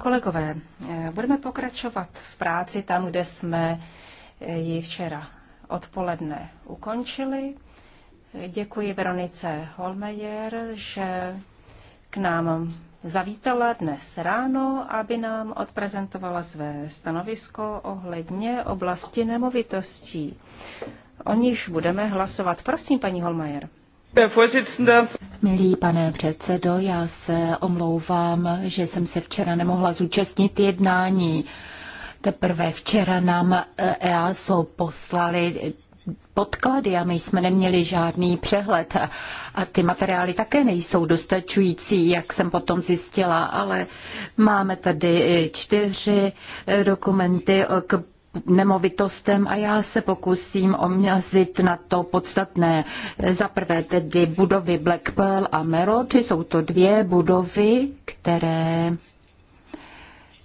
Kolegové, eh, budeme pokračovat v práci tam, kde jsme eh, ji včera odpoledne ukončili. Děkuji Veronice Holmejer, že k nám zavítala dnes ráno, aby nám odprezentovala své stanovisko ohledně oblasti nemovitostí. O níž budeme hlasovat. Prosím, paní Holmajer. Milý pane předsedo, já se omlouvám, že jsem se včera nemohla zúčastnit jednání. Teprve včera nám EASO poslali podklady a my jsme neměli žádný přehled. A ty materiály také nejsou dostačující, jak jsem potom zjistila, ale máme tady čtyři dokumenty k nemovitostem a já se pokusím omězit na to podstatné. Za prvé tedy budovy Black Pearl a Merod, jsou to dvě budovy, které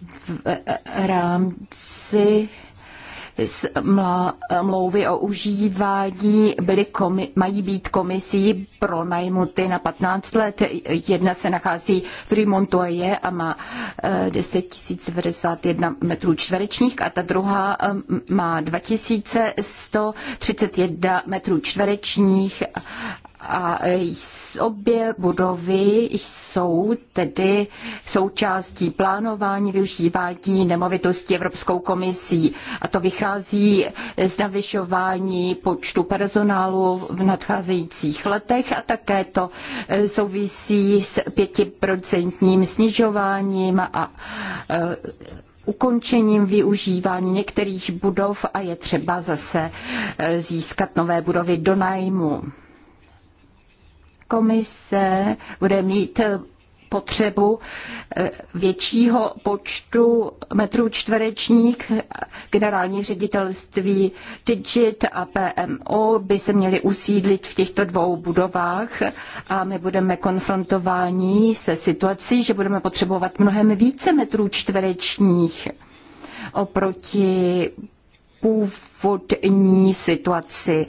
v eh, eh, rámci mlouvy o užívání byly komi- mají být komisí pro najmuty na 15 let. Jedna se nachází v Rimontu a je a má 10 eh, 091 metrů čtverečních a ta druhá eh, má 2131 metrů čtverečních a obě budovy jsou tedy součástí plánování využívání nemovitosti Evropskou komisí. A to vychází z navyšování počtu personálu v nadcházejících letech a také to souvisí s pětiprocentním snižováním a e, ukončením využívání některých budov a je třeba zase e, získat nové budovy do nájmu komise bude mít potřebu eh, většího počtu metrů čtverečních. Generální ředitelství Digit a PMO by se měly usídlit v těchto dvou budovách a my budeme konfrontováni se situací, že budeme potřebovat mnohem více metrů čtverečních oproti původní situaci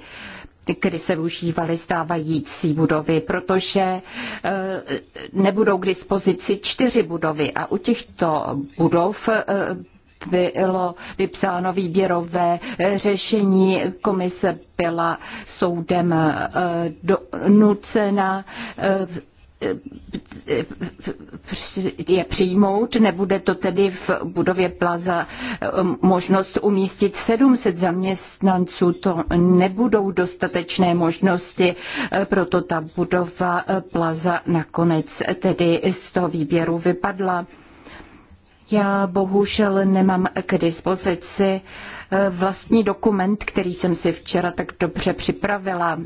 kdy se využívaly stávající budovy, protože eh, nebudou k dispozici čtyři budovy a u těchto budov eh, bylo vypsáno výběrové eh, řešení. Komise byla soudem donucena je přijmout. Nebude to tedy v budově Plaza um, možnost umístit 700 zaměstnanců. To nebudou dostatečné možnosti, eh, proto ta budova eh, Plaza nakonec tedy z toho výběru vypadla. Já bohužel nemám k dispozici eh, vlastní dokument, který jsem si včera tak dobře připravila.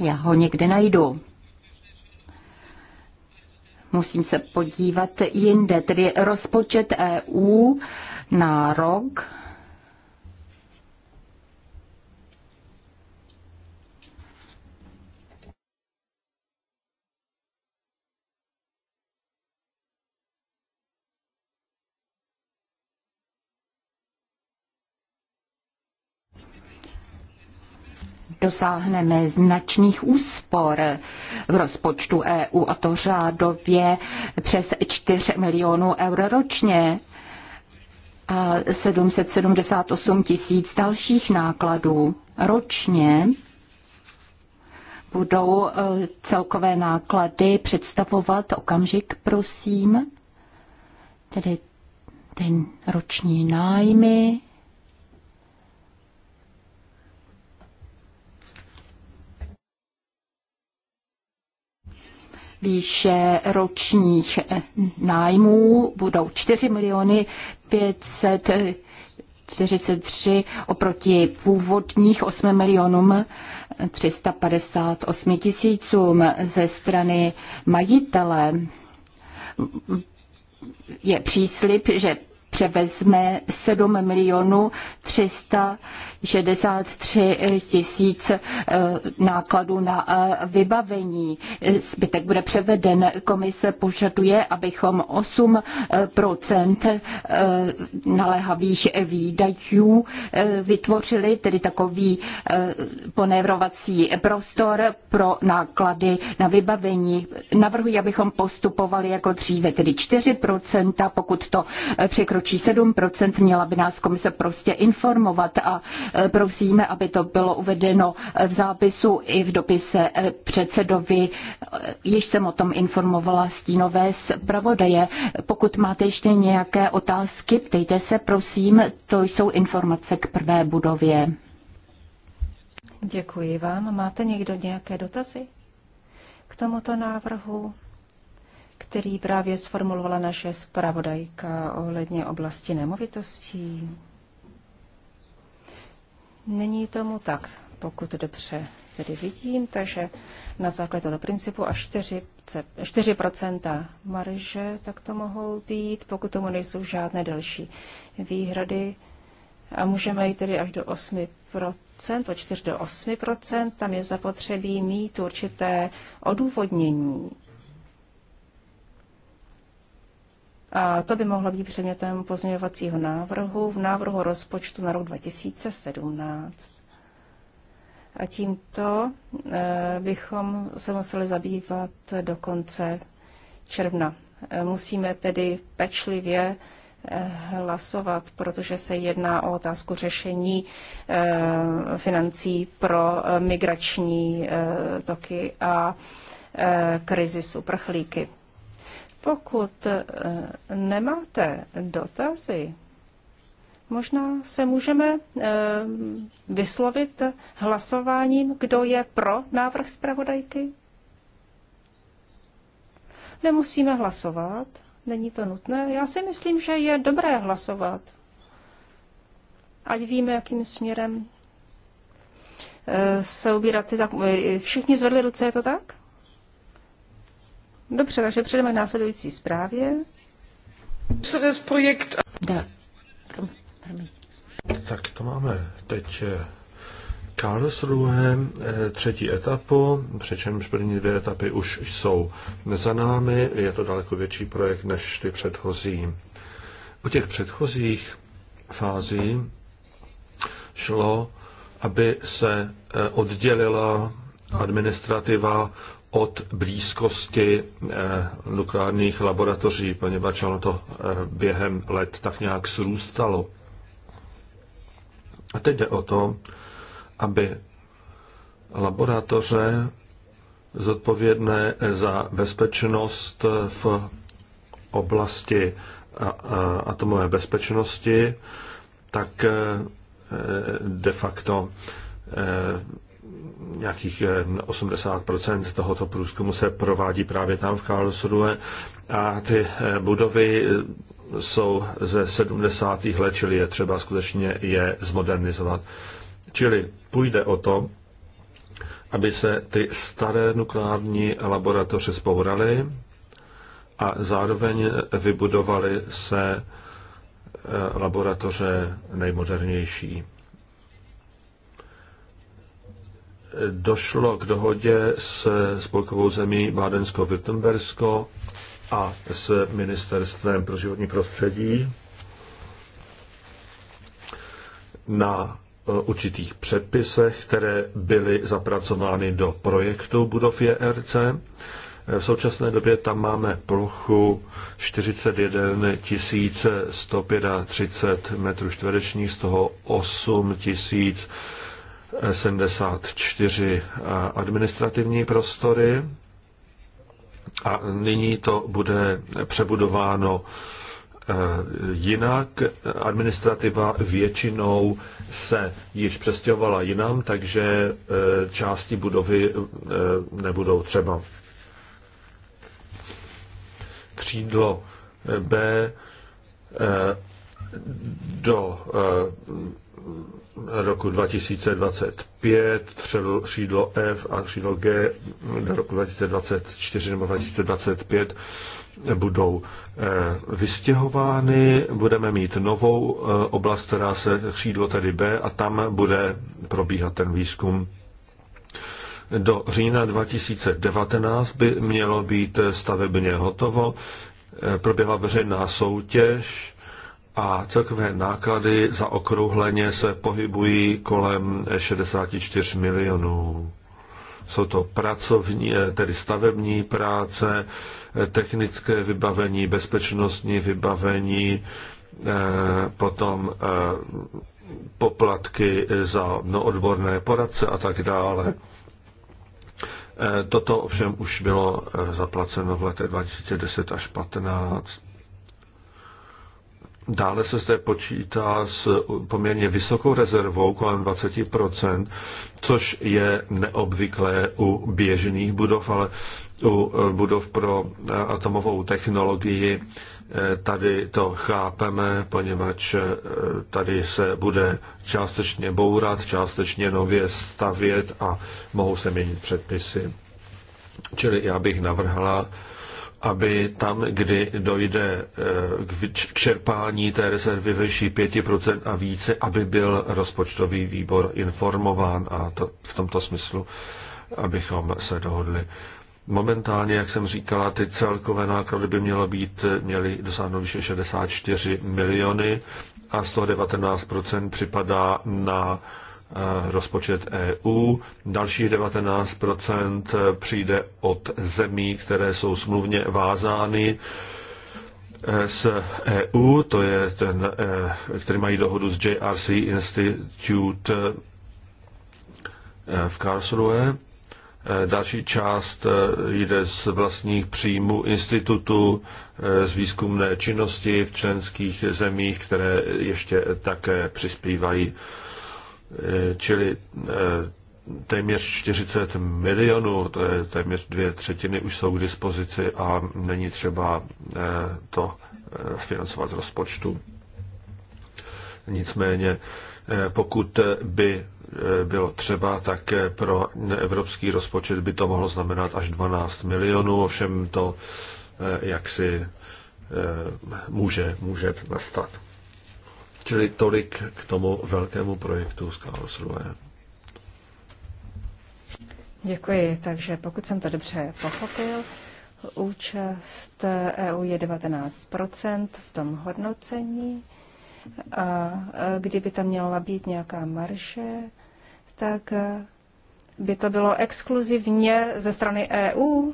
Já ho někde najdu. Musím se podívat jinde, tedy rozpočet EU na rok dosáhneme značných úspor v rozpočtu EU a to řádově přes 4 milionů euro ročně a 778 tisíc dalších nákladů ročně budou eh, celkové náklady představovat okamžik, prosím, tedy ten roční nájmy, výše ročních nájmů budou 4 miliony 500 43 oproti původních 8 milionům 358 tisícům ze strany majitele je příslip, že převezme 7 milionů 363 tisíc eh, nákladů na eh, vybavení. Zbytek bude převeden. Komise požaduje, abychom 8 eh, naléhavých výdajů vytvořili, tedy takový ponévrovací prostor pro náklady na vybavení. Navrhuji, abychom postupovali jako dříve, tedy 4 pokud to překročí překročí 7%, měla by nás komise prostě informovat a e, prosíme, aby to bylo uvedeno e, v zápisu i v dopise e, předsedovi. Již jsem o tom informovala stínové zpravodaje. Pokud máte ještě nějaké otázky, ptejte se, prosím, to jsou informace k prvé budově. Děkuji vám. Máte někdo nějaké dotazy k tomuto návrhu? který právě sformulovala naše zpravodajka ohledně oblasti nemovitostí? Není tomu tak, pokud dobře tedy vidím, takže na základě tohoto principu až 4, 4% marže, tak to mohou být, pokud tomu nejsou žádné další výhrady. A můžeme jít tedy až do 8%, od 4 do 8%, tam je zapotřebí mít určité odůvodnění A to by mohlo být předmětem pozměňovacího návrhu v návrhu rozpočtu na rok 2017. A tímto eh, bychom se museli zabývat do konce června. Eh, musíme tedy pečlivě eh, hlasovat, protože se jedná o otázku řešení financí pro migrační toky a krizi s uprchlíky. Pokud eh, nemáte dotazy, možná se můžeme eh, vyslovit hlasováním, kdo je pro návrh zpravodajky. Nemusíme hlasovat, není to nutné. Já si myslím, že je dobré hlasovat. Ať víme, jakým směrem eh, se ubírat. Všichni zvedli ruce, je to tak? Dobře, takže přejdeme k následující zprávě. Projekt. Da. Tak to máme teď eh, Karlsruhe, eh, třetí etapu, přičemž první dvě etapy už jsou za námi. Je to daleko větší projekt než ty předchozí. U těch předchozích fází šlo, aby se eh, oddělila administrativa od blízkosti eh, nukleárních laboratoří, poněvadž ono to eh, během let tak nějak zrůstalo. A teď jde o to, aby laboratoře zodpovědné za bezpečnost v oblasti atomové bezpečnosti, tak eh, de facto nějakých 80% eh, tohoto průzkumu se provádí právě tam v Karlsruhe a ty eh, budovy eh, jsou ze 70. let, čili je třeba skutečně je zmodernizovat. Čili půjde o to, aby se ty staré nukleární laboratoře zbouraly a zároveň vybudovaly se laboratoře nejmodernější. došlo k dohodě s spolkovou zemí Bádensko-Württembersko a s Ministerstvem pro životní prostředí na e, určitých předpisech, které byly zapracovány do projektu budov JRC. E, v současné době tam máme plochu 41 135 m čtverečních, z toho 8 000 74 eh, administrativní prostory a nyní to bude přebudováno eh, jinak. Administrativa většinou se již přestěhovala jinam, takže eh, části budovy nebudou třeba. Křídlo B do roku 2025, třel, šídlo F a šídlo G do roku 2024 nebo 2025 budou eh, vystěhovány, budeme mít novou eh, oblast, která se křídlo tedy B a tam bude probíhat ten výzkum. Do října 2019 by mělo být stavebně hotovo. Eh, proběhla veřejná soutěž a celkové náklady za okrouhleně se pohybují kolem 64 milionů. Jsou to pracovní, eh, tedy stavební práce, eh, technické vybavení, bezpečnostní vybavení, eh, potom poplatky za no, odborné poradce a tak dále. Toto ovšem už bylo zaplaceno v letech 2010 až 2015. Dále se zde počítá s poměrně vysokou rezervou kolem 20 což je neobvyklé u běžných budov, ale u eh, budov pro eh, atomovou technologii eh, tady to chápeme, poněvadž tady se bude částečně bourat, částečně nově stavět a mohou se měnit předpisy. Čili já bych navrhla aby tam, kdy dojde eh, k čerpání té rezervy vyšší 5% a více, aby byl rozpočtový výbor informován a to v tomto smyslu, abychom se dohodli. Momentálně, jak jsem říkala, ty celkové náklady by mělo být, měly dosáhnout vyše 64 miliony a 119% připadá na rozpočet EU, další 19 přijde od zemí, které jsou smluvně vázány eh, s EU, to je ten, eh, který mají dohodu s JRC Institute eh, v Karlsruhe. Další část jde z vlastních příjmů institutu z výzkumné činnosti v členských zemích, které ještě také přispívají Eh, čili eh, téměř 40 milionů, to je téměř dvě třetiny, už jsou k dispozici a není třeba eh, to financovat z rozpočtu. Nicméně, pokud by bylo třeba, tak pro evropský rozpočet by to mohlo znamenat až 12 milionů, ovšem to jaksi může, může nastat. Čili tolik k tomu velkému projektu z Karlsruhe. Děkuji. Takže pokud jsem to dobře pochopil, účast EU je 19 v tom hodnocení. A e, kdyby tam měla být nějaká marže, tak e, by to bylo exkluzivně ze strany EU.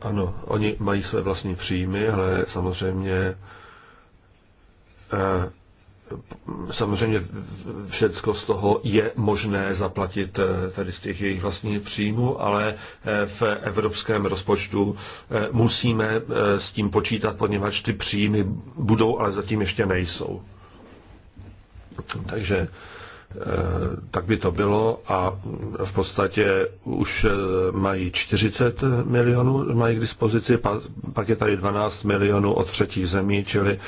Ano, oni mají své vlastní příjmy, ale samozřejmě Eh, samozřejmě všecko z toho je možné zaplatit eh, tady z těch jejich vlastních příjmů, ale eh, v evropském rozpočtu musíme s tím počítat, poněvadž ty příjmy budou, ale zatím ještě nejsou. Takže tak by to bylo a v podstatě už mají 40 milionů, mají k dispozici, pak je tady 12 milionů od třetích zemí, čili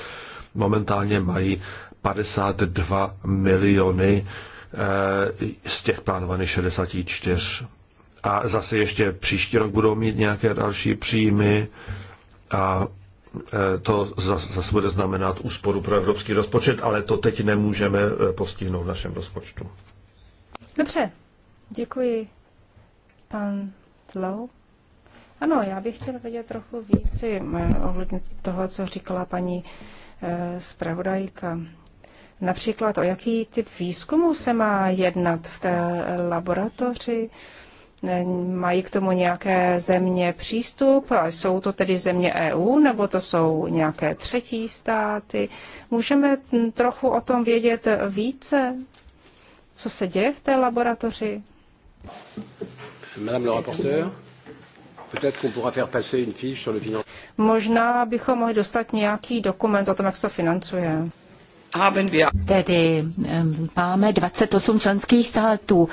momentálně mají 52 miliony eh, z těch plánovaných 64. A zase ještě příští rok budou mít nějaké další příjmy a eh, to zase bude znamenat úsporu pro evropský rozpočet, ale to teď nemůžeme eh, postihnout v našem rozpočtu. Dobře, děkuji. Pan Tlou? Ano, já bych chtěla vědět trochu víc ohledně toho, co říkala paní zpravodajka. Například o jaký typ výzkumu se má jednat v té laboratoři? Mají k tomu nějaké země přístup? A jsou to tedy země EU nebo to jsou nějaké třetí státy? Můžeme trochu o tom vědět více? Co se děje v té laboratoři? Madame le rapporteur. Možná bychom mohli dostat nějaký dokument o tom, jak se to financuje. Tedy máme 28 členských států.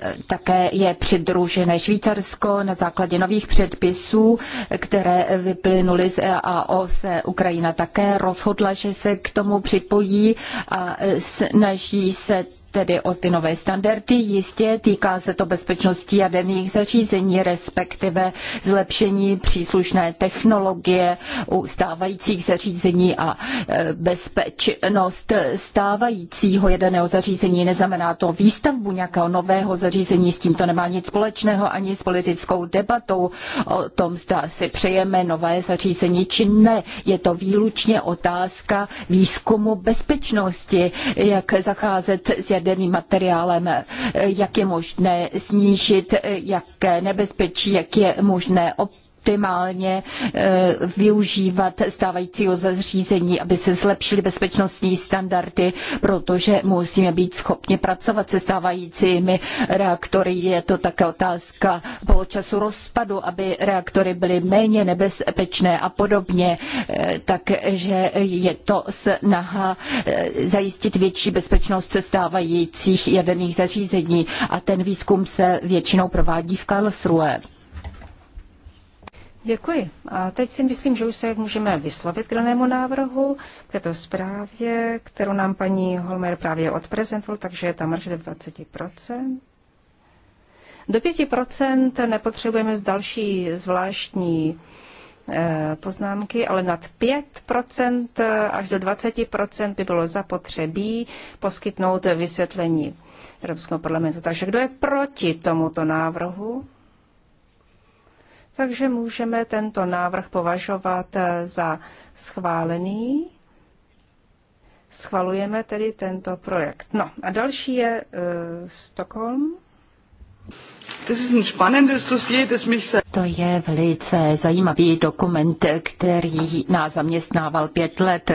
E, také je přidružené Švýcarsko na základě nových předpisů, které vyplynuly z EAO. Se Ukrajina také rozhodla, že se k tomu připojí a e, snaží se tedy o ty nové standardy. Jistě týká se to bezpečnosti jaderných zařízení, respektive zlepšení příslušné technologie u stávajících zařízení a e, bezpečnost stávajícího jaderného zařízení. Neznamená to výstavbu nějakého nového zařízení, s tím to nemá nic společného ani s politickou debatou o tom, zda si přejeme nové zařízení či ne. Je to výlučně otázka výzkumu bezpečnosti, jak zacházet s jaderným uvedeným materiálem, eh, jak je možné snížit, eh, jaké nebezpečí, jak je možné optimálně eh, využívat stávajícího zařízení, aby se zlepšily bezpečnostní standardy, protože musíme být schopni pracovat se stávajícími reaktory. Je to také otázka po času rozpadu, aby reaktory byly méně nebezpečné a podobně. Eh, takže je to snaha eh, zajistit větší bezpečnost se stávajících jaderných zařízení a ten výzkum se většinou provádí v Karlsruhe. Děkuji. A teď si myslím, že už se můžeme vyslovit k danému návrhu, k této zprávě, kterou nám paní Holmer právě odprezentoval, takže je tam až do 20%. Do 5% nepotřebujeme z další zvláštní eh, poznámky, ale nad 5% až do 20% by bylo zapotřebí poskytnout vysvětlení Evropského parlamentu. Takže kdo je proti tomuto návrhu? Takže můžeme tento návrh považovat eh, za schválený. Schvalujeme tedy tento projekt. No a další je uh, Stockholm. To je velice zajímavý dokument, který nás zaměstnával pět let.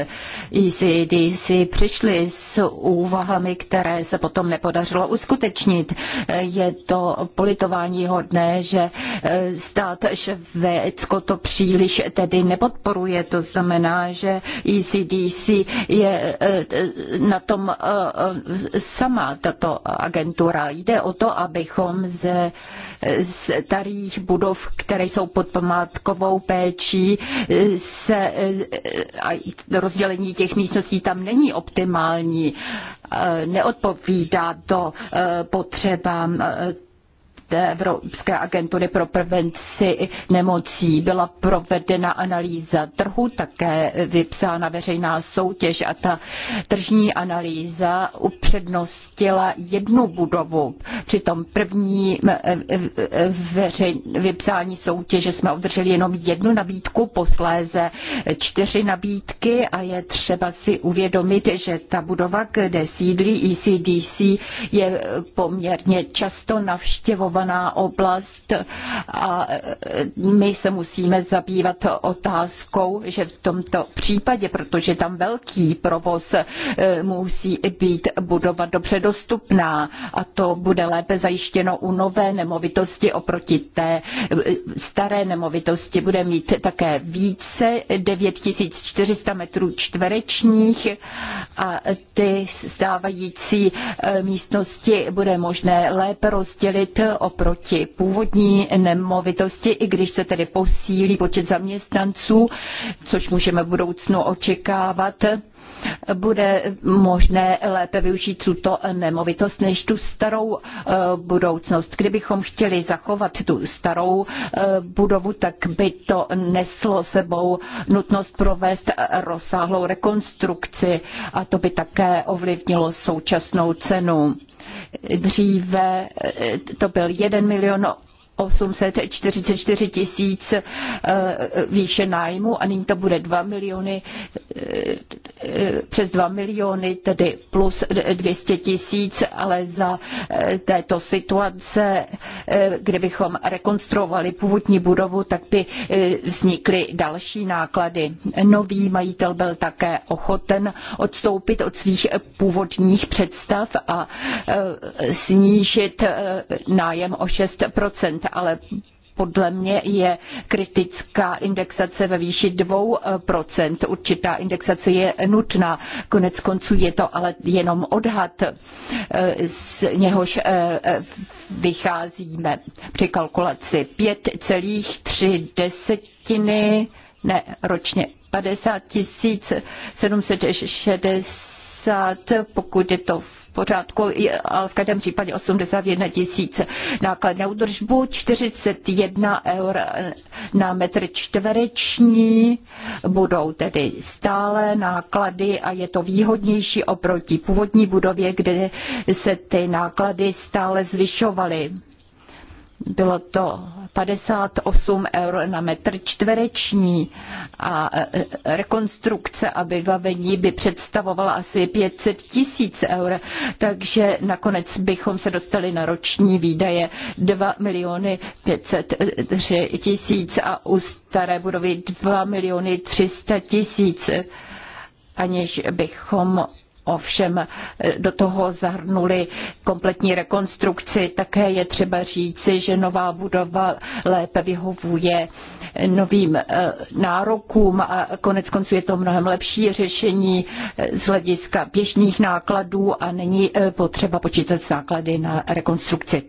si přišli s úvahami, které se potom nepodařilo uskutečnit. Je to politování hodné, že eh, stát Švédsko to příliš tedy nepodporuje. To znamená, že ECDC je eh, na tom eh, sama tato agentura. Jde o to, abychom ze starých budov, které jsou pod památkovou péčí, se, eh, a rozdělení těch místností tam není optimální, eh, neodpovídá to eh, potřebám Evropské agentury pro prevenci nemocí. Byla provedena analýza trhu, také vypsána veřejná soutěž a ta tržní analýza upřednostila jednu budovu. Při tom první eh, eh, veřejn... vypsání soutěže jsme obdrželi jenom jednu nabídku, posléze čtyři nabídky a je třeba si uvědomit, že ta budova, kde sídlí ECDC, je poměrně často navštěvována okupovaná oblast a my se musíme zabývat otázkou, že v tomto případě, protože tam velký provoz e, musí být budova dobře dostupná a to bude lépe zajištěno u nové nemovitosti oproti té e, staré nemovitosti. Bude mít také více 9400 metrů čtverečních a ty stávající e, místnosti bude možné lépe rozdělit oproti původní nemovitosti, i když se tedy posílí počet zaměstnanců, což můžeme v budoucnu očekávat, bude možné lépe využít tuto nemovitost než tu starou eh, budoucnost. Kdybychom chtěli zachovat tu starou eh, budovu, tak by to neslo sebou nutnost provést rozsáhlou rekonstrukci a to by také ovlivnilo současnou cenu. Dříve to byl 1 milion 844 tisíc eh, výše nájmu a nyní to bude 2 miliony, eh, přes 2 miliony, tedy plus 200 tisíc, ale za eh, této situace, kdybychom rekonstruovali původní budovu, tak by vznikly další náklady. Nový majitel byl také ochoten odstoupit od svých původních představ a snížit nájem o 6 ale podle mě je kritická indexace ve výši 2%. Eh, Určitá indexace je nutná. Konec konců je to ale jenom odhad, eh, z něhož eh, vycházíme při kalkulaci 5,3 desetiny, ne ročně 50 760 80, pokud je to v pořádku, ale v každém případě 81 tisíc náklad na údržbu, 41 eur na metr čtvereční, budou tedy stále náklady a je to výhodnější oproti původní budově, kde se ty náklady stále zvyšovaly. Bylo to 58 eur na metr čtvereční a e, e, rekonstrukce a vybavení by představovala asi 500 tisíc eur, takže nakonec bychom se dostali na roční výdaje 2 miliony 503 e, tisíc a u staré budovy 2 miliony 300 tisíc aniž bychom ovšem do toho zahrnuli kompletní rekonstrukci. Také je třeba říci, že nová budova lépe vyhovuje novým eh, nárokům a konec konců je to mnohem lepší řešení eh, z hlediska běžných nákladů a není eh, potřeba počítat s náklady na rekonstrukci.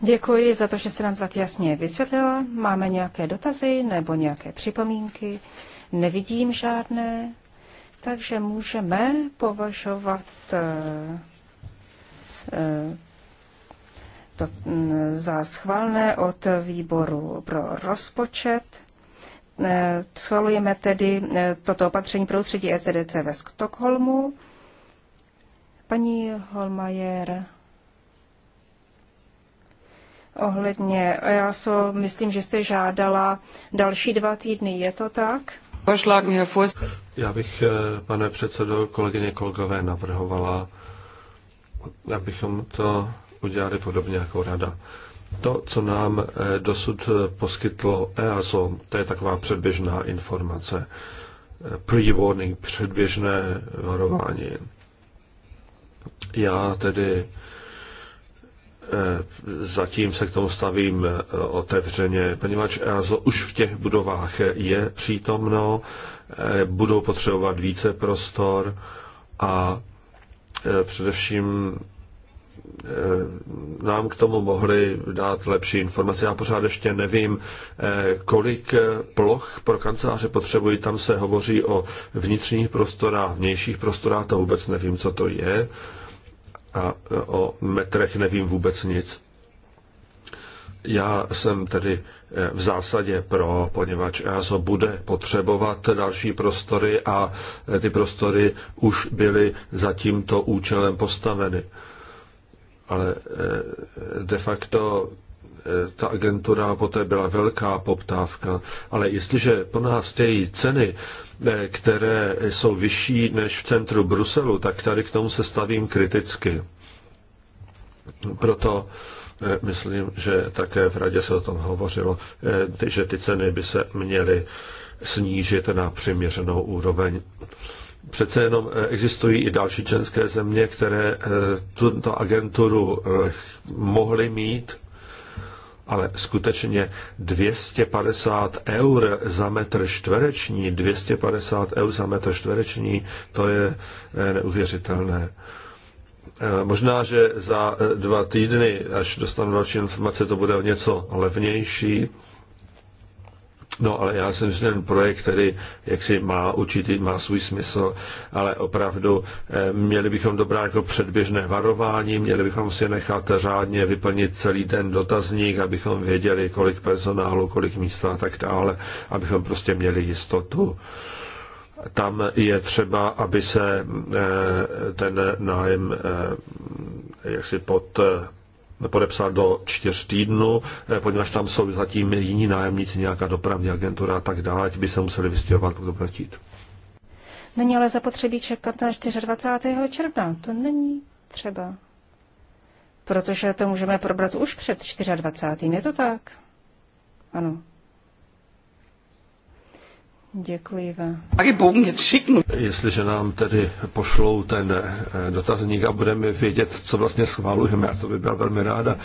Děkuji za to, že se nám tak jasně vysvětlila. Máme nějaké dotazy nebo nějaké připomínky? Nevidím žádné. Takže můžeme považovat eh, eh, to mm, za schválné od výboru pro rozpočet. Eh, schvalujeme tedy toto opatření pro ústředí ECDC ve Stockholmu. Paní Holmajer, ohledně já so, myslím, že jste žádala další dva týdny, je to tak? Já bych, eh, pane předsedo, kolegyně, kolegové, navrhovala, abychom to udělali podobně jako rada. To, co nám eh, dosud eh, poskytlo EASO, to je taková předběžná informace, pre-warning, předběžné varování. Já tedy zatím se k tomu stavím otevřeně, poněvadž EASO už v těch budovách je přítomno, budou potřebovat více prostor a e, především e, nám k tomu mohli dát lepší informace. Já pořád ještě nevím, e, kolik ploch pro kanceláře potřebují. Tam se hovoří o vnitřních prostorách, vnějších prostorách, to vůbec nevím, co to je. A o metrech nevím vůbec nic. Já jsem tedy v zásadě pro, poněvadž EASO bude potřebovat další prostory a e, ty prostory už byly za tímto účelem postaveny. Ale e, de facto e, ta agentura poté byla velká poptávka, ale jestliže po nás tějí ceny, které jsou vyšší než v centru Bruselu, tak tady k tomu se stavím kriticky. Proto Eh, myslím, že také v radě se o tom hovořilo, eh, že ty ceny by se měly snížit na přiměřenou úroveň. Přece jenom eh, existují i další členské země, které tuto agenturu mohly mít, ale skutečně 250 eur za metr čtvereční, 250 eur za metr čtvereční, to je neuvěřitelné. Eh, možná, že za eh, dva týdny, až dostanu další informace, to bude o něco levnější. No, ale já jsem, že ten projekt, který jaksi má určitý, má svůj smysl, ale opravdu eh, měli bychom dobrá jako předběžné varování, měli bychom si nechat řádně vyplnit celý ten dotazník, abychom věděli, kolik personálu, kolik místa a tak dále, abychom prostě měli jistotu tam je třeba, aby se eh, ten nájem eh, jaksi pod eh, podepsat do čtyř týdnů, poněvadž tam jsou zatím jiní nájemníci, nějaká dopravní agentura a tak dále, ti by se museli vystěhovat, pokud budou Není ale zapotřebí čekat na 24. června. To není třeba. Protože to můžeme probrat už před 24. Je to tak? Ano. Děkuji vám. Jestliže nám tedy pošlou ten eh, dotazník a budeme vědět, co vlastně schválujeme, já to by byla velmi ráda,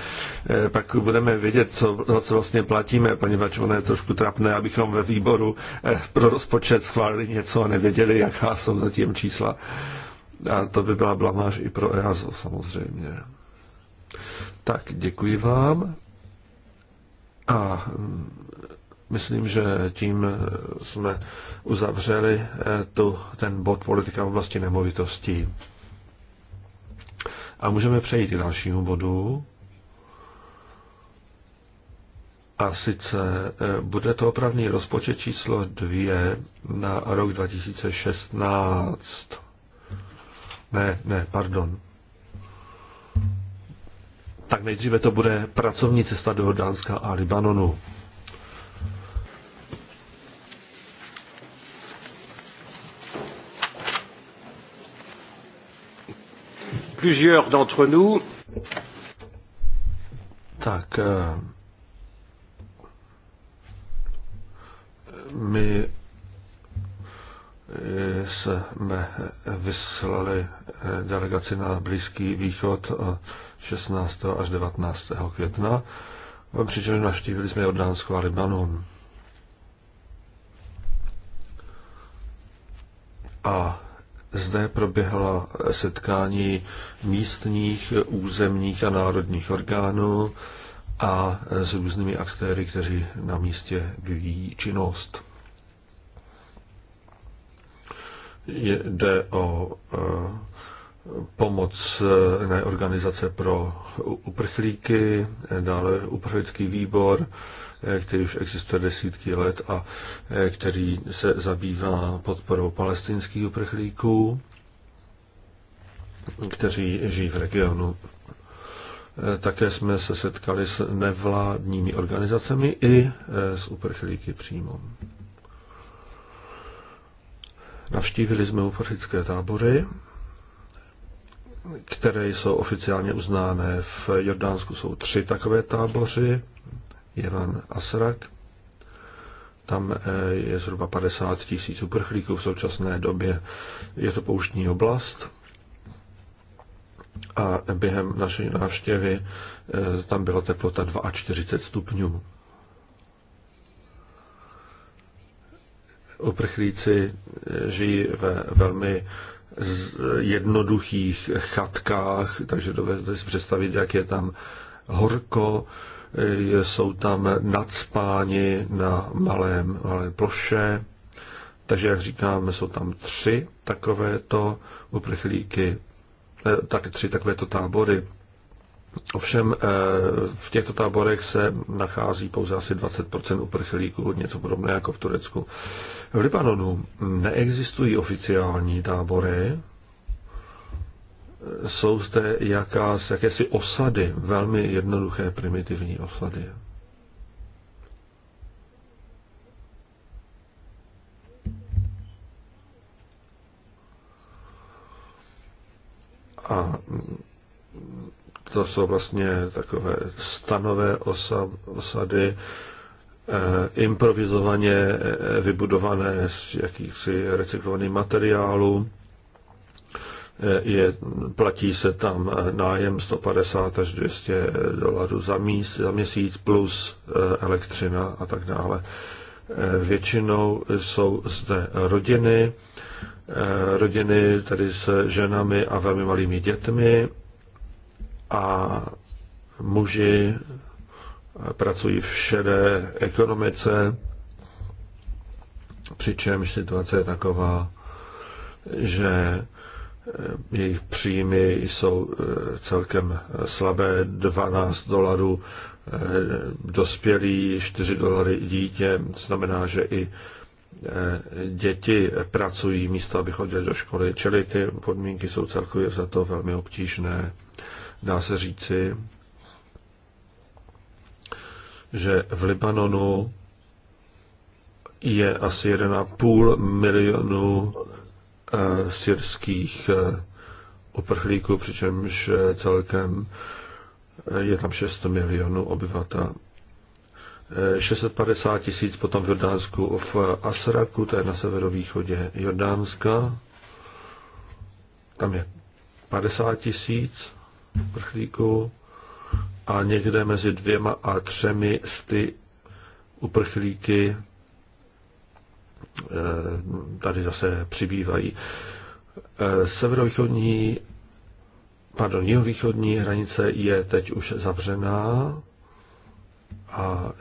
eh, pak budeme vědět, co, co vlastně platíme, poněvadž ono je trošku trapné, abychom ve výboru eh, pro rozpočet schválili něco a nevěděli, jaká jsou zatím čísla. A to by byla blamáž i pro EASO samozřejmě. Tak, děkuji vám. A mm, Myslím, že tím eh, jsme uzavřeli eh, tu, ten bod politika v oblasti nemovitostí. A můžeme přejít k dalšímu bodu. A sice eh, bude to opravný rozpočet číslo 2 na rok 2016. Ne, ne, pardon. Tak nejdříve to bude pracovní cesta do Dánska a Libanonu. plusieurs d'entre nous. Tak, eh, my eh, jsme vyslali eh, delegaci na Blízký východ 16. až 19. května, přičemž navštívili jsme Jordánsko a Libanon. A zde proběhla setkání místních, územních a národních orgánů a s různými aktéry, kteří na místě vyvíjí činnost. Jde o e, pomoc e, ne, organizace pro uprchlíky, dále uprchlický výbor, Eh, který už existuje desítky let a eh, který se zabývá podporou palestinských uprchlíků, kteří žijí v regionu. Eh, také jsme se setkali s nevládními organizacemi i s uprchlíky přímo. Navštívili jsme uprchlické tábory, které jsou oficiálně uznány. V Jordánsku jsou tři takové tábory Jelan Asrak. Tam eh, je zhruba 50 tisíc uprchlíků v současné době. Je to pouštní oblast a během naší návštěvy eh, tam byla teplota 42 stupňů. Uprchlíci eh, žijí ve velmi jednoduchých chatkách, takže dovedete si představit, jak je tam horko, Eh, jsou tam nadspáni na malém, malé ploše. Takže, jak říkáme, jsou tam tři takovéto uprchlíky, eh, tak tři takovéto tábory. Ovšem eh, v těchto táborech se nachází pouze asi 20 uprchlíků, něco podobné jako v Turecku. V Libanonu neexistují oficiální tábory, jsou zde jaká, jakési osady, velmi jednoduché primitivní osady. A to jsou vlastně takové stanové osa, osady, eh, improvizovaně eh, vybudované z jakýchsi recyklovaných materiálů je, platí se tam nájem 150 až 200 dolarů za, míst, za měsíc plus eh, elektřina a tak dále. Eh, většinou jsou zde rodiny, eh, rodiny tedy s ženami a velmi malými dětmi a muži pracují v šedé ekonomice, přičemž situace je taková, že Eh, jejich příjmy jsou eh, celkem eh, slabé, 12 dolarů dospělí, 4 dolary dítě, znamená, že i děti pracují místo, aby chodili do školy, čili ty podmínky jsou celkově za to velmi obtížné. Dá se říci, že v Libanonu je asi 1,5 milionu E, syrských e, uprchlíků, přičemž e, celkem je tam 6 milionů obyvatel. 650 tisíc potom v Jordánsku v Asraku, to je na severovýchodě Jordánska. Tam je 50 tisíc uprchlíků a někde mezi dvěma a třemi sty uprchlíky Eh, tady zase přibývají. Eh, severovýchodní, pardon, jihovýchodní hranice je teď už zavřená a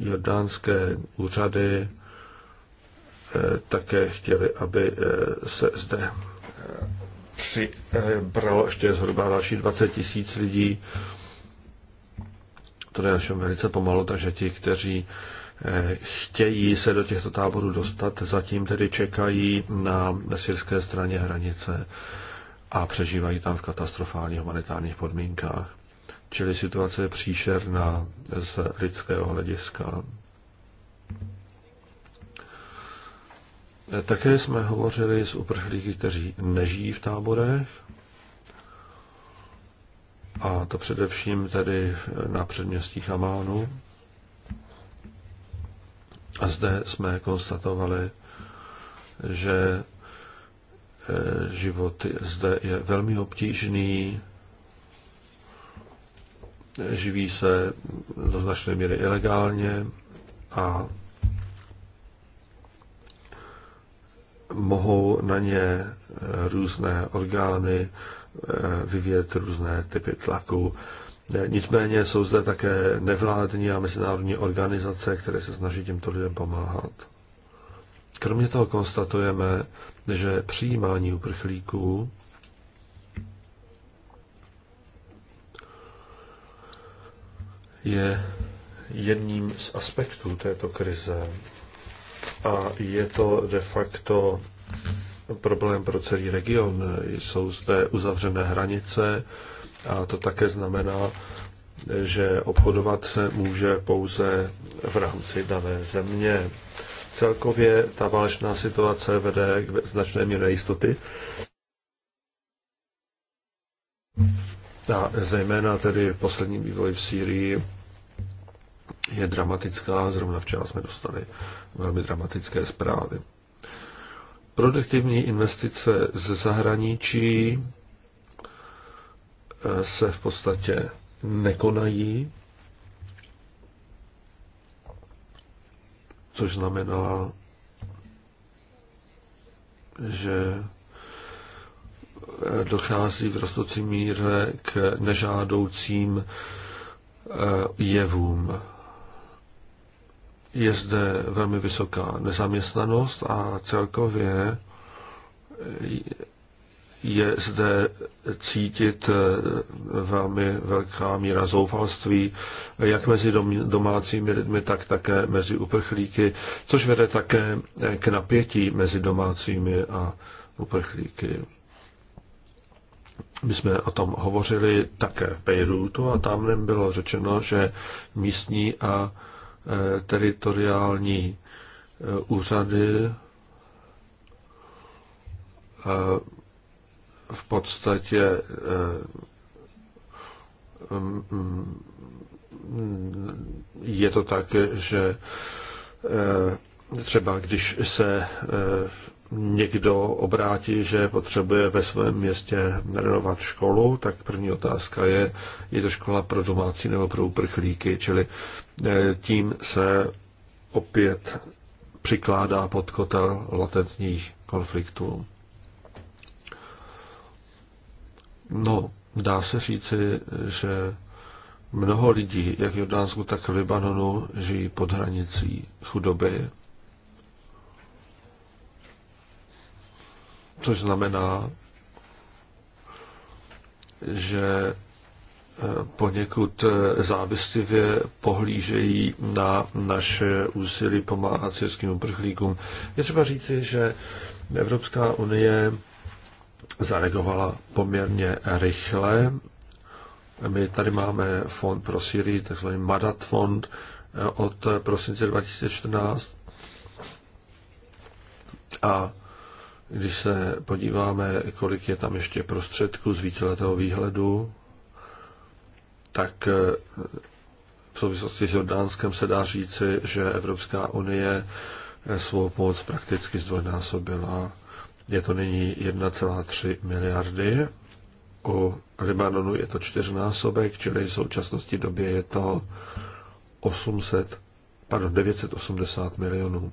jordánské úřady eh, také chtěli, aby se zde přibralo ještě zhruba další 20 tisíc lidí. To je všem velice pomalu, takže ti, kteří chtějí se do těchto táborů dostat, zatím tedy čekají na syrské straně hranice a přežívají tam v katastrofálních humanitárních podmínkách. Čili situace je příšerná z lidského hlediska. Také jsme hovořili s uprchlíky, kteří nežijí v táborech, a to především tedy na předměstích Amánu. A zde jsme konstatovali, že eh, život zde je velmi obtížný, živí se do značné míry ilegálně a mohou na ně eh, různé orgány eh, vyvíjet různé typy tlaku. Nicméně jsou zde také nevládní a mezinárodní organizace, které se snaží těmto lidem pomáhat. Kromě toho konstatujeme, že přijímání uprchlíků je jedním z aspektů této krize a je to de facto problém pro celý region. Jsou zde uzavřené hranice, a to také znamená, že obchodovat se může pouze v rámci dané země. Celkově ta válečná situace vede k značné míře jistoty. A zejména tedy poslední vývoj v Sýrii je dramatická. Zrovna včera jsme dostali velmi dramatické zprávy. Produktivní investice z zahraničí se v podstatě nekonají, což znamená, že dochází v rostoucí míře k nežádoucím eh, jevům. Je zde velmi vysoká nezaměstnanost a celkově je zde cítit eh, velmi velká míra zoufalství, jak mezi domácími lidmi, tak také mezi uprchlíky, což vede také eh, k napětí mezi domácími a uprchlíky. My jsme o tom hovořili také v Bejrútu a tam nem bylo řečeno, že místní a eh, teritoriální úřady v podstatě eh, je to tak, že eh, třeba když se eh, někdo obrátí, že potřebuje ve svém městě renovat školu, tak první otázka je, je to škola pro domácí nebo pro uprchlíky, čili tím se opět přikládá pod kotel latentních konfliktů. No, dá se říci, že mnoho lidí, jak v Jordánsku, tak v Libanonu, žijí pod hranicí chudoby. Což znamená, že eh, poněkud eh, závistivě pohlížejí na naše úsilí pomáhat syrským uprchlíkům. Je třeba říci, že Evropská unie zareagovala poměrně rychle. My tady máme fond pro Syrii, takzvaný Madat fond eh, od prosince 2014. A když se podíváme, kolik je tam ještě prostředků z víceletého výhledu, tak eh, v souvislosti s Jordánskem se dá říci, že Evropská unie eh, svou pomoc prakticky zdvojnásobila je to nyní 1,3 miliardy. U Libanonu je to čtyřnásobek, čili v současnosti době je to 800, pardon, 980 milionů.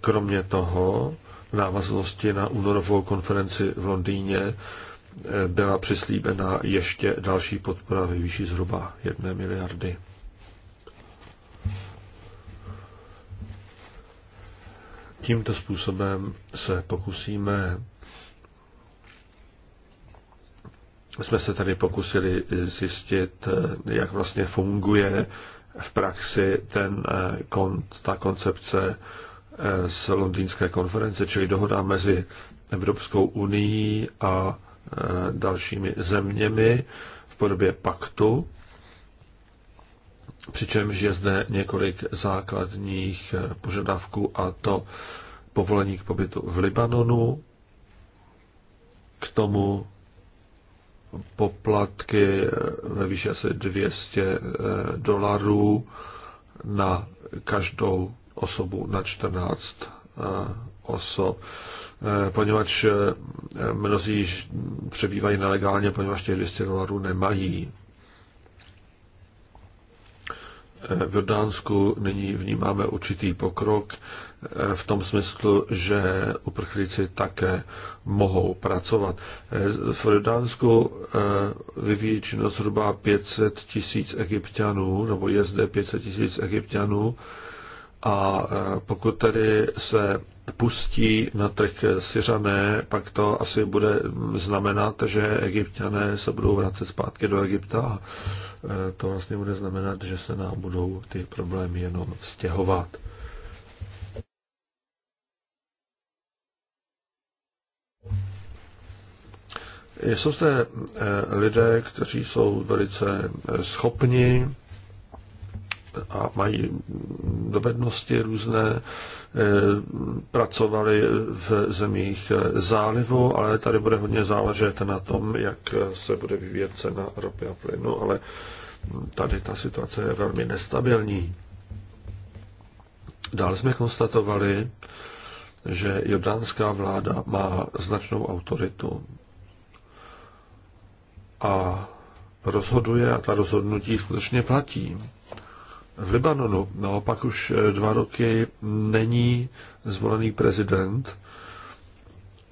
Kromě toho, v návaznosti na únorovou konferenci v Londýně eh, byla přislíbena ještě další podpora ve výši zhruba 1 miliardy. Tímto způsobem se pokusíme jsme se tady pokusili zjistit, jak vlastně funguje v praxi ten, eh, ta koncepce eh, z londýnské konference, čili dohoda mezi Evropskou unii a eh, dalšími zeměmi v podobě paktu přičemž je zde několik základních eh, požadavků a to povolení k pobytu v Libanonu, k tomu poplatky eh, ve výši asi 200 eh, dolarů na každou osobu na 14 osob, poněvadž mnozí přebývají nelegálně, poněvadž těch 200 dolarů nemají v Jordánsku nyní vnímáme určitý pokrok eh, v tom smyslu, že uprchlíci také mohou pracovat. Eh, v Jordánsku eh, vyvíjí činnost zhruba 500 tisíc egyptianů, nebo je zde 500 tisíc egyptianů, a e, pokud tedy se pustí na trh Syřané, pak to asi bude znamenat, že egyptiané se budou vracet zpátky do Egypta a e, to vlastně bude znamenat, že se nám budou ty problémy jenom stěhovat. Jsou zde e, lidé, kteří jsou velice schopni, a mají dovednosti různé, eh, pracovali v zemích eh, zálivu, ale tady bude hodně záležet na tom, jak se bude vyvíjet cena ropy a plynu, ale tady ta situace je velmi nestabilní. Dále jsme konstatovali, že jordánská vláda má značnou autoritu a rozhoduje a ta rozhodnutí skutečně platí. V Libanonu naopak už eh, dva roky není zvolený prezident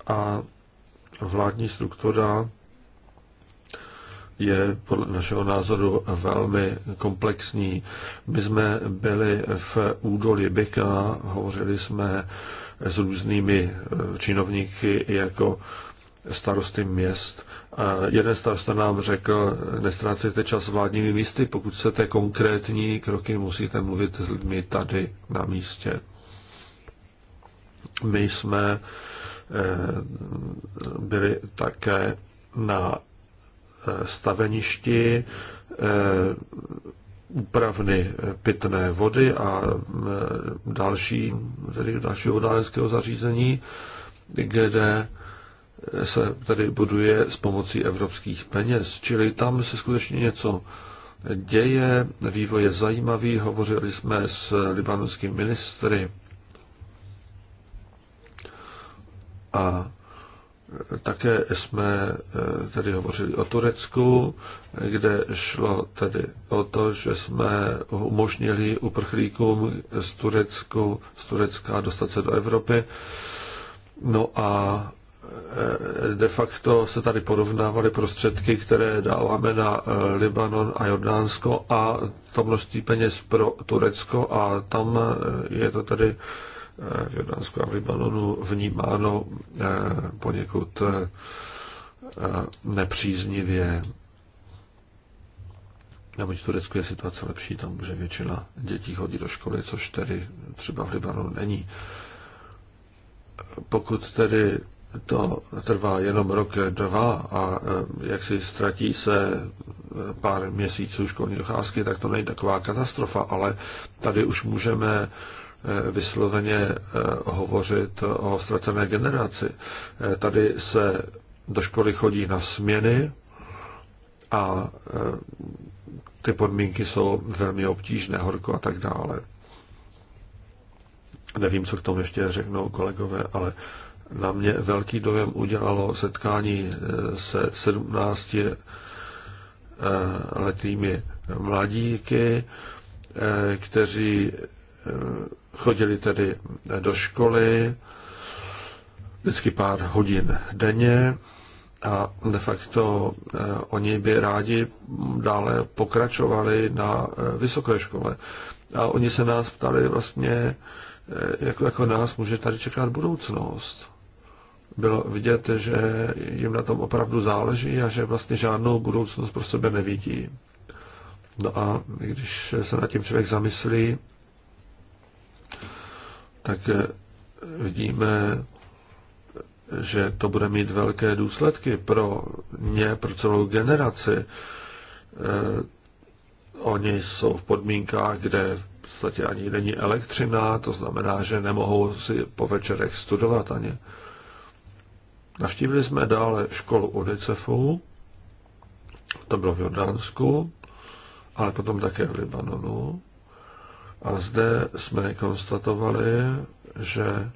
a vládní struktura je podle našeho názoru velmi komplexní. My jsme byli v údolí Beka, hovořili jsme s různými eh, činovníky jako starosty měst jeden starosta nám řekl, nestrácejte čas vládními místy, pokud chcete konkrétní kroky, musíte mluvit s lidmi tady na místě. My jsme eh, byli také na eh, staveništi eh, úpravny pitné vody a další, tedy dalšího vodárenského zařízení, kde se tedy buduje s pomocí evropských peněz. Čili tam se skutečně něco děje, vývoj je zajímavý, hovořili jsme s libanonskými ministry a také jsme eh, tedy hovořili o Turecku, kde šlo tedy o to, že jsme umožnili uprchlíkům z, Turecku, z Turecka dostat se do Evropy. No a de facto se tady porovnávaly prostředky, které dáváme na eh, Libanon a Jordánsko a to množství peněz pro Turecko a tam eh, je to tedy eh, v Jordánsku a v Libanonu vnímáno poněkud nepříznivě. Neboť v Turecku je situace lepší, tam že většina dětí chodí do školy, což tedy třeba v Libanonu není. Pokud tedy to trvá jenom rok, dva a e, jak si ztratí se e, pár měsíců školní docházky, tak to není taková katastrofa, ale tady už můžeme e, vysloveně hovořit o ztracené generaci. Tady se do školy chodí na směny a ty podmínky jsou velmi obtížné, horko a tak dále. Nevím, co k tomu ještě řeknou kolegové, ale na mě velký dojem udělalo setkání eh, se 17 eh, letými mladíky, eh, kteří chodili tedy do školy vždycky pár hodin denně a de facto oni by rádi dále pokračovali na vysoké škole. A oni se nás ptali vlastně, jako, jako nás může tady čekat budoucnost bylo vidět, že jim na tom opravdu záleží a že vlastně žádnou budoucnost pro sebe nevidí. No a když se nad tím člověk zamyslí, tak vidíme, že to bude mít velké důsledky pro ně, pro celou generaci. Eh, oni jsou v podmínkách, kde v podstatě ani není elektřina, to znamená, že nemohou si po večerech studovat ani. Navštívili jsme dále školu UNICEFu, to bylo v Jordánsku, ale potom také v Libanonu. A zde jsme konstatovali, že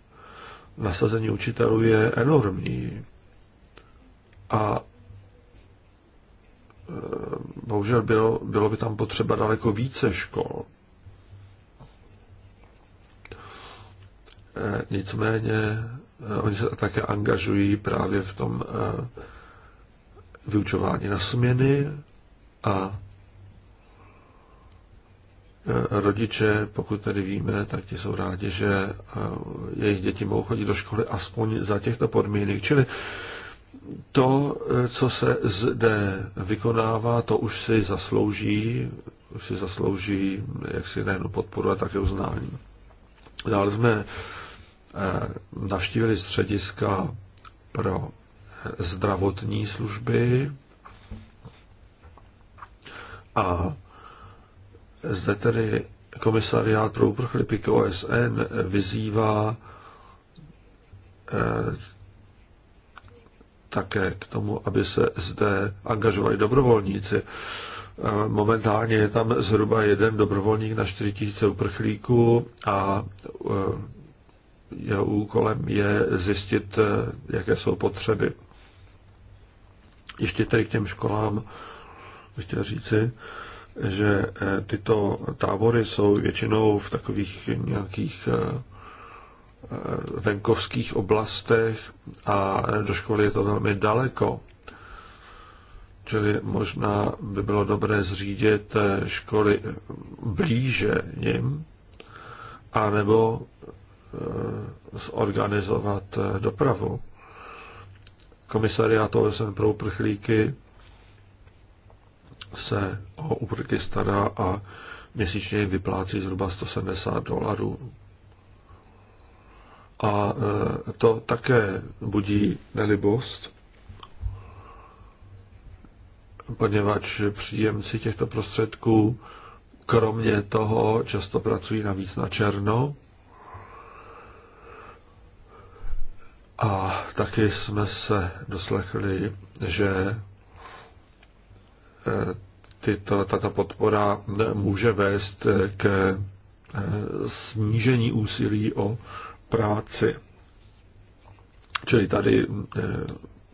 nasazení učitelů je enormní. A e, bohužel bylo, bylo by tam potřeba daleko více škol. E, nicméně Eh, oni se také angažují právě v tom eh, vyučování na směny a eh, rodiče, pokud tady víme, tak ti jsou rádi, že jejich děti mohou chodit do školy aspoň za těchto podmínek. Čili to, co se zde vykonává, to už si zaslouží, už si zaslouží jak si nejen podporu a také uznání. Dále jsme Eh, navštívili střediska pro eh, zdravotní služby a zde tedy komisariát pro uprchlíky OSN vyzývá eh, také k tomu, aby se zde angažovali dobrovolníci. Momentálně je tam zhruba jeden dobrovolník na 4 000 uprchlíků a jeho úkolem je zjistit, eh, jaké jsou potřeby. Ještě tady k těm školám bych chtěl říci, že eh, tyto tábory jsou většinou v takových nějakých eh, venkovských oblastech a do školy je to velmi daleko. Čili možná by bylo dobré zřídit školy blíže jim, anebo Eh, zorganizovat eh, dopravu. Komisariát OSN pro uprchlíky se o uprchlíky stará a měsíčně jim vyplácí zhruba 170 dolarů. A eh, to také budí nelibost, poněvadž příjemci těchto prostředků kromě toho často pracují navíc na černo A taky jsme se doslechli, že eh, tyto, tato podpora eh, může vést k eh, snížení úsilí o práci. Čili tady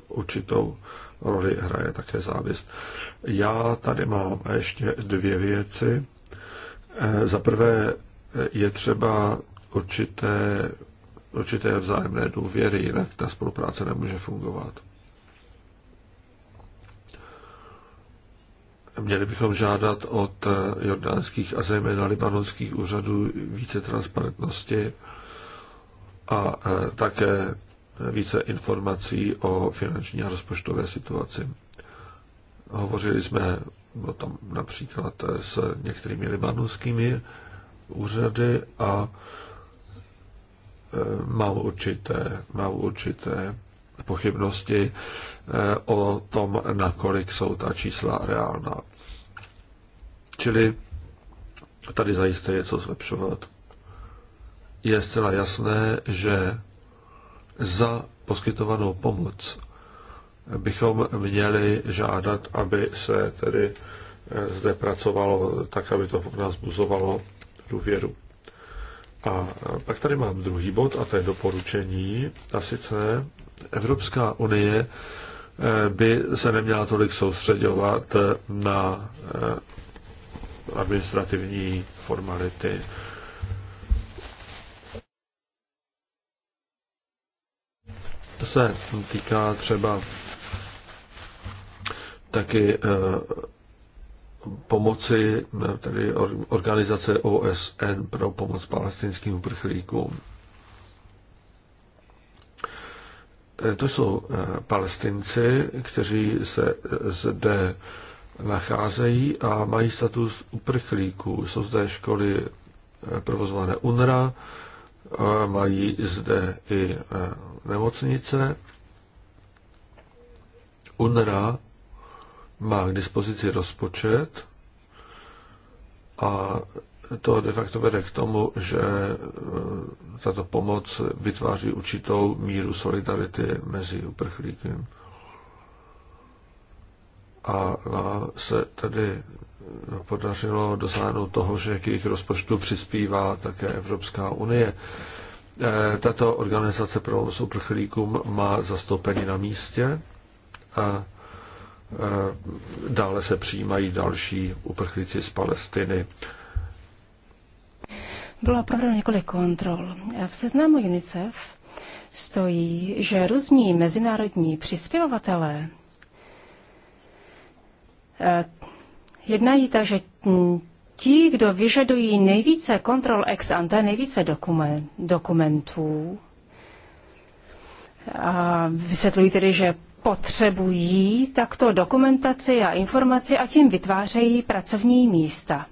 určitou roli hraje také závist. Já tady mám ještě dvě věci. Za prvé je třeba určité určité vzájemné důvěry, jinak ta spolupráce nemůže fungovat. Měli bychom žádat od jordánských a zejména libanonských úřadů více transparentnosti a e, také více informací o finanční a rozpočtové situaci. Hovořili jsme o tam například s některými libanonskými úřady a Eh, mám určité, mám určité pochybnosti eh, o tom, nakolik jsou ta čísla reálná. Čili tady zajisté je co zlepšovat. Je zcela jasné, že za poskytovanou pomoc bychom měli žádat, aby se tedy eh, zde pracovalo tak, aby to v nás buzovalo důvěru. A pak tady mám druhý bod, a to je doporučení. A sice Evropská unie eh, by se neměla tolik soustředovat eh, na eh, administrativní formality. To se týká třeba taky pomoci, eh, tedy organizace OSN pro pomoc palestinským uprchlíkům. Eh, to jsou eh, palestinci, kteří se zde nacházejí a mají status uprchlíků. Jsou zde školy provozované UNRA, mají zde i nemocnice. UNRA má k dispozici rozpočet a to de facto vede k tomu, že eh, tato pomoc vytváří určitou míru solidarity mezi uprchlíky. A se tedy podařilo dosáhnout toho, že k jejich rozpočtu přispívá také Evropská unie. Eh, tato organizace pro uprchlíkům má zastoupení na místě a Eh, dále se přijímají další uprchlíci z Palestiny. Bylo opravdu několik kontrol. V seznamu UNICEF stojí, že různí mezinárodní přispěvatelé eh, jednají tak, že ti, kdo vyžadují nejvíce kontrol ex ante, nejvíce dokumentů, a vysvětlují tedy, že potřebují takto dokumentaci a informaci a tím vytvářejí pracovní místa.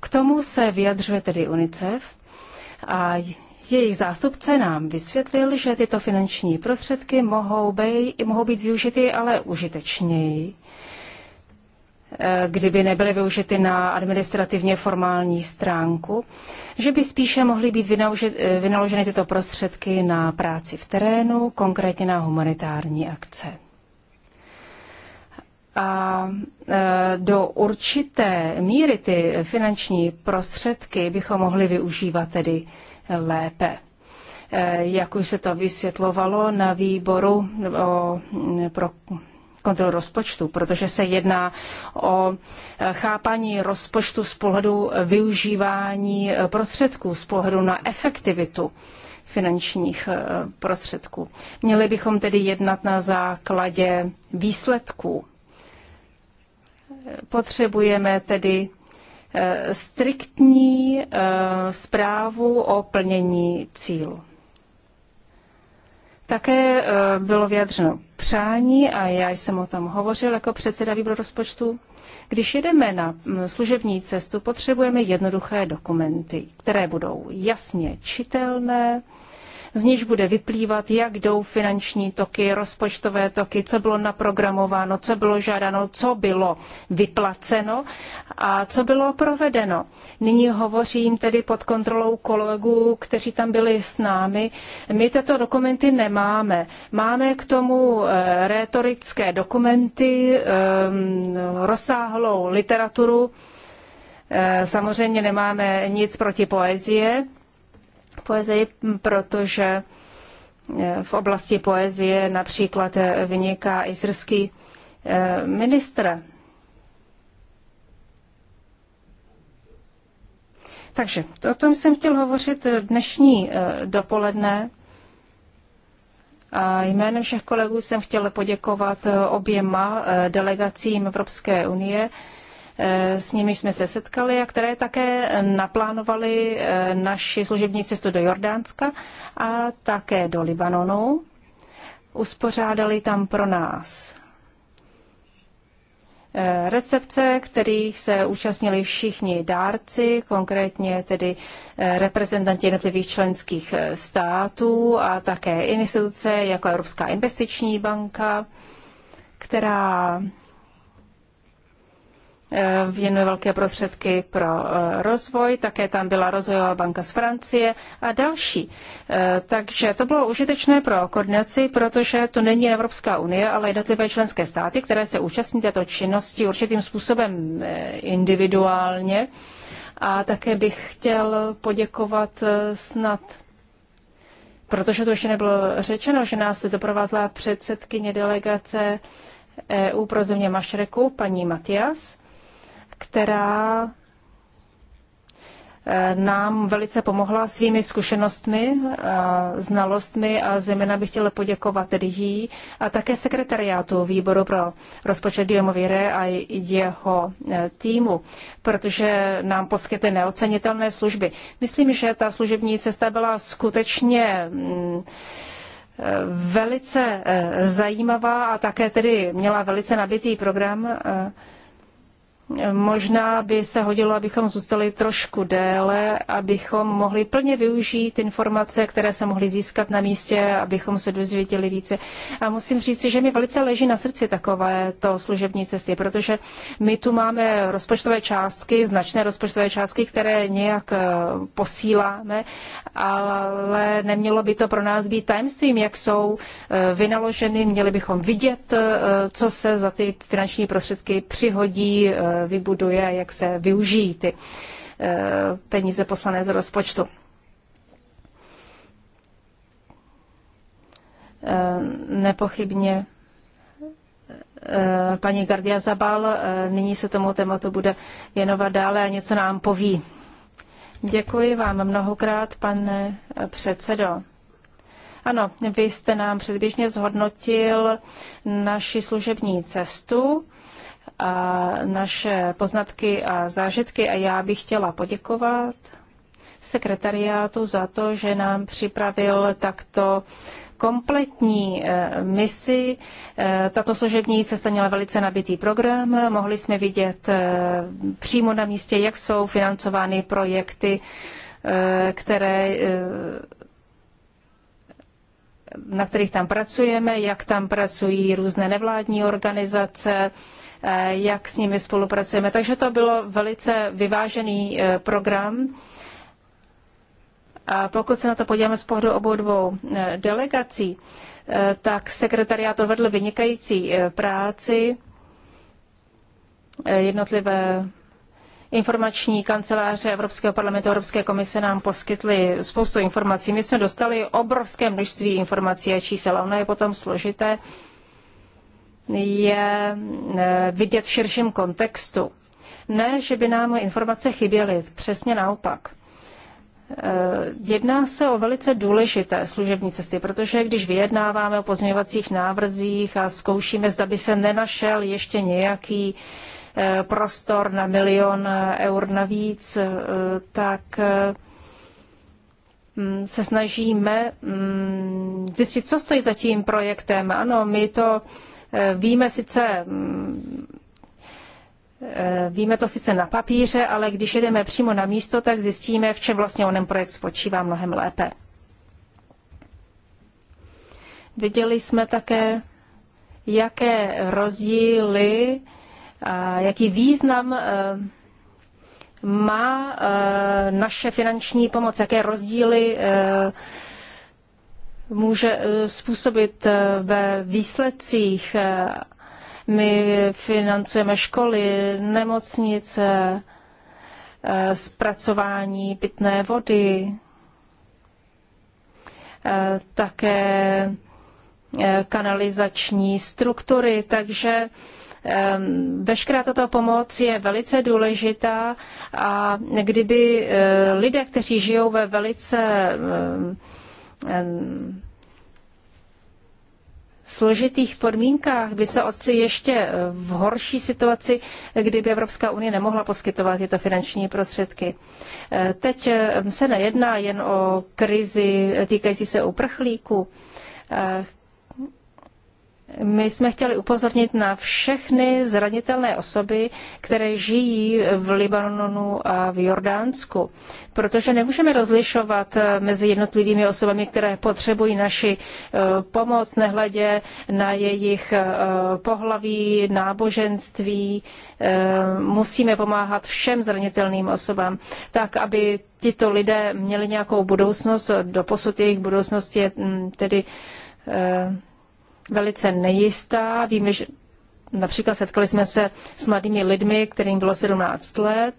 K tomu se vyjadřuje tedy UNICEF a jejich zástupce nám vysvětlil, že tyto finanční prostředky mohou být, mohou být využity ale užitečněji Eh, kdyby nebyly využity na administrativně formální stránku, že by spíše mohly být eh, vynaloženy tyto prostředky na práci v terénu, konkrétně na humanitární akce. A eh, do určité míry ty finanční prostředky bychom mohli využívat tedy lépe. Jak už se to vysvětlovalo na výboru mm, pro kontrolu rozpočtu, protože se jedná o eh, chápání rozpočtu z pohledu eh, využívání eh, prostředků, z pohledu na efektivitu finančních prostředků. Měli bychom tedy jednat na základě výsledků. Potřebujeme tedy striktní zprávu o plnění cílu. Také eh, bylo vyjadřeno přání a já jsem o tom hovořil jako předseda výboru rozpočtu. Když jedeme na mm, služební cestu, potřebujeme jednoduché dokumenty, které budou jasně čitelné, z níž bude vyplývat, jak jdou finanční toky, rozpočtové toky, co bylo naprogramováno, co bylo žádáno, co bylo vyplaceno a co bylo provedeno. Nyní hovořím tedy pod kontrolou kolegů, kteří tam byli s námi. My tyto dokumenty nemáme. Máme k tomu eh, rétorické dokumenty, eh, rozsáhlou literaturu, eh, Samozřejmě nemáme nic proti poezie, poezii, protože eh, v oblasti poezie například eh, vyniká izrský eh, ministr. Takže o tom jsem chtěl hovořit dnešní dopoledne. A jménem všech kolegů jsem chtěl poděkovat oběma delegacím Evropské unie, Eh, s nimi jsme se setkali a které také eh, naplánovali eh, naši služební cestu do Jordánska a také do Libanonu. Uspořádali tam pro nás recepce, kterých se účastnili všichni dárci, konkrétně tedy reprezentanti jednotlivých členských států a také instituce jako Evropská investiční banka, která Eh, věnuje velké prostředky pro eh, rozvoj, také tam byla rozvojová banka z Francie a další. Eh, takže to bylo užitečné pro koordinaci, protože to není Evropská unie, ale jednotlivé členské státy, které se účastní této činnosti určitým způsobem individuálně. A také bych chtěl poděkovat snad protože to ještě nebylo řečeno, že nás doprovázla předsedkyně delegace EU pro země Mašreku, paní Matias která eh, nám velice pomohla svými zkušenostmi, a znalostmi a zejména bych chtěla poděkovat tedy jí a také sekretariátu výboru pro rozpočet Diomovire a jeho eh, týmu, protože nám poskytly neocenitelné služby. Myslím, že ta služební cesta byla skutečně mm, eh, velice zajímavá a také tedy měla velice nabitý program Možná by se hodilo, abychom zůstali trošku déle, abychom mohli plně využít informace, které se mohly získat na místě, abychom se dozvěděli více. A musím říct, že mi velice leží na srdci takové to služební cesty, protože my tu máme rozpočtové částky, značné rozpočtové částky, které nějak eh, posíláme, ale nemělo by to pro nás být tajemstvím, jak jsou eh, vynaloženy. Měli bychom vidět, eh, co se za ty finanční prostředky přihodí vybuduje, jak se využijí ty eh, peníze poslané z rozpočtu. Eh, nepochybně eh, paní Gardia Zabal nyní se tomu tématu bude věnovat dále a něco nám poví. Děkuji vám mnohokrát, pane předsedo. Ano, vy jste nám předběžně zhodnotil naši služební cestu a naše poznatky a zážitky a já bych chtěla poděkovat sekretariátu za to, že nám připravil takto kompletní eh, misi. Eh, tato služební cesta měla velice nabitý program. Mohli jsme vidět eh, přímo na místě, jak jsou financovány projekty, které na kterých tam pracujeme, jak tam pracují různé nevládní organizace, Eh, jak s nimi spolupracujeme. Takže to bylo velice vyvážený eh, program. A pokud se na to podíváme z pohledu obou dvou eh, delegací, tak sekretariát odvedl vynikající práci. Jednotlivé informační kanceláře Evropského parlamentu a Evropské komise nám poskytly spoustu informací. My jsme dostali obrovské množství informací a čísel. Ono je potom složité je eh, vidět v širším kontextu. Ne, že by nám informace chyběly, přesně naopak. Eh, jedná se o velice důležité služební cesty, protože když vyjednáváme o pozměňovacích návrzích a zkoušíme, zda by se nenašel ještě nějaký eh, prostor na milion eur navíc, tak mm, se snažíme mm, zjistit, co stojí za tím projektem. Ano, my to Eh, víme sice mm, eh, Víme to sice na papíře, ale když jedeme přímo na místo, tak zjistíme, v čem vlastně onen projekt spočívá mnohem lépe. Viděli jsme také, jaké rozdíly a jaký význam eh, má naše finanční pomoc, jaké rozdíly může eh, způsobit eh, ve výsledcích. Eh, my financujeme školy, nemocnice, zpracování pitné vody, také kanalizační struktury, takže ehm, veškerá tato pomoc je velice důležitá a kdyby lidé, kteří žijou ve velice ehm, složitých podmínkách by se ocitli ještě eh, v horší situaci, kdyby Evropská unie nemohla poskytovat tyto finanční prostředky. Eh, teď se nejedná jen o krizi týkající se uprchlíků. Eh, my jsme chtěli upozornit na všechny zranitelné osoby, které žijí v Libanonu a v Jordánsku, protože nemůžeme rozlišovat eh, mezi jednotlivými osobami, které potřebují naši eh, pomoc, nehledě na jejich eh, pohlaví, náboženství. Musíme pomáhat všem zranitelným osobám, tak aby tito lidé měli nějakou budoucnost. Doposud jejich budoucnost je mm, tedy velice nejistá. Víme, že například setkali jsme se s mladými lidmi, kterým bylo 17 let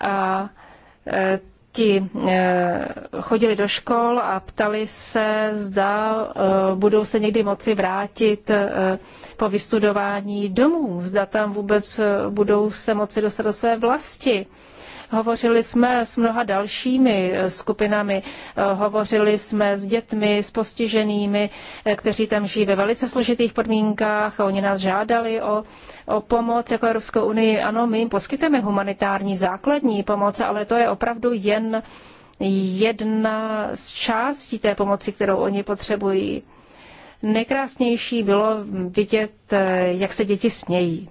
a e, ti e, chodili do škol a ptali se, zda e, budou se někdy moci vrátit po vystudování domů, zda tam vůbec budou se moci dostat do své vlasti Hovořili jsme s mnoha dalšími eh, skupinami, eh, hovořili jsme s dětmi, s postiženými, eh, kteří tam žijí ve velice složitých podmínkách. Oni nás žádali o, o pomoc jako Evropskou unii. Ano, my jim poskytujeme humanitární základní pomoc, ale to je opravdu jen jedna z částí té pomoci, kterou oni potřebují. Nejkrásnější bylo vidět, jak se děti smějí.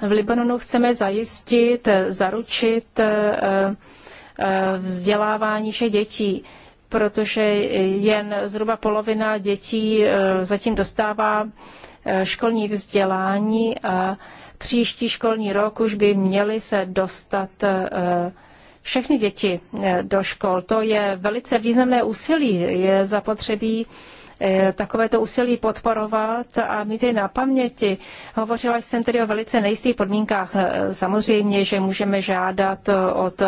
V Libanonu chceme zajistit, zaručit eh, eh, vzdělávání všech dětí, protože jen zhruba polovina dětí eh, zatím dostává školní vzdělání a příští školní rok už by měly se dostat všechny děti do škol. To je velice významné úsilí. Je zapotřebí Eh, takovéto úsilí podporovat a mít je na paměti. Hovořila jsem tedy o velice nejistých podmínkách. Eh, samozřejmě, že můžeme žádat od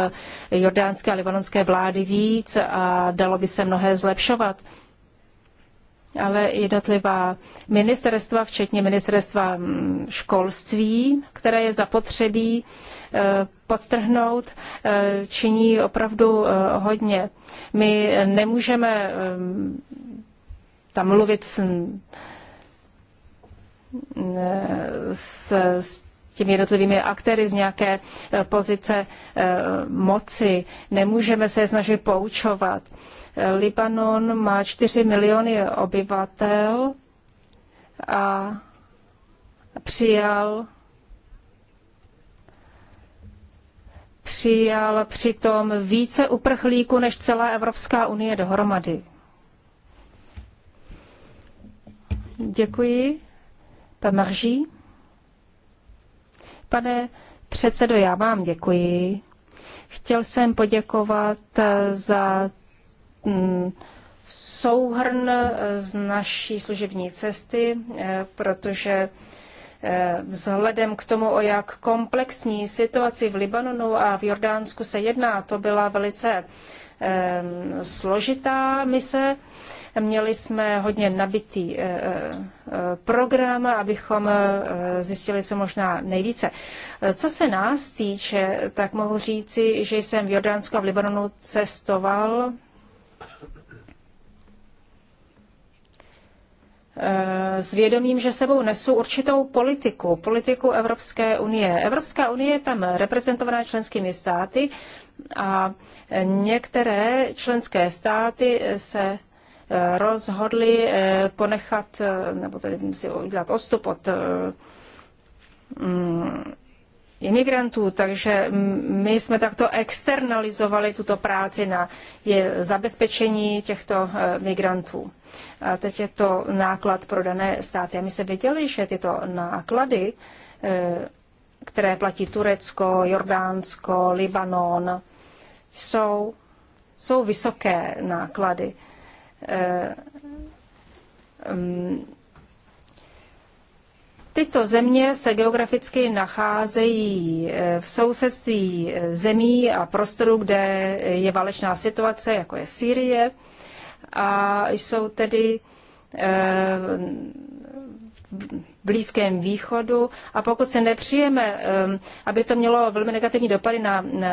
jordánské a libanonské vlády víc a dalo by se mnohé zlepšovat ale jednotlivá ministerstva, včetně ministerstva mm, školství, které je zapotřebí eh, podstrhnout, činí opravdu hodně. My nemůžeme tam mluvit s, s, s těmi jednotlivými aktéry z nějaké eh, pozice eh, moci. Nemůžeme se snažit poučovat. Libanon má 4 miliony obyvatel a přijal přijal přitom více uprchlíků než celá Evropská unie dohromady. Děkuji. Pan Marží. Pane předsedo, já vám děkuji. Chtěl jsem poděkovat eh, za mm, souhrn eh, z naší služební cesty, eh, protože vzhledem k tomu, o jak komplexní situaci v Libanonu a v Jordánsku se jedná, to byla velice složitá mise. Měli jsme hodně nabitý eh, eh, program, abychom eh, zjistili co možná nejvíce. Co se nás týče, tak mohu říci, že jsem v Jordánsku a v Libanonu cestoval s vědomím, že sebou nesou určitou politiku, politiku Evropské unie. Evropská unie je tam reprezentovaná členskými státy a některé členské státy se rozhodli eh, ponechat, eh, nebo tedy si udělat odstup od eh, mm, imigrantů, takže my jsme takto externalizovali tuto práci na je zabezpečení těchto migrantů. A teď je to náklad pro dané státy. A my se věděli, že tyto náklady, které platí Turecko, Jordánsko, Libanon, jsou, jsou vysoké náklady. Eh, mm, tyto země se geograficky nacházejí eh, v sousedství eh, zemí a prostorů, kde je válečná situace, jako je Sýrie, a jsou tedy Blízkém východu a pokud se nepřijeme, aby to mělo velmi negativní dopady na, na,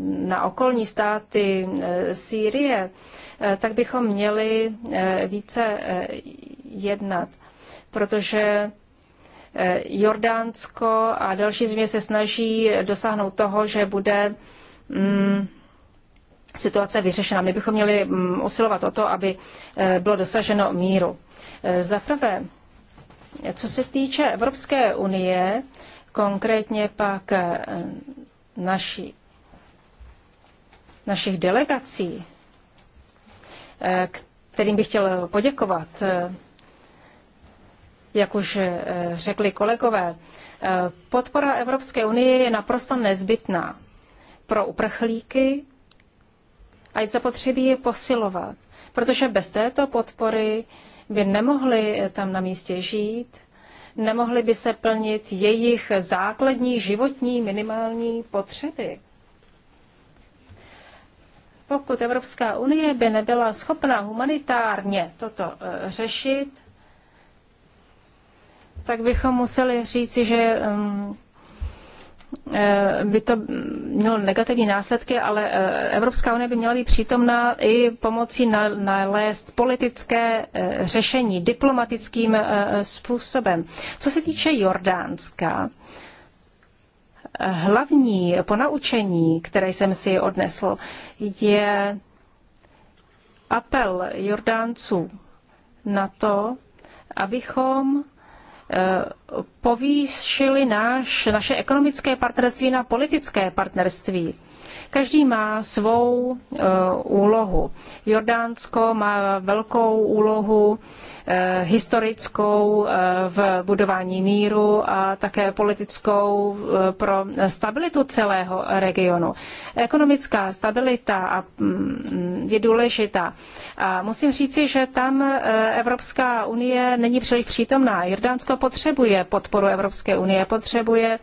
na okolní státy Sýrie, eh, tak bychom měli eh, více eh, jednat, protože Jordánsko a další země se snaží dosáhnout toho, že bude mm, situace vyřešena. My bychom měli mm, usilovat o to, aby bylo dosaženo míru. Za prvé, co se týče Evropské unie, konkrétně pak eh, naši, našich delegací, eh, kterým bych chtěl poděkovat, eh, jak už řekli kolegové, podpora Evropské unie je naprosto nezbytná pro uprchlíky a je zapotřebí je posilovat, protože bez této podpory by nemohli tam na místě žít, nemohli by se plnit jejich základní životní minimální potřeby. Pokud Evropská unie by nebyla schopná humanitárně toto e, řešit, tak bychom museli říci, že mm, Eh, by to mělo negativní následky, ale eh, Evropská unie by měla být přítomná i pomocí nalézt politické eh, řešení diplomatickým způsobem. Co se týče Jordánska, hlavní ponaučení, které jsem si odnesl, je apel Jordánců na to, abychom povýšili náš, naše ekonomické partnerství na politické partnerství. Každý má svou e, úlohu. Jordánsko má velkou úlohu e, historickou e, v budování míru a také politickou e, pro stabilitu celého regionu. Ekonomická stabilita a, mm, je důležitá. A musím říci, že tam e, Evropská unie není příliš přítomná. Jordánsko potřebuje podporu Evropské unie, potřebuje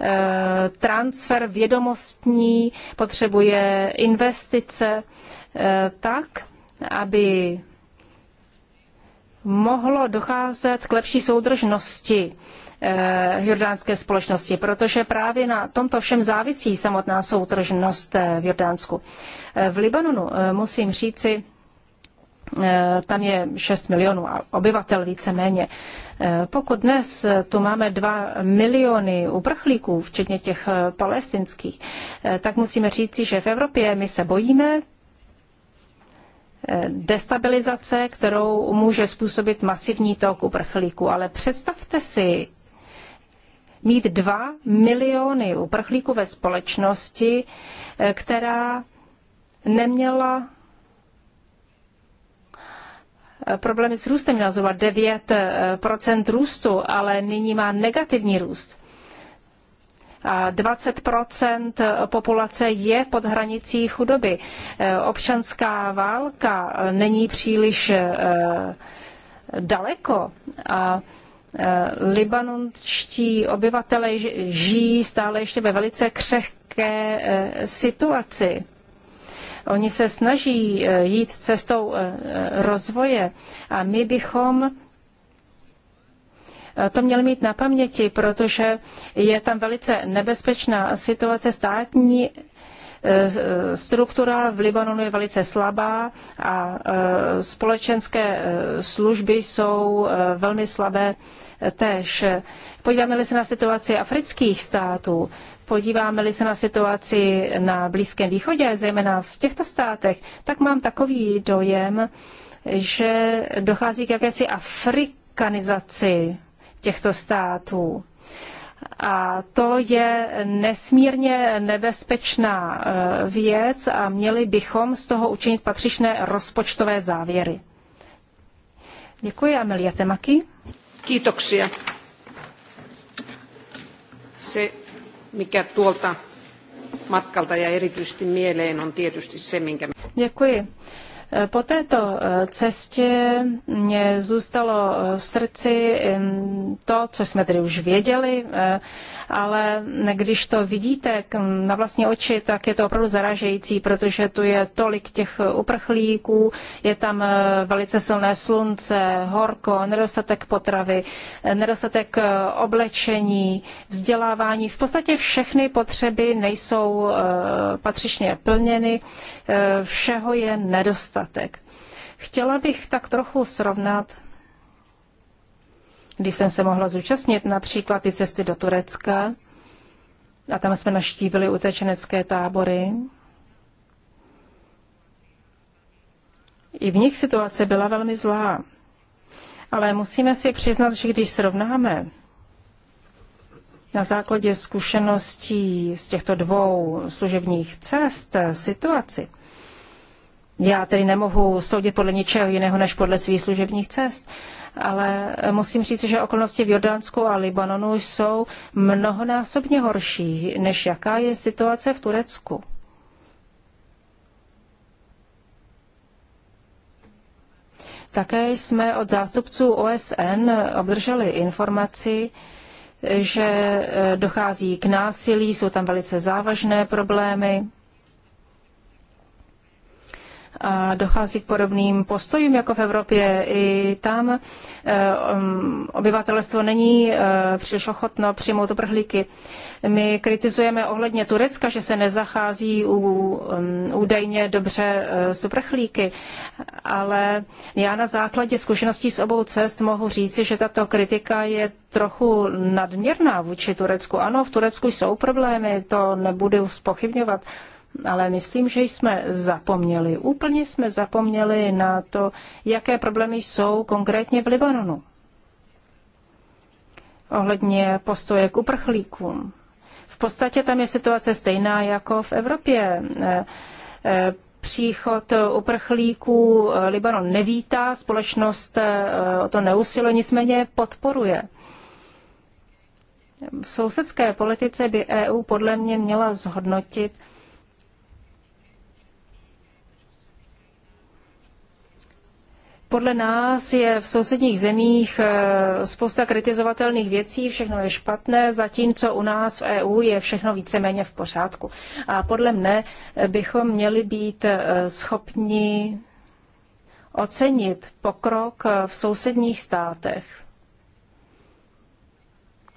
Eh, transfer vědomostní, potřebuje investice eh, tak, aby mohlo docházet k lepší soudržnosti eh, jordánské společnosti, protože právě na tomto všem závisí samotná soudržnost v Jordánsku. V Libanonu musím říci, tam je 6 milionů obyvatel víceméně. Pokud dnes tu máme dva miliony uprchlíků, včetně těch eh, palestinských, eh, tak musíme říci, že v Evropě my se bojíme eh, destabilizace, kterou může způsobit masivní tok uprchlíků. Ale představte si, mít dva miliony uprchlíků ve společnosti, která neměla problémy s růstem měla zhruba 9% eh, růstu, ale nyní má negativní růst. A 20 populace je pod hranicí chudoby. Eh, občanská válka eh, není příliš daleko a libanonští obyvatelé žijí stále ještě ve velice křehké situaci. Oni se snaží eh, jít cestou eh, eh, rozvoje a my bychom to měl mít na paměti, protože je tam velice nebezpečná situace státní Eh, eh, struktura v Libanonu je velice slabá a eh, společenské služby jsou velmi slabé tež. Podíváme-li se na situaci afrických států, podíváme-li se na situaci na Blízkém východě, zejména v těchto státech, tak mám takový dojem, že dochází k jakési afrikanizaci těchto států. A to je nesmírně nebezpečná eh, věc a měli bychom z toho učinit patřičné rozpočtové závěry. Děkuji, Amelia Temaki. Kiitoksia. Se, mikä tuolta matkalta ja erityisesti mieleen on tietysti se, minkä... Děkuji. Po této eh, cestě mě zůstalo eh, v srdci to, co jsme tedy už věděli, eh, ale když to vidíte na vlastní oči, tak je to opravdu zaražející, protože tu je tolik těch uprchlíků, je tam velice silné slunce, horko, nedostatek potravy, nedostatek oblečení, vzdělávání. V podstatě všechny potřeby nejsou patřičně plněny, všeho je nedostatek nedostatek. Chtěla bych tak trochu srovnat, když jsem se mohla zúčastnit například ty cesty do Turecka, a tam jsme naštívili utečenecké tábory. I v nich situace byla velmi zlá. Ale musíme si přiznat, že když srovnáme na základě zkušeností z těchto dvou služebních cest situaci, já tedy nemohu soudit podle ničeho jiného než podle svých služebních cest, ale musím říct, že okolnosti v Jordánsku a Libanonu jsou mnohonásobně horší, než jaká je situace v Turecku. Také jsme od zástupců OSN obdrželi informaci, že eh, dochází k násilí, jsou tam velice závažné problémy a dochází k podobným postojům jako v Evropě. I tam eh, um, obyvatelstvo není eh, příliš ochotno přijmout prhlíky. My kritizujeme ohledně Turecka, že se nezachází u, um, údajně dobře eh, s uprchlíky, ale já na základě zkušeností z obou cest mohu říci, že tato kritika je trochu nadměrná vůči Turecku. Ano, v Turecku jsou problémy, to nebudu spochybňovat ale myslím, že jsme zapomněli, úplně jsme zapomněli na to, jaké problémy jsou konkrétně v Libanonu. Ohledně postoje k uprchlíkům. V podstatě tam je situace stejná jako v Evropě. E, e, příchod uprchlíků e, Libanon nevítá, společnost o to neusiluje, nicméně podporuje. V sousedské politice by EU podle mě měla zhodnotit, Podle nás je v sousedních zemích eh, spousta kritizovatelných věcí, všechno je špatné, zatímco u nás v EU je všechno víceméně v pořádku. A podle mne eh, bychom měli být eh, schopni ocenit pokrok v sousedních státech.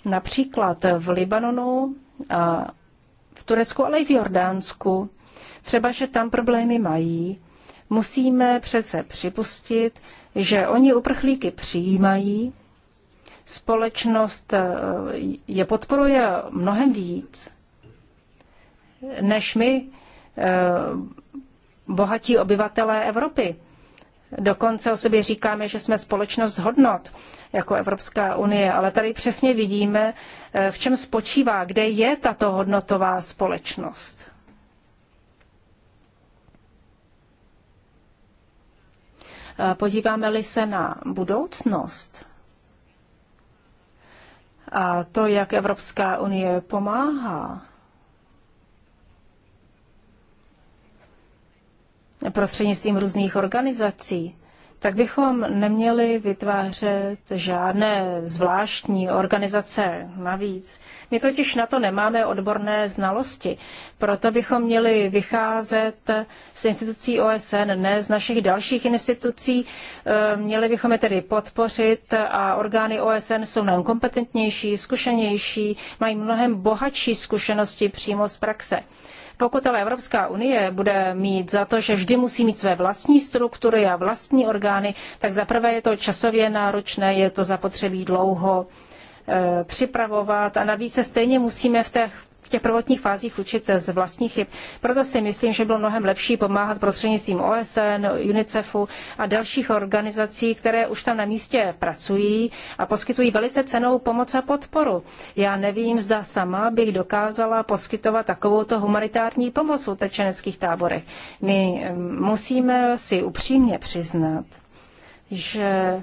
Například v Libanonu, a v Turecku, ale i v Jordánsku. Třeba, že tam problémy mají, Musíme přece připustit, že oni uprchlíky přijímají, společnost eh, je podporuje mnohem víc, než my, eh, bohatí obyvatelé Evropy. Dokonce o sobě říkáme, že jsme společnost hodnot jako Evropská unie, ale tady přesně vidíme, eh, v čem spočívá, kde je tato hodnotová společnost. Podíváme-li se na budoucnost a to, jak Evropská unie pomáhá prostřednictvím různých organizací, tak bychom neměli vytvářet žádné zvláštní organizace navíc. My totiž na to nemáme odborné znalosti, proto bychom měli vycházet z institucí OSN, ne z našich dalších institucí. Eh, měli bychom je tedy podpořit a orgány OSN jsou nám kompetentnější, zkušenější, mají mnohem bohatší zkušenosti přímo z praxe. Pokud ale Evropská unie bude mít za to, že vždy musí mít své vlastní struktury a vlastní orgány, tak zaprvé je to časově náročné, je to zapotřebí dlouho eh, připravovat a navíc se stejně musíme v těch v těch prvotních fázích učit z vlastních chyb. Proto si myslím, že bylo mnohem lepší pomáhat prostřednictvím OSN, UNICEFu a dalších organizací, které už tam na místě pracují a poskytují velice cenou pomoc a podporu. Já nevím, zda sama bych dokázala poskytovat takovouto humanitární pomoc v utečeneckých táborech. My mm, musíme si upřímně přiznat, že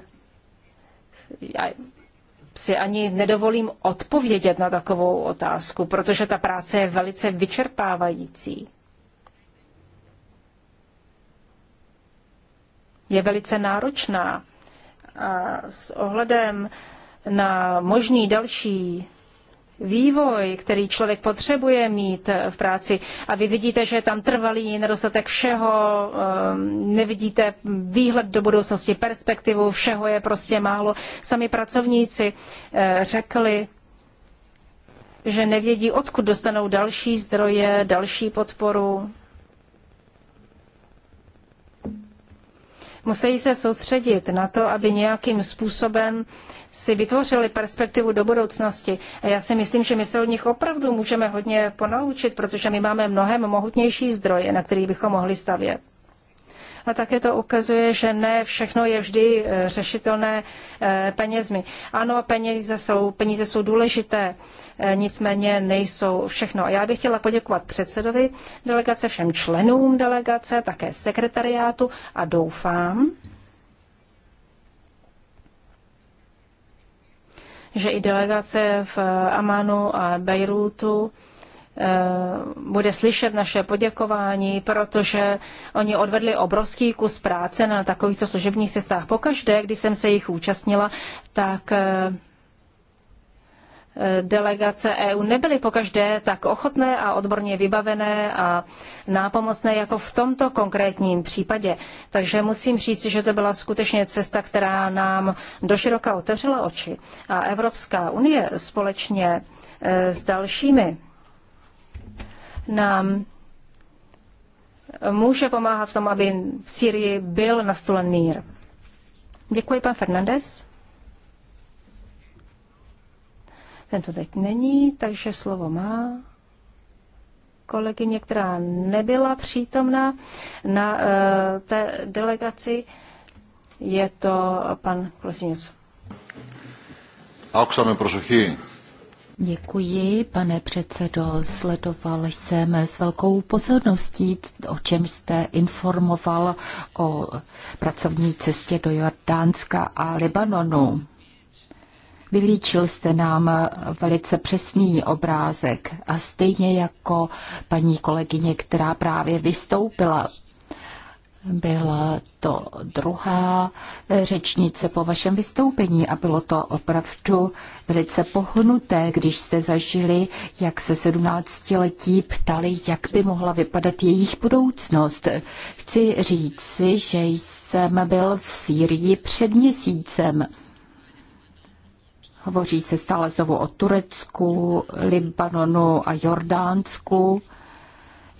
si ani nedovolím odpovědět na takovou otázku, protože ta práce je velice vyčerpávající. Je velice náročná. A s ohledem na možný další vývoj, který člověk potřebuje mít v práci. A vy vidíte, že je tam trvalý nedostatek všeho, ehm, nevidíte výhled do budoucnosti, perspektivu, všeho je prostě málo. Sami pracovníci eh, řekli, že nevědí, odkud dostanou další zdroje, další podporu. Musí se soustředit na to, aby nějakým způsobem uh, si vytvořili perspektivu do budoucnosti. A já si myslím, že my se od nich opravdu můžeme hodně ponaučit, protože my máme mnohem mohutnější zdroje, na které bychom mohli stavět. A také to ukazuje, že ne všechno je vždy eh, řešitelné eh, penězmi. Ano, peníze jsou, peníze jsou důležité, eh, nicméně nejsou všechno. A já bych chtěla poděkovat předsedovi delegace, všem členům delegace, také sekretariátu a doufám, že i delegace v eh, Amanu a Bejrútu eh, bude slyšet naše poděkování, protože oni odvedli obrovský kus práce na takovýchto služebních cestách. Pokaždé, když jsem se jich účastnila, tak eh, Eh, delegace EU nebyly pokaždé tak ochotné a odborně vybavené a nápomocné jako v tomto konkrétním případě. Takže musím říct, že to byla skutečně cesta, která nám doširoka otevřela oči. A Evropská unie společně eh, s dalšími nám může pomáhat v tom, aby v Syrii byl nastolen mír. Děkuji, pan Fernandez. Ten to teď není, takže slovo má kolegyně, která nebyla přítomna na uh, té delegaci. Je to pan Klesinec. Άκουσα με προσοχή Děkuji, pane předsedo. Sledoval jsem s velkou pozorností, o čem jste informoval o pracovní cestě do Jordánska a Libanonu. Vylíčil jste nám velice přesný obrázek a stejně jako paní kolegyně, která právě vystoupila, byla to druhá řečnice po vašem vystoupení a bylo to opravdu velice pohnuté, když jste zažili, jak se sedmnáctiletí ptali, jak by mohla vypadat jejich budoucnost. Chci říci, že jsem byl v Sýrii před měsícem. Hovoří se stále znovu o Turecku, Libanonu a Jordánsku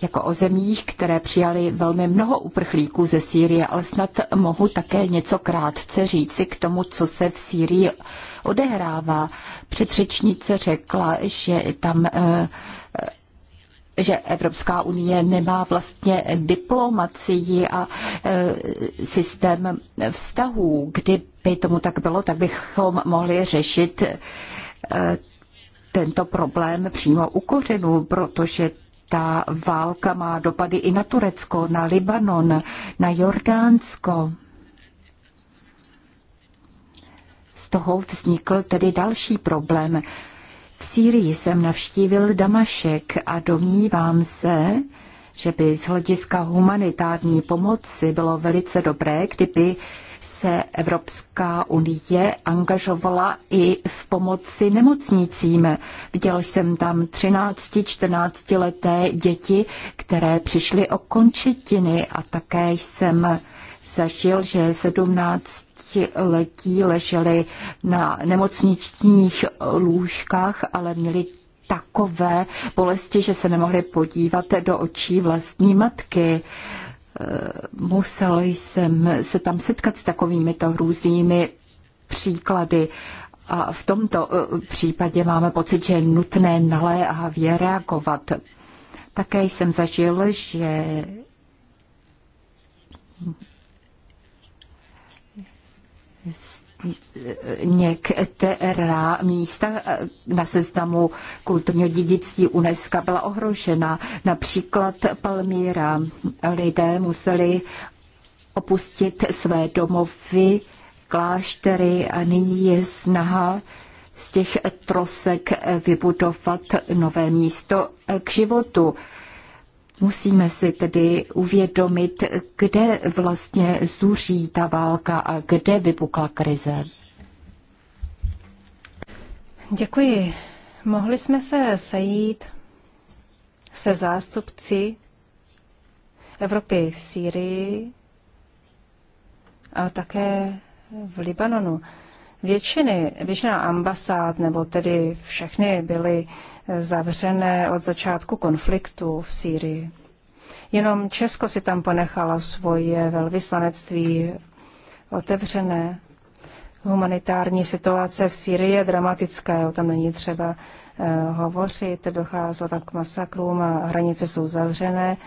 jako o zemích, které přijali velmi mnoho uprchlíků ze Sýrie, ale snad mohu také něco krátce říci k tomu, co se v Sýrii odehrává. Předřečnice řekla, že tam eh, že Evropská unie nemá vlastně diplomacii a e, systém vztahů. Kdyby tomu tak bylo, tak bychom mohli řešit e, tento problém přímo u kořenu, protože ta válka má dopady i na Turecko, na Libanon, na Jordánsko. Z toho vznikl tedy další problém. V Sýrii jsem navštívil Damašek a domnívám se, že by z hlediska humanitární pomoci bylo velice dobré, kdyby se Evropská unie angažovala i v pomoci nemocnicím. Viděl jsem tam 13-14 leté děti, které přišly o končetiny a také jsem zažil, že 17 letí leželi na nemocničních lůžkách, ale měli takové bolesti, že se nemohli podívat do očí vlastní matky. E, musel jsem se tam setkat s takovými to hrůznými příklady. A v tomto e, případě máme pocit, že je nutné naléhavě reagovat. Také jsem zažil, že některá místa na seznamu kulturního dědictví UNESCO byla ohrožena. Například Palmíra. Lidé museli opustit své domovy, kláštery a nyní je snaha z těch trosek vybudovat nové místo k životu. Musíme si tedy uvědomit, kde vlastně zuří ta válka a kde vypukla krize. Děkuji. Mohli jsme se sejít se zástupci Evropy v Sýrii a také v Libanonu. Většiny, většina ambasád, nebo tedy všechny, byly eh, zavřené od začátku konfliktu v Sýrii. Jenom Česko si tam ponechalo svoje velvyslanectví otevřené. Humanitární situace v Sýrii je dramatická, o tom není třeba eh, hovořit, docházelo tam k masakrům a hranice jsou zavřené.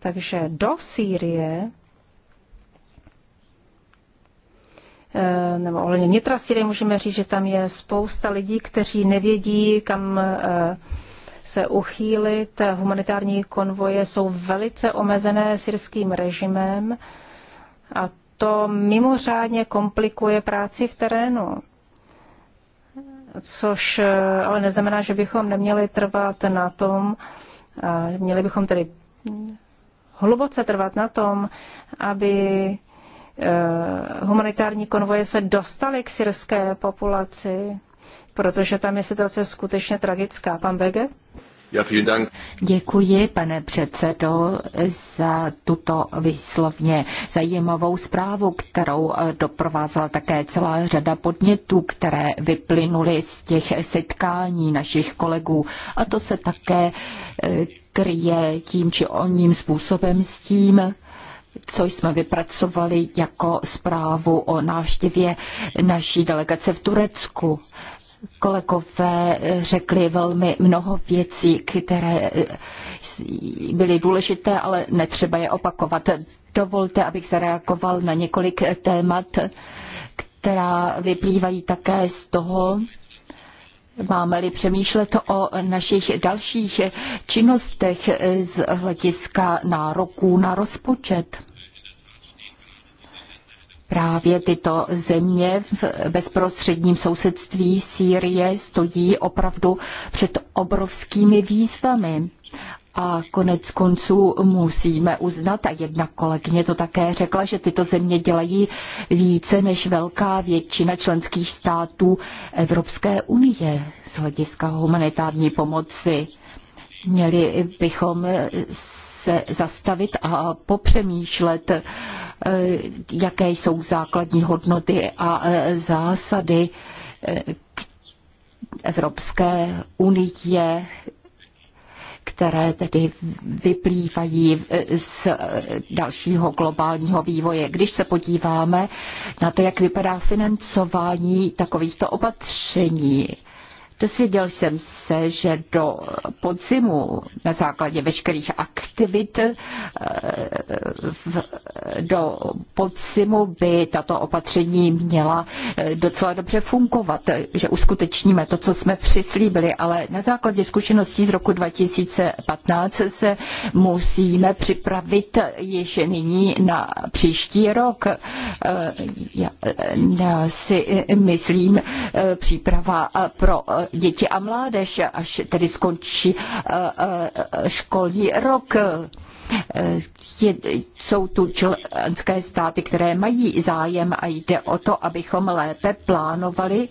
Takže do Sýrie Eh, nebo ohledně vnitra Syrie můžeme říct, že tam je spousta lidí, kteří nevědí, kam eh, se uchýlit. Humanitární konvoje jsou velice omezené syrským režimem a to mimořádně komplikuje práci v terénu. Což eh, ale neznamená, že bychom neměli trvat na tom, měli bychom tedy hluboce trvat na tom, aby Eh, humanitární konvoje se dostaly k syrské populaci, protože tam je situace skutečně tragická. Pan Bege? Děkuji, pane předsedo, za tuto výslovně zajímavou zprávu, kterou eh, doprovázela také celá řada podnětů, které vyplynuly z těch setkání našich kolegů. A to se také eh, kryje tím či oním způsobem s tím, co jsme vypracovali jako zprávu o návštěvě naší delegace v Turecku. Kolegové řekli velmi mnoho věcí, které eh, byly důležité, ale netřeba je opakovat. Dovolte, abych zareagoval na několik témat, která vyplývají také z toho, Máme-li přemýšlet o našich dalších činnostech z hlediska nároků na rozpočet? Právě tyto země v bezprostředním sousedství Sýrie stojí opravdu před obrovskými výzvami a konec konců musíme uznat, a jedna kolegyně to také řekla, že tyto země dělají více než velká většina členských států Evropské unie z hlediska humanitární pomoci. Měli bychom se zastavit a popřemýšlet, eh, jaké jsou základní hodnoty a eh, zásady eh, Evropské unie které tedy vyplývají eh, z eh, dalšího globálního vývoje. Když se podíváme na to, jak vypadá financování takovýchto opatření, Dosvěděl jsem se, že do podzimu na základě veškerých aktivit eh, do podzimu by tato opatření měla eh, docela dobře fungovat, že uskutečníme to, co jsme přislíbili, ale na základě zkušeností z roku 2015 se musíme připravit již nyní na příští rok. Eh, já si myslím, příprava pro děti a mládež, až tedy skončí eh, eh, školní rok. Eh, Je, jsou tu členské státy, které mají zájem a jde o to, abychom lépe plánovali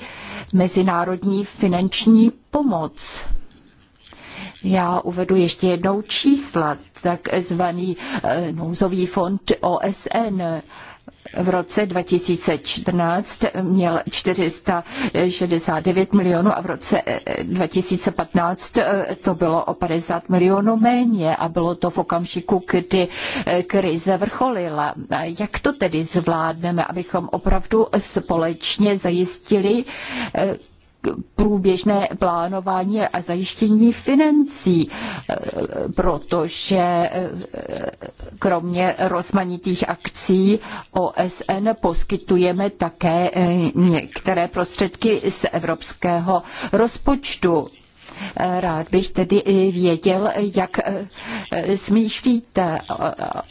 mezinárodní finanční pomoc. Já uvedu ještě jednou čísla, takzvaný nouzový fond OSN v roce 2014 měl 469 milionů a v roce 2015 eh, eh, to bylo o 50 milionů méně a bylo to v okamžiku, kdy eh, krize vrcholila. Jak to tedy zvládneme, abychom opravdu společně zajistili průběžné plánování a zajištění financí, e, protože e, kromě rozmanitých akcí OSN poskytujeme také e, některé prostředky z evropského rozpočtu. Rád bych tedy věděl, jak smýšlíte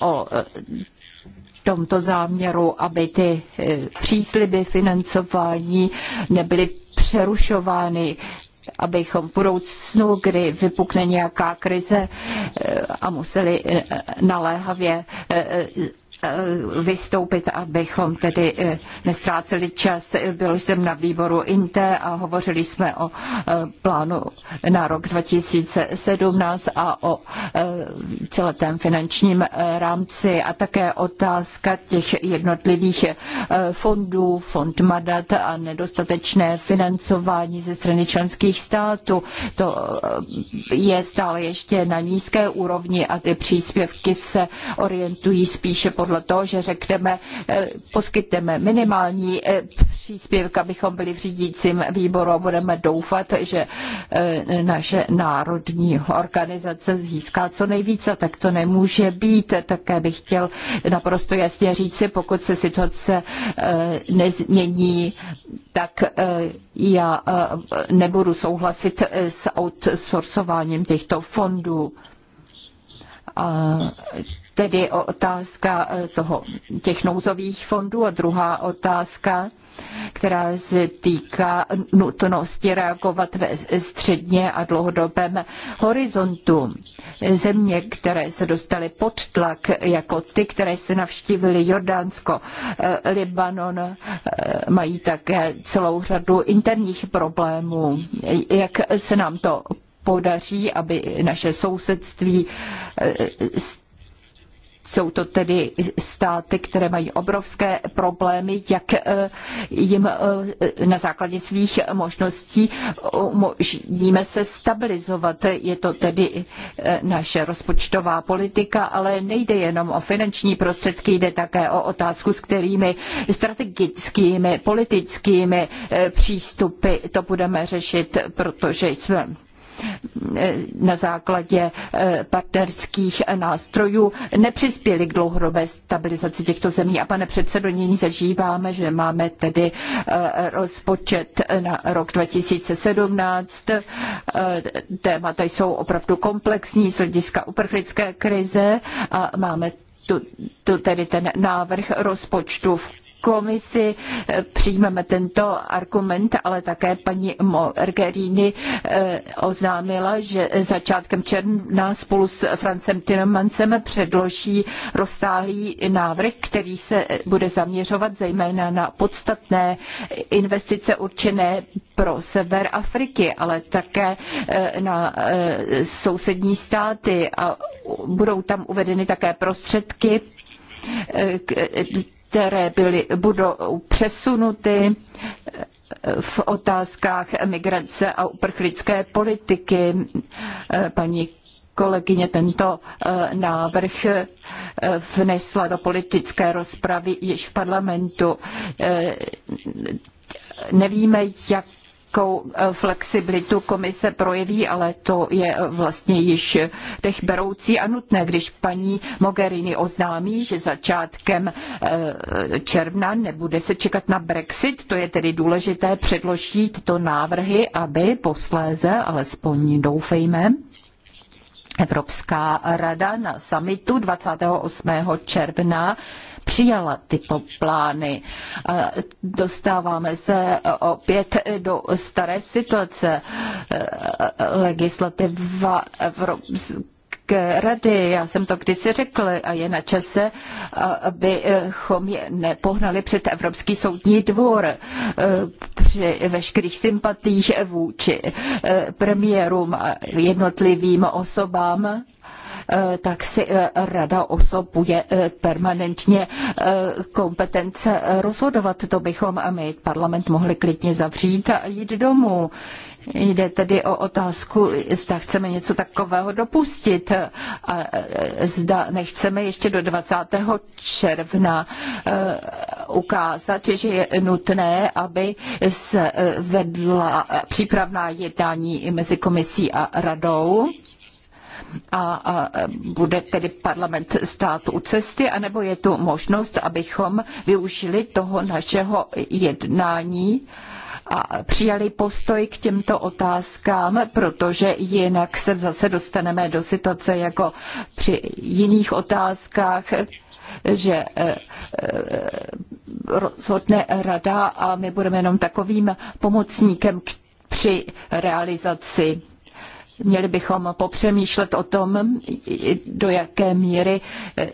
o tomto záměru, aby ty přísliby financování nebyly přerušovány abychom v budoucnu, kdy vypukne nějaká krize eh, a museli eh, naléhavě eh, Eh, vystoupit, abychom tedy eh, nestráceli čas. Byl jsem na výboru INTE a hovořili jsme o eh, plánu na rok 2017 a o celém finančním rámci a také otázka těch jednotlivých fondů, fond Madat a nedostatečné financování ze strany členských států. To je stále ještě na nízké úrovni a ty příspěvky se orientují spíše podle rozhodla to, že řekneme, eh, poskytneme minimální eh, příspěvek, abychom byli v řídícím výboru a budeme doufat, že eh, naše národní organizace získá co nejvíce, tak to nemůže být. Také bych chtěl naprosto jasně říci, pokud se situace nezmění, tak já nebudu souhlasit s outsourcováním těchto fondů. A tedy otázka e, toho, těch nouzových fondů a druhá otázka, která se týká nutnosti reagovat ve středně a dlouhodobém horizontu. Země, které se dostaly pod tlak, jako ty, které se navštívily Jordánsko, e, Libanon, e, mají také celou řadu interních problémů. Jak se nám to podaří, aby naše sousedství jsou to tedy státy, které mají obrovské problémy, jak eh, jim eh, na základě svých možností umožníme se stabilizovat. Je to tedy eh, naše rozpočtová politika, ale nejde jenom o finanční prostředky, jde také o otázku, s kterými strategickými, politickými přístupy to budeme řešit, protože jsme na základě eh, partnerských nástrojů nepřispěly k dlouhodobé stabilizaci těchto zemí. A pane předsedo, nyní zažíváme, že máme tedy eh, rozpočet na rok 2017. Eh, témata jsou opravdu komplexní z hlediska uprchlické krize a máme tu, tu tedy ten návrh rozpočtu v komisi eh, přijmeme tento argument, ale také paní Mogherini eh, oznámila, že začátkem června spolu s Francem Timmermansem předloží rozsáhlý návrh, který se bude zaměřovat zejména na podstatné investice určené pro sever Afriky, ale také eh, na sousední státy a budou tam uvedeny také prostředky, které byly, budou přesunuty eh, v otázkách migrace a uprchlické politiky. Eh, paní kolegyně tento eh, návrh vnesla do politické rozpravy již v parlamentu. Nevíme, jak jakou eh, flexibilitu komise projeví, ale to je eh, vlastně již dech beroucí a nutné, když paní Mogherini oznámí, že začátkem eh, června nebude se čekat na Brexit, to je tedy důležité předložit tyto návrhy, aby posléze, alespoň doufejme, Evropská rada na samitu 28. června přijala tyto plány. Dostáváme se opět do staré situace. Legislativa Evropské Evropské rady. Já jsem to kdysi řekl a je na čase, abychom je nepohnali před Evropský soudní dvůr při veškerých sympatích vůči eh, premiérům a jednotlivým osobám eh, tak si eh, rada osobuje permanentně kompetence rozhodovat. To bychom a my parlament mohli klidně zavřít a jít domů. Jde tedy o otázku, zda chceme něco takového dopustit a zda nechceme ještě do 20. června e, ukázat, že je nutné, aby se e, vedla přípravná jednání mezi komisí a radou a, bude tedy parlament stát u cesty, anebo je tu možnost, abychom využili toho našeho jednání a přijali postoj k těmto otázkám, protože jinak se zase dostaneme do situace jako při jiných otázkách, že eh, eh, rozhodne rada a my budeme jenom takovým pomocníkem při realizaci. Měli bychom popřemýšlet o tom, do jaké míry eh,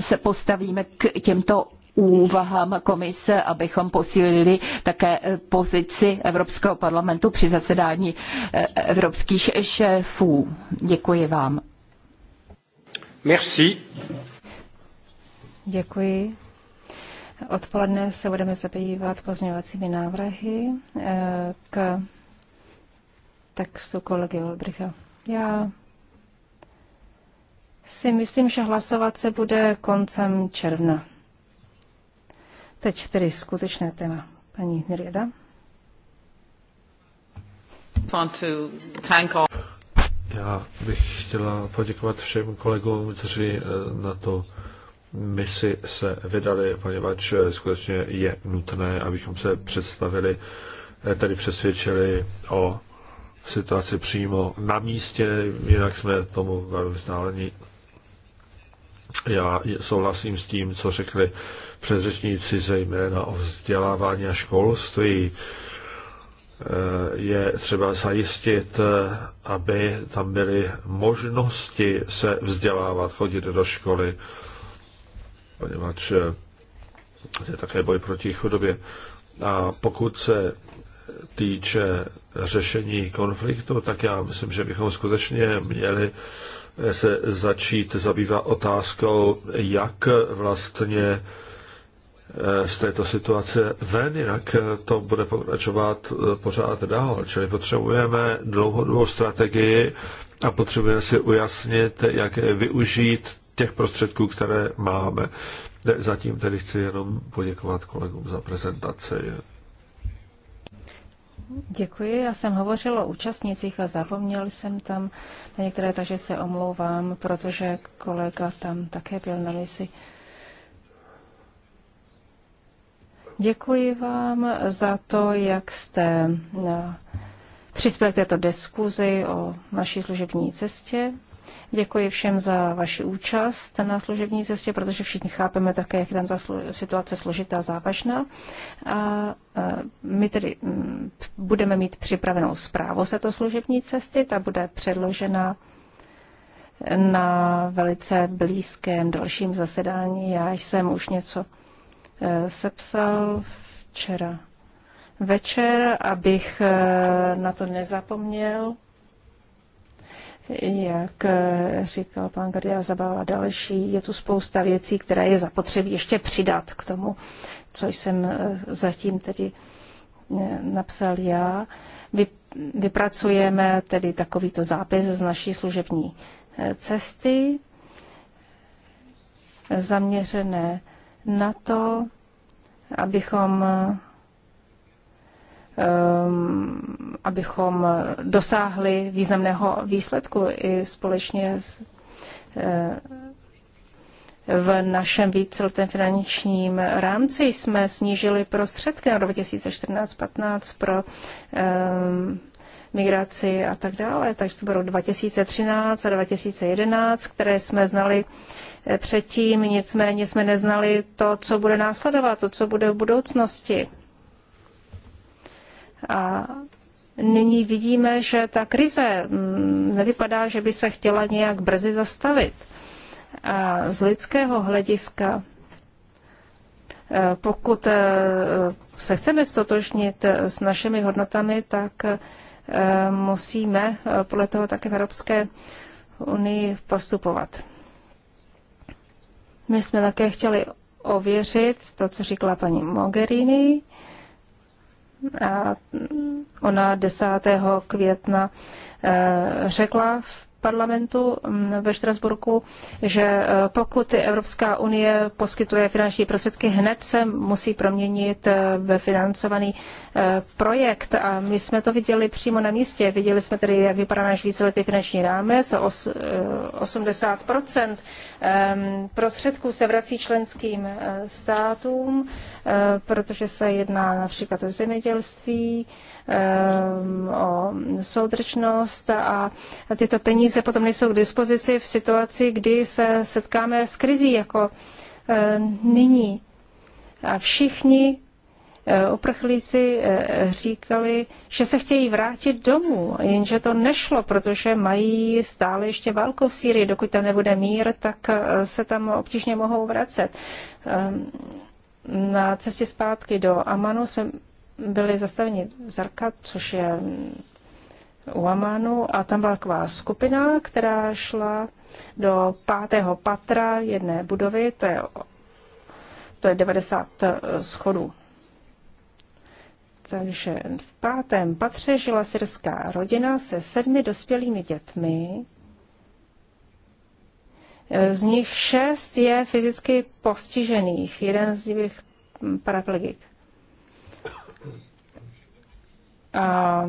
se postavíme k těmto úvahám komise, abychom posílili také eh, pozici Evropského parlamentu při zasedání eh, evropských šéfů. Děkuji vám. Merci. Děkuji. Odpoledne se budeme zabývat pozměňovacími návrhy eh, k textu kolegy Olbricha. Já si myslím, že hlasovat se bude koncem června. Teď tedy skutečné téma. Paní Nirjeda. Já bych chtěla poděkovat všem kolegům, kteří eh, na to misi se vydali, poněvadž eh, skutečně je nutné, abychom se představili, eh, tedy přesvědčili o situaci přímo na místě, jinak jsme tomu velmi vzdáleni. Já souhlasím s tím, co řekli předřečníci, zejména o vzdělávání a školství. E, je třeba zajistit, e, aby tam byly možnosti se vzdělávat, chodit do školy, poněvadž e, je také boj proti chudobě. A pokud se týče řešení konfliktu, tak já myslím, že bychom skutečně měli se začít zabývat otázkou, jak vlastně eh, z této situace ven, jinak eh, to bude pokračovat eh, pořád dál. Čili potřebujeme dlouhodobou strategii a potřebujeme si ujasnit, jak využít těch prostředků, které máme. Zatím tedy chci jenom poděkovat kolegům za prezentaci. Děkuji, já jsem hovořila o účastnicích a zapomněl jsem tam na některé, takže se omlouvám, protože kolega tam také byl na misi. Děkuji vám za to, jak jste eh, přispěli k této diskuzi o naší služební cestě. Děkuji všem za vaši účast na služební cestě, protože všichni chápeme také, jak je tam ta situace složitá, závažná. A my tedy mm, budeme mít připravenou zprávu se to služební cesty, ta bude předložena na velice blízkém dalším zasedání. Já jsem už něco e, sepsal včera večer, abych e, na to nezapomněl jak eh, říkal pan Gardia Zabal a další, je tu spousta věcí, které je zapotřebí ještě přidat k tomu, co jsem eh, zatím tedy eh, napsal já. Vypracujeme tedy takovýto zápis z naší služební cesty, zaměřené na to, abychom Um, abychom dosáhli významného výsledku i společně s, eh, v našem víceletém finančním rámci jsme snížili prostředky na rok 2014-15 pro um, migraci a tak dále. Takže to bylo 2013 a 2011, které jsme znali eh, předtím, nicméně jsme neznali to, co bude následovat, to, co bude v budoucnosti. A nyní vidíme, že ta krize mm, nevypadá, že by se chtěla nějak brzy zastavit. A z lidského hlediska, e, pokud e, se chceme stotožnit e, s našimi hodnotami, tak musíme podle toho také v Evropské unii postupovat. My jsme také chtěli ověřit to, co říkala paní Mogherini, a ona 10. května eh, řekla v parlamentu mm, ve Štrasburku, že e, pokud Evropská unie poskytuje finanční prostředky, hned se musí proměnit e, ve financovaný e, projekt. A my jsme to viděli přímo na místě. Viděli jsme tedy, jak vypadá náš víceletý finanční rámec. 80 prostředků se vrací členským státům, protože se jedná například o zemědělství, Ehm, o soudržnost a tyto peníze potom nejsou k dispozici v situaci, kdy se setkáme s krizí jako e, nyní. A všichni e, uprchlíci e, říkali, že se chtějí vrátit domů, jenže to nešlo, protože mají stále ještě válku v Sýrii. Dokud tam nebude mír, tak se tam obtížně mohou vracet. Ehm, na cestě zpátky do Amanu jsme byli zastaveni v což je u Amánu, a tam byla taková skupina, která šla do pátého patra jedné budovy, to je, to je 90 schodů. Takže v pátém patře žila syrská rodina se sedmi dospělými dětmi. Z nich šest je fyzicky postižených, jeden z nich paraplegik a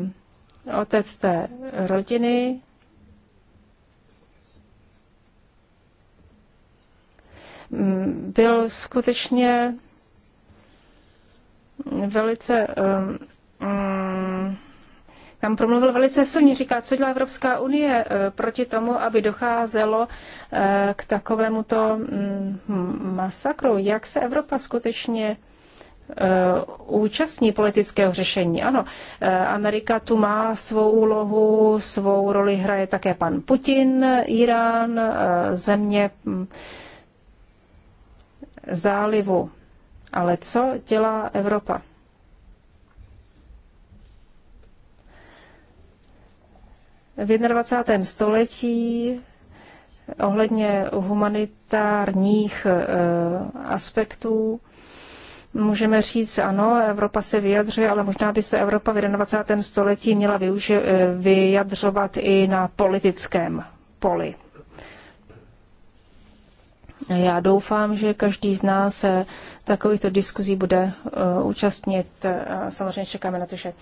otec té rodiny mm, byl skutečně velice um, mm, tam promluvil velice silně, říká, co dělá Evropská unie uh, proti tomu, aby docházelo uh, k takovémuto mm, masakru, jak se Evropa skutečně Eh, účastní politického řešení. Ano, eh, Amerika tu má svou úlohu, svou roli hraje také pan Putin, Irán, eh, země hm, zálivu. Ale co dělá Evropa? V 21. století ohledně humanitárních aspektů můžeme říct, ano, Evropa se vyjadřuje, ale možná by se Evropa v 21. století měla využi- eh, vyjadřovat i na politickém poli. Já doufám, že každý z nás se takovýchto diskuzí bude eh, účastnit. Samozřejmě čekáme na to, že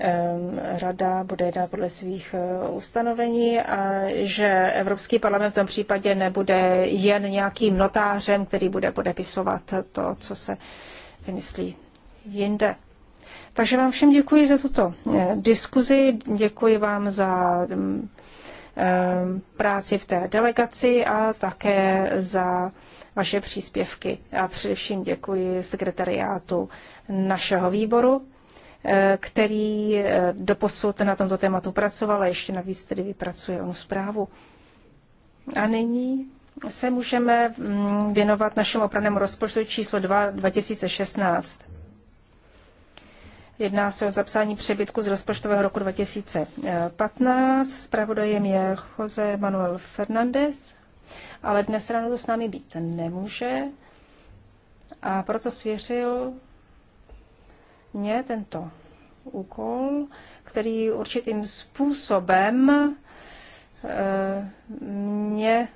eh, rada bude jednat podle svých ustanovení a že Evropský parlament v tom případě nebude jen nějakým notářem, který bude podepisovat to, co se myslí jinde. Takže vám všem děkuji za tuto eh, diskuzi, děkuji vám za mm, eh, práci v té delegaci a také za vaše příspěvky. A především děkuji sekretariátu našeho výboru, eh, který doposud na tomto tématu pracoval a ještě navíc tedy vypracuje onu zprávu. A nyní se můžeme mm, věnovat našemu opravnému rozpočtu číslo 2 2016. Jedná se o zapsání přebytku z rozpočtového roku 2015. Spravodajem je Jose Manuel Fernández, ale dnes ráno to s námi být nemůže a proto svěřil mě tento úkol, který určitým způsobem eh, mě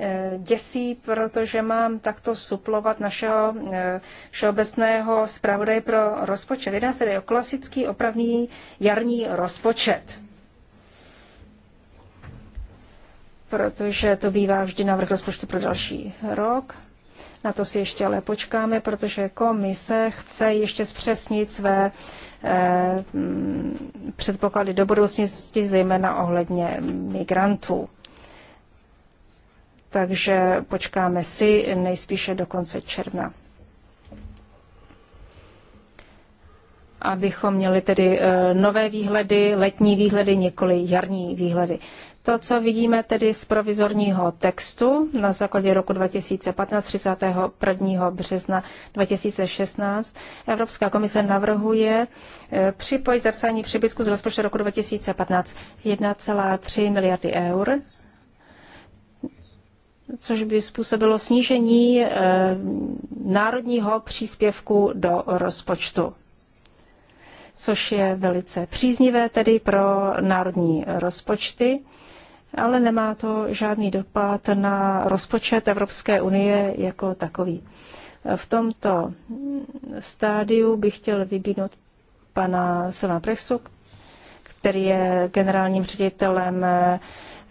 Eh, děsí, protože mám takto suplovat našeho eh, všeobecného zpravodaje pro rozpočet. Jedná se tedy o klasický opravný jarní rozpočet. Protože to bývá vždy návrh rozpočtu pro další rok. Na to si ještě ale počkáme, protože komise chce ještě zpřesnit své eh, předpoklady do budoucnosti, zejména ohledně migrantů takže počkáme si nejspíše do konce června. Abychom měli tedy eh, nové výhledy, letní výhledy, několi jarní výhledy. To, co vidíme tedy z provizorního textu na základě roku 2015, 31. března 2016, Evropská komise navrhuje eh, připojit zapsání přebytku z rozpočtu roku 2015 1,3 miliardy eur což by způsobilo snížení eh, národního příspěvku do rozpočtu, což je velice příznivé tedy pro národní rozpočty, ale nemá to žádný dopad na rozpočet Evropské unie jako takový. V tomto stádiu bych chtěl vybídnout pana Sema Prexu, který je generálním ředitelem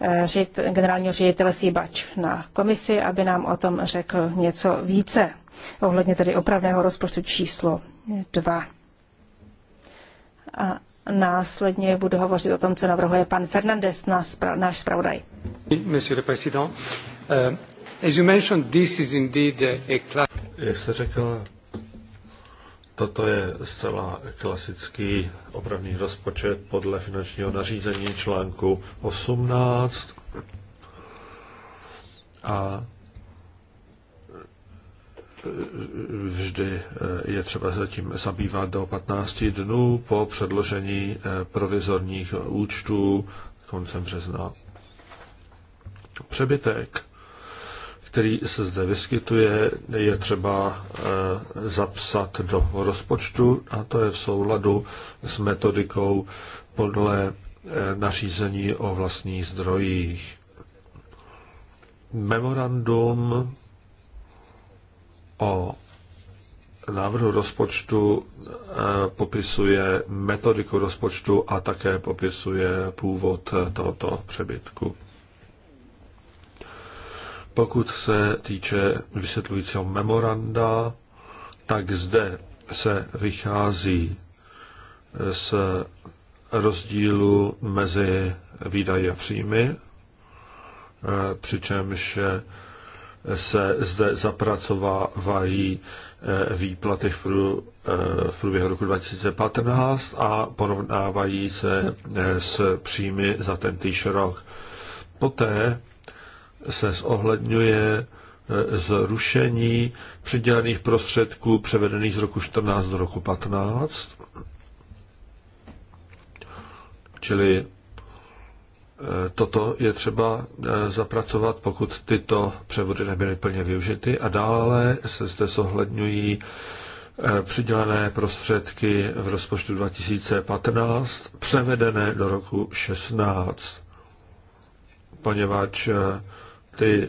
Eh, generálního ředitele Síbač na komisi, aby nám o tom řekl něco více ohledně tedy opravného rozpočtu číslo 2. A následně budu hovořit o tom, co navrhuje pan Fernandez, náš zpravodaj. Euh, Jak jste řekl, Toto je zcela klasický opravný rozpočet podle finančního nařízení článku 18. A vždy eh, je třeba zatím zabývat do 15 dnů po předložení eh, provizorních účtů koncem března. Přebytek který se zde vyskytuje, je třeba eh, zapsat do rozpočtu a to je v souladu s metodikou podle eh, nařízení o vlastních zdrojích. Memorandum o návrhu rozpočtu eh, popisuje metodiku rozpočtu a také popisuje původ tohoto přebytku. Pokud se týče vysvětlujícího memoranda, tak zde se vychází z rozdílu mezi výdaji a příjmy, e, přičemž se zde zapracovávají e, výplaty e, v průběhu roku 2015 a porovnávají se s příjmy za ten týž rok. Poté se zohledňuje eh, zrušení přidělených prostředků převedených z roku 14 do roku 15, čili eh, Toto je třeba eh, zapracovat, pokud tyto převody nebyly plně využity a dále se zde zohledňují přidělené prostředky v rozpočtu 2015 převedené do roku 16, poněvadž ty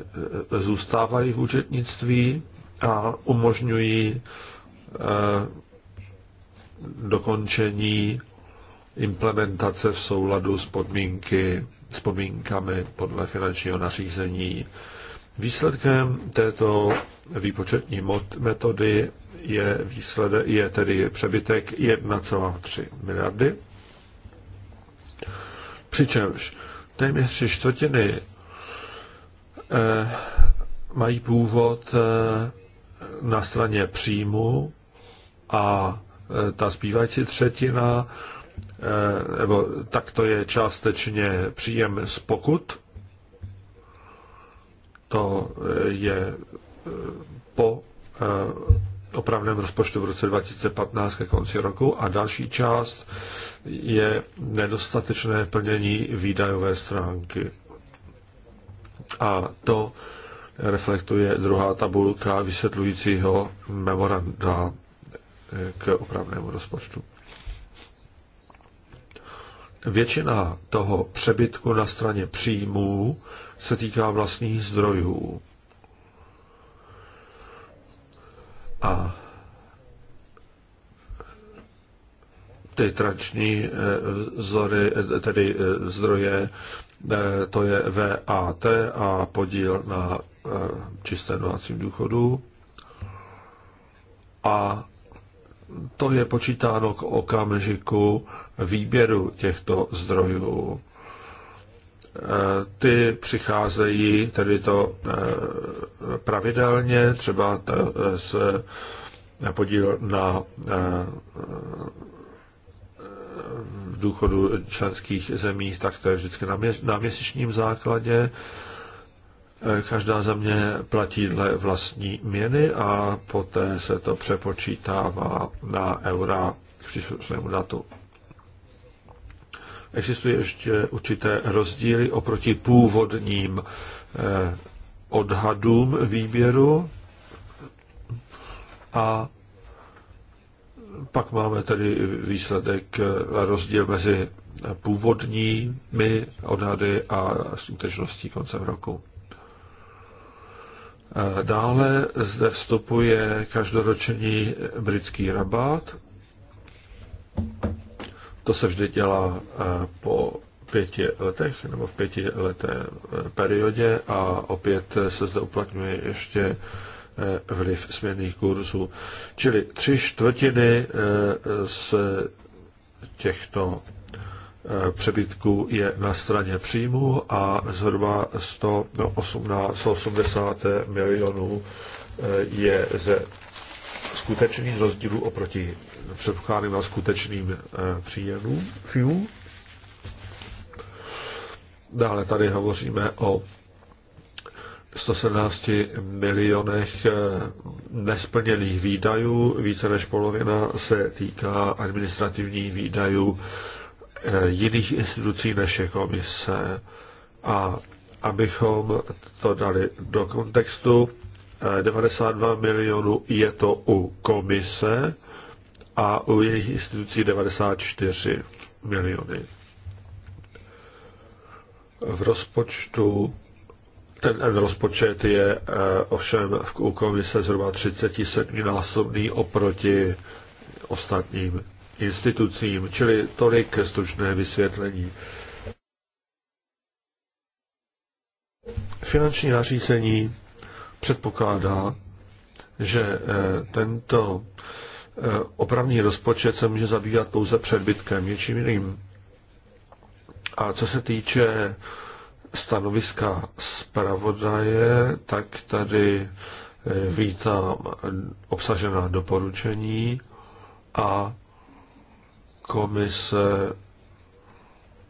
eh, zůstávají v účetnictví a umožňují eh, dokončení implementace v souladu s podmínky, s podmínkami podle finančního nařízení. Výsledkem této výpočetní metody je, výsledek, je tedy přebytek 1,3 miliardy, přičemž téměř tři čtvrtiny Eh, mají původ eh, na straně příjmu a eh, ta zbývající třetina, nebo tak to je částečně příjem z pokut, to je po opravném rozpočtu v roce 2015 ke konci roku a další část je nedostatečné plnění výdajové stránky. A to reflektuje druhá tabulka vysvětlujícího memoranda eh, k opravnému rozpočtu. Většina toho přebytku na straně příjmů se týká vlastních zdrojů. A ty trační eh, vzory, eh, tedy zdroje to je VAT a podíl na eh, čisté domácím důchodu. A to je počítáno k okamžiku výběru těchto zdrojů. Eh, ty přicházejí tedy to eh, pravidelně, třeba s podíl na v důchodu členských zemích, tak to je vždycky na měsíčním základě. Eh, každá země platí dle vlastní měny a poté se to přepočítává na eura k příslušnému datu. Existují ještě určité rozdíly oproti původním eh, odhadům výběru a pak máme tedy výsledek eh, rozdíl mezi původními odhady a skutečností koncem roku. Eh, dále zde vstupuje každoroční britský rabát. To se vždy dělá eh, po pěti letech nebo v pěti leté periodě a opět se zde uplatňuje ještě Eh, vliv směrných kurzů. Čili tři čtvrtiny eh, z těchto eh, přebytků je na straně příjmů a zhruba 118, 180 no, milionů je ze skutečných rozdílů oproti předpokládaným a skutečným příjemům. Dále tady hovoříme o 117 milionech eh, nesplněných výdajů, více než polovina se týká administrativních výdajů eh, jiných institucí než je komise. A abychom to dali do kontextu, 92 eh, milionů je to u komise a u jiných institucí 94 miliony. V rozpočtu ten rozpočet je eh, ovšem v komise zhruba 37 násobný oproti ostatním institucím, čili tolik stručné vysvětlení. Finanční nařízení předpokládá, že eh, tento eh, opravný rozpočet se může zabývat pouze předbytkem, něčím jiným. A co se týče stanoviska zpravodaje, tak tady eh, vítám obsažená doporučení a komise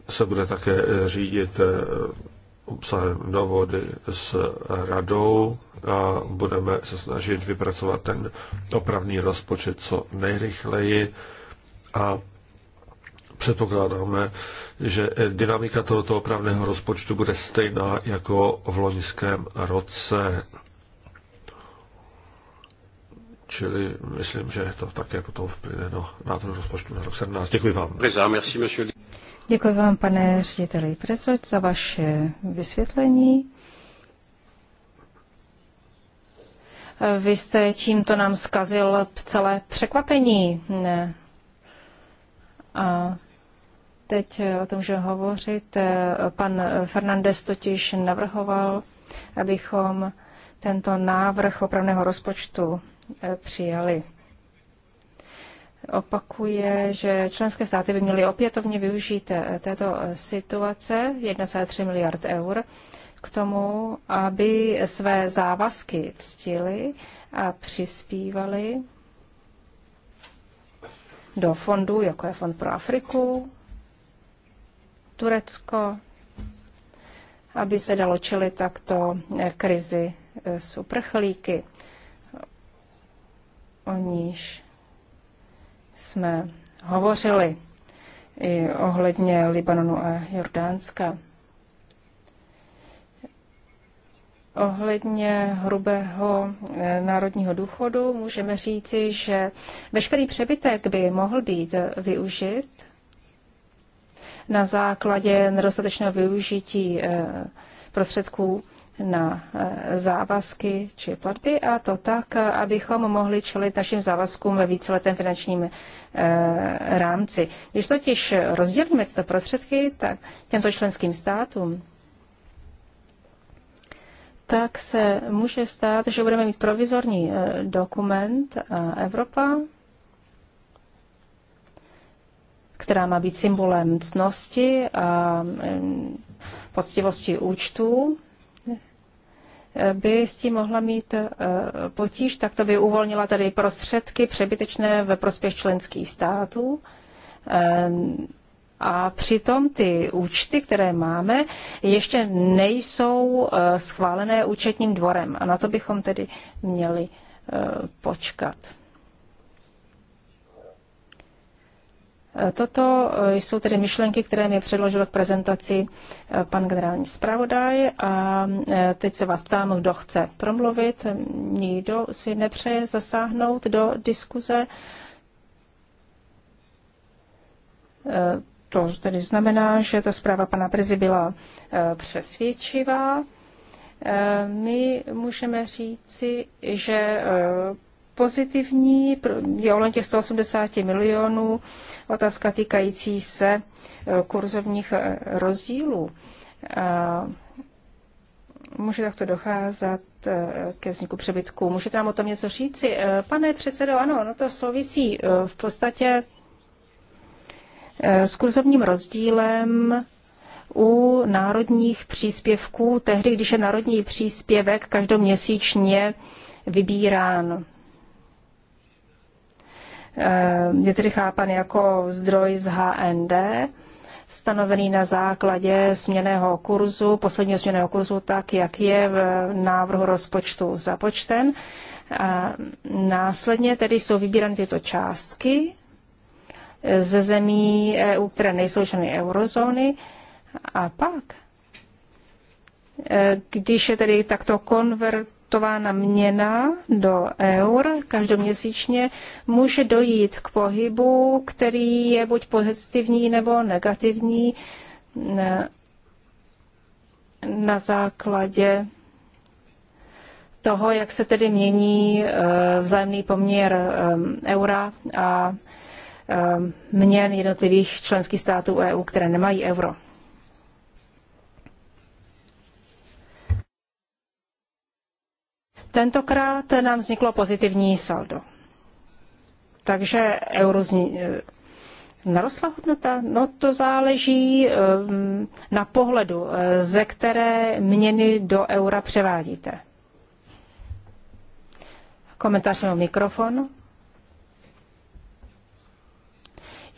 se bude také eh, řídit eh, obsahem dohody s radou a budeme se snažit vypracovat ten opravný rozpočet co nejrychleji a předpokládáme, že dynamika tohoto opravného rozpočtu bude stejná jako v loňském roce. Čili myslím, že to také potom vplyne do návrhu rozpočtu na rok 17. Děkuji vám. Děkuji vám, pane řediteli Prezoč, za vaše vysvětlení. Vy jste tímto nám zkazil celé překvapení. Ne. A teď eh, o tom můžeme hovořit. Eh, pan Fernandez totiž navrhoval, abychom tento návrh opravného rozpočtu eh, přijali. Opakuje, že členské státy by měly opětovně využít této situace 1,3 miliard eur k tomu, aby své závazky ctili a přispívali do fondů, jako je Fond pro Afriku, Turecko, aby se dalo čelit takto eh, krizi eh, s uprchlíky, o níž jsme hovořili i ohledně Libanonu a Jordánska. Ohledně hrubého eh, národního důchodu můžeme říci, že veškerý přebytek by mohl být využit na základě nedostatečného využití eh, prostředků na eh, závazky či platby a to tak, abychom mohli čelit našim závazkům ve víceletém finančním eh, rámci. Když totiž rozdělíme tyto prostředky tak těmto členským státům, tak se může stát, že budeme mít provizorní dokument Evropa která má být symbolem ctnosti a poctivosti účtů, by s tím mohla mít eh, potíž, tak to by uvolnila tady prostředky přebytečné ve prospěch členských států. A přitom ty účty, které máme, ještě nejsou eh, schválené účetním dvorem. A na to bychom tedy měli eh, počkat. Toto jsou tedy myšlenky, které mi předložil k prezentaci eh, pan generální zpravodaj a eh, teď se vás ptám, kdo chce promluvit. Nikdo si nepřeje zasáhnout do diskuze. Eh, to tedy znamená, že ta zpráva pana Prezi byla přesvědčivá. My můžeme říci, že Pozitivní je ono těch 180 milionů, otázka týkající se e, kurzovních e, rozdílů. Může takto docházet e, ke vzniku přebytku. Můžete nám o tom něco říci? Pane předsedo, ano, no to souvisí v podstatě s kurzovním rozdílem u národních příspěvků, tehdy, když je národní příspěvek každoměsíčně vybírán. Eh, je tedy chápan jako zdroj z HND, stanovený na základě směného kurzu, posledního směného kurzu, tak jak je v návrhu rozpočtu započten. A následně tedy jsou vybírány tyto částky ze zemí EU, které nejsou členy eurozóny. A pak, eh, když je tedy takto konvert, konvertována měna do eur každoměsíčně, může dojít k pohybu, který je buď pozitivní nebo negativní na, na základě toho, jak se tedy mění eh, vzájemný poměr eh, eura a eh, měn jednotlivých členských států EU, které nemají euro. Tentokrát nám vzniklo pozitivní saldo. Takže euro zni- eh, narostla hodnota? No to záleží eh, na pohledu, eh, ze které měny do eura převádíte. Komentář na mikrofon.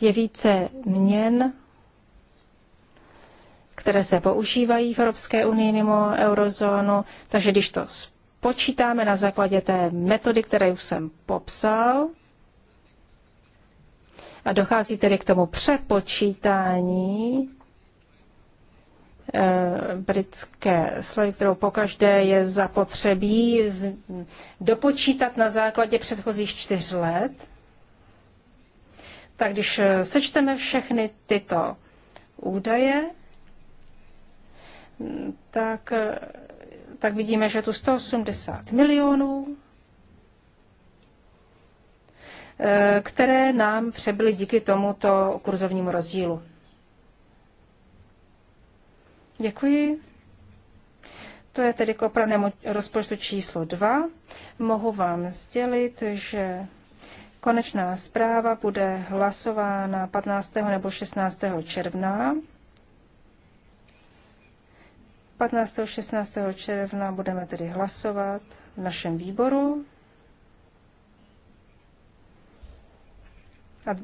Je více měn, které se používají v Evropské unii mimo eurozónu, takže když to počítáme na základě té metody, kterou jsem popsal. A dochází tedy k tomu přepočítání eh, britské slevy, kterou pokaždé je zapotřebí dopočítat na základě předchozích čtyř let. Tak když eh, sečteme všechny tyto údaje, mm, tak eh, tak vidíme, že tu 180 milionů, eh, které nám přebyly díky tomuto kurzovnímu rozdílu. Děkuji. To je tedy k opravnému rozpočtu číslo 2. Mohu vám sdělit, že konečná zpráva bude hlasována 15. nebo 16. června. 15. 16. června budeme tedy hlasovat v našem výboru. A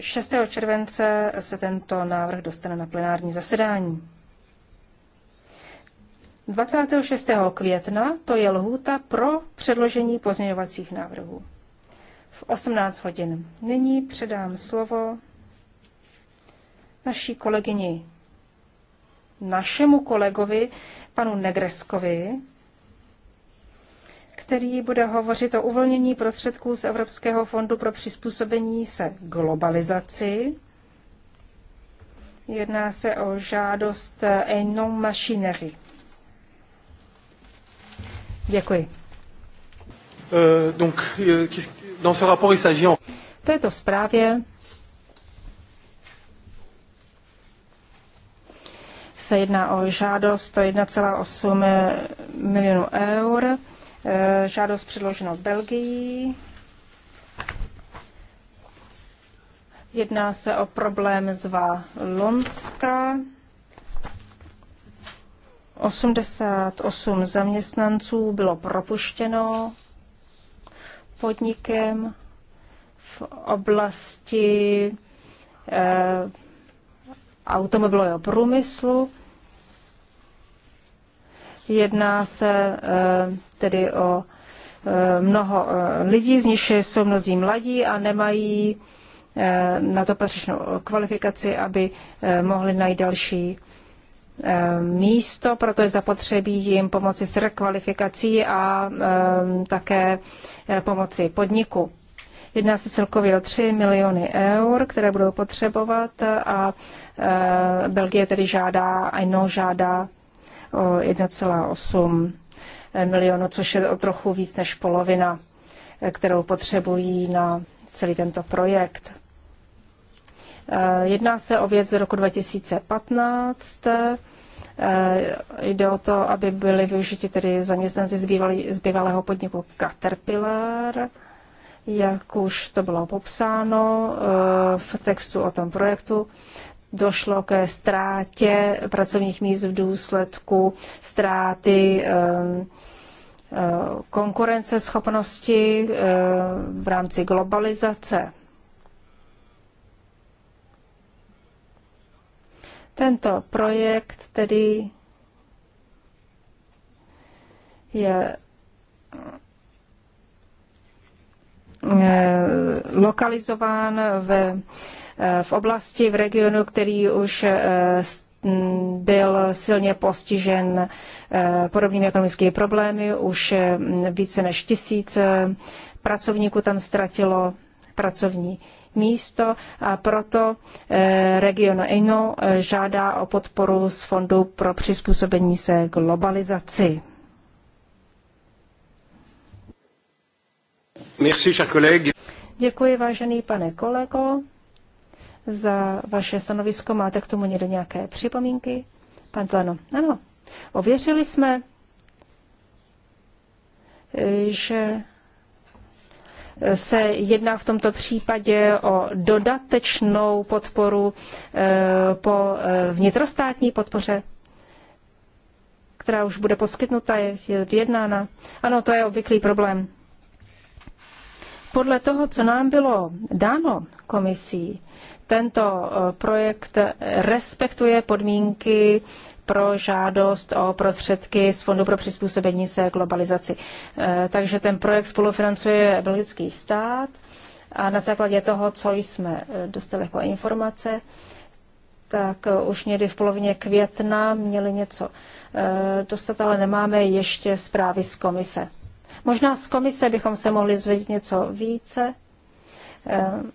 6. července se tento návrh dostane na plenární zasedání. 26. května to je lhůta pro předložení pozměňovacích návrhů. V 18 hodin. Nyní předám slovo naší kolegyni našemu kolegovi, panu Negreskovi, který bude hovořit o uvolnění prostředků z Evropského fondu pro přizpůsobení se globalizaci. Jedná se o žádost Enon Machinery. Děkuji. Uh, donc, uh, dans ce rapport, il s'agit V této zprávě se jedná o žádost 1,8 eh, milionů eur, eh, žádost předloženou Belgii. Jedná se o problém zva Lonska. 88 zaměstnanců bylo propuštěno podnikem v oblasti eh, automobilového průmyslu. Jedná se eh, tedy o eh, mnoho eh, lidí, z nich jsou mnozí mladí a nemají na to patřičnou kvalifikaci, aby mohli najít další místo, proto je zapotřebí jim pomoci s rekvalifikací a také pomoci podniku. Jedná se celkově o 3 miliony eur, které budou potřebovat a e, Belgie tedy žádá, ANO žádá o 1,8 milionu, což je o trochu víc než polovina, e, kterou potřebují na celý tento projekt. E, jedná se o věc z roku 2015. Jde o to, aby byly využiti tedy zaměstnanci z bývalého podniku Caterpillar jak už to bylo popsáno eh, v textu o tom projektu, došlo ke ztrátě pracovních míst v důsledku ztráty ehm, eh, konkurenceschopnosti eh, v rámci globalizace. Tento projekt tedy je Eh, lokalizován ve, eh, v oblasti, v regionu, který už eh, byl silně postižen podobnými ekonomickými problémy. Už více než tisíc pracovníků tam ztratilo pracovní místo a proto region Eno žádá o podporu z Fondu pro přizpůsobení se globalizaci. Merci, cher collègue. Děkuji, vážený pane kolego, za vaše stanovisko. Máte k tomu někdo nějaké připomínky? Pan Plano, ano. Ověřili jsme, že se jedná v tomto případě o dodatečnou podporu eh, po eh, vnitrostátní podpoře, která už bude poskytnuta, je vyjednána. Ano, to je obvyklý problém. Podle toho, co nám bylo dáno komisí, tento eh, projekt respektuje podmínky pro žádost o prostředky z Fondu pro přizpůsobení se globalizaci. Eh, takže ten projekt spolufinancuje belgický stát a na základě toho, co jsme eh, dostali jako informace, tak už někdy v polovině května měli něco dostat, ale nemáme ještě zprávy z komise. Možná z komise bychom se mohli zvědět něco více. Ehm,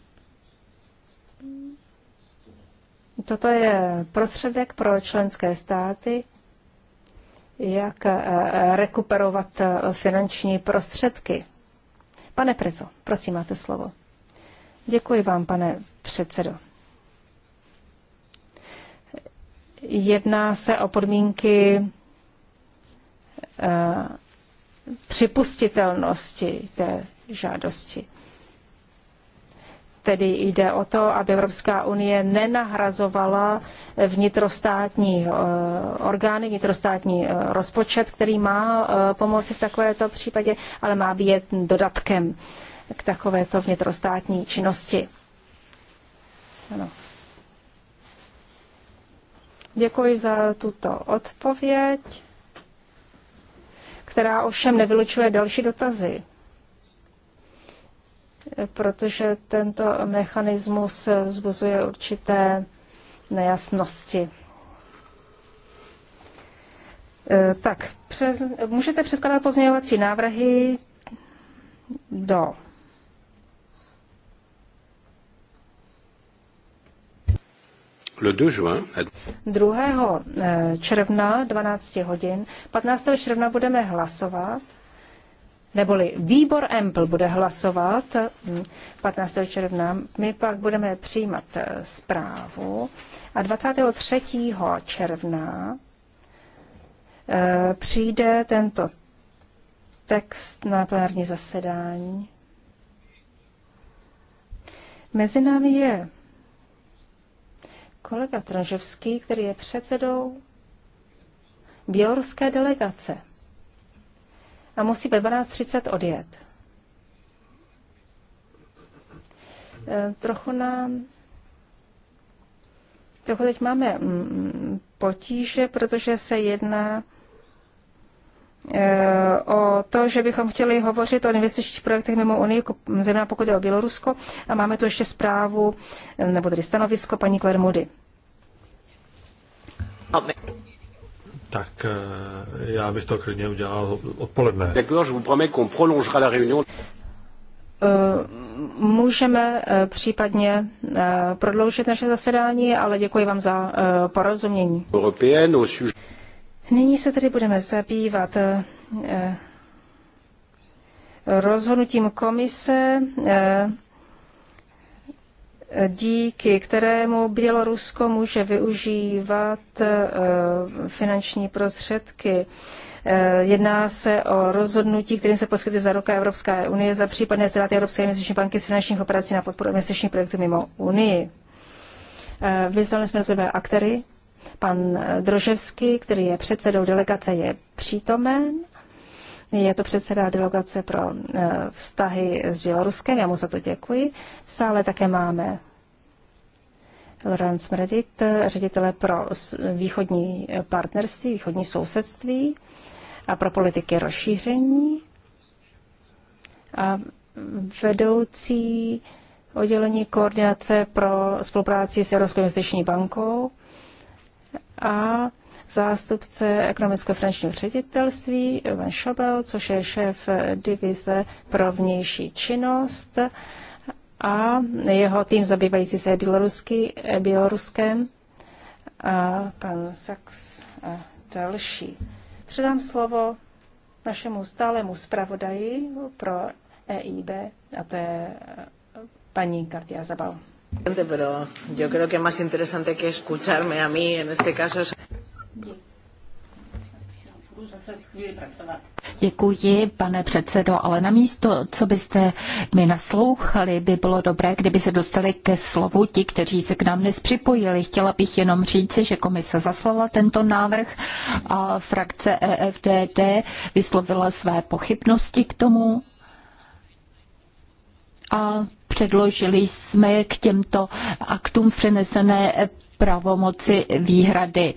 toto je prostředek pro členské státy, jak eh, rekuperovat eh, finanční prostředky. Pane Prezo, prosím, máte slovo. Děkuji vám, pane předsedo. Jedná se o podmínky eh, připustitelnosti té žádosti. Tedy jde o to, aby Evropská unie nenahrazovala vnitrostátní eh, orgány, vnitrostátní eh, rozpočet, který má eh, pomoci v takovéto případě, ale má být dodatkem k takovéto vnitrostátní činnosti. Ano. Děkuji za tuto odpověď která ovšem nevylučuje další dotazy, protože tento mechanismus vzbuzuje určité nejasnosti. Eh, tak, přes, můžete předkládat pozměňovací návrhy do 2. Eh, června 12 hodin. 15. června budeme hlasovat, neboli výbor EMPL bude hlasovat 15. Hm, června. My pak budeme přijímat eh, zprávu a 23. června eh, přijde tento text na plenární zasedání. Mezi námi je kolega Tranževský, který je předsedou běloruské delegace a musí ve 12.30 odjet. E, trochu nám trochu teď máme mm, mm, potíže, protože se jedná Eh, o to, že bychom chtěli hovořit o investičních projektech mimo Unii, jako zejména pokud je o Bělorusko. A máme tu ještě zprávu, eh, nebo tedy stanovisko paní Claire Moody. Tak eh, já bych to klidně udělal odpoledne. Můžeme případně prodloužit naše zasedání, ale děkuji vám za porozumění. Nyní se tedy budeme zabývat eh, eh, rozhodnutím komise, eh, díky kterému Bělorusko může využívat finanční prostředky. Jedná se o rozhodnutí, kterým se poskytuje za roka Evropská unie za případné ztráty Evropské investiční banky z finančních operací na podporu investičních projektů mimo Unii. Vyzvali jsme jednotlivé aktéry Pan Droževský, který je předsedou delegace, je přítomen. Je to předseda delegace pro e, vztahy s Běloruskem, já mu za to děkuji. V sále také máme Lorenz Meredit, ředitele pro východní partnerství, východní sousedství a pro politiky rozšíření a vedoucí oddělení koordinace pro spolupráci s Evropskou investiční bankou a zástupce ekonomického finančního ředitelství Ivan Šobel, což je šéf divize pro vnější činnost a jeho tým zabývající se bělorusky, Běloruskem a pan Sachs a další. Předám slovo našemu stálemu zpravodaji pro EIB a to je paní Kartia Zabal. Pero yo creo que más interesante que escucharme a mí en este caso es... Děkuji, pane předsedo, ale na místo, co byste mi naslouchali, by bylo dobré, kdyby se dostali ke slovu ti, kteří se k nám dnes připojili. Chtěla bych jenom říci, že komise zaslala tento návrh a frakce EFDD vyslovila své pochybnosti k tomu. A Předložili jsme k těmto aktům přenesené pravomoci výhrady.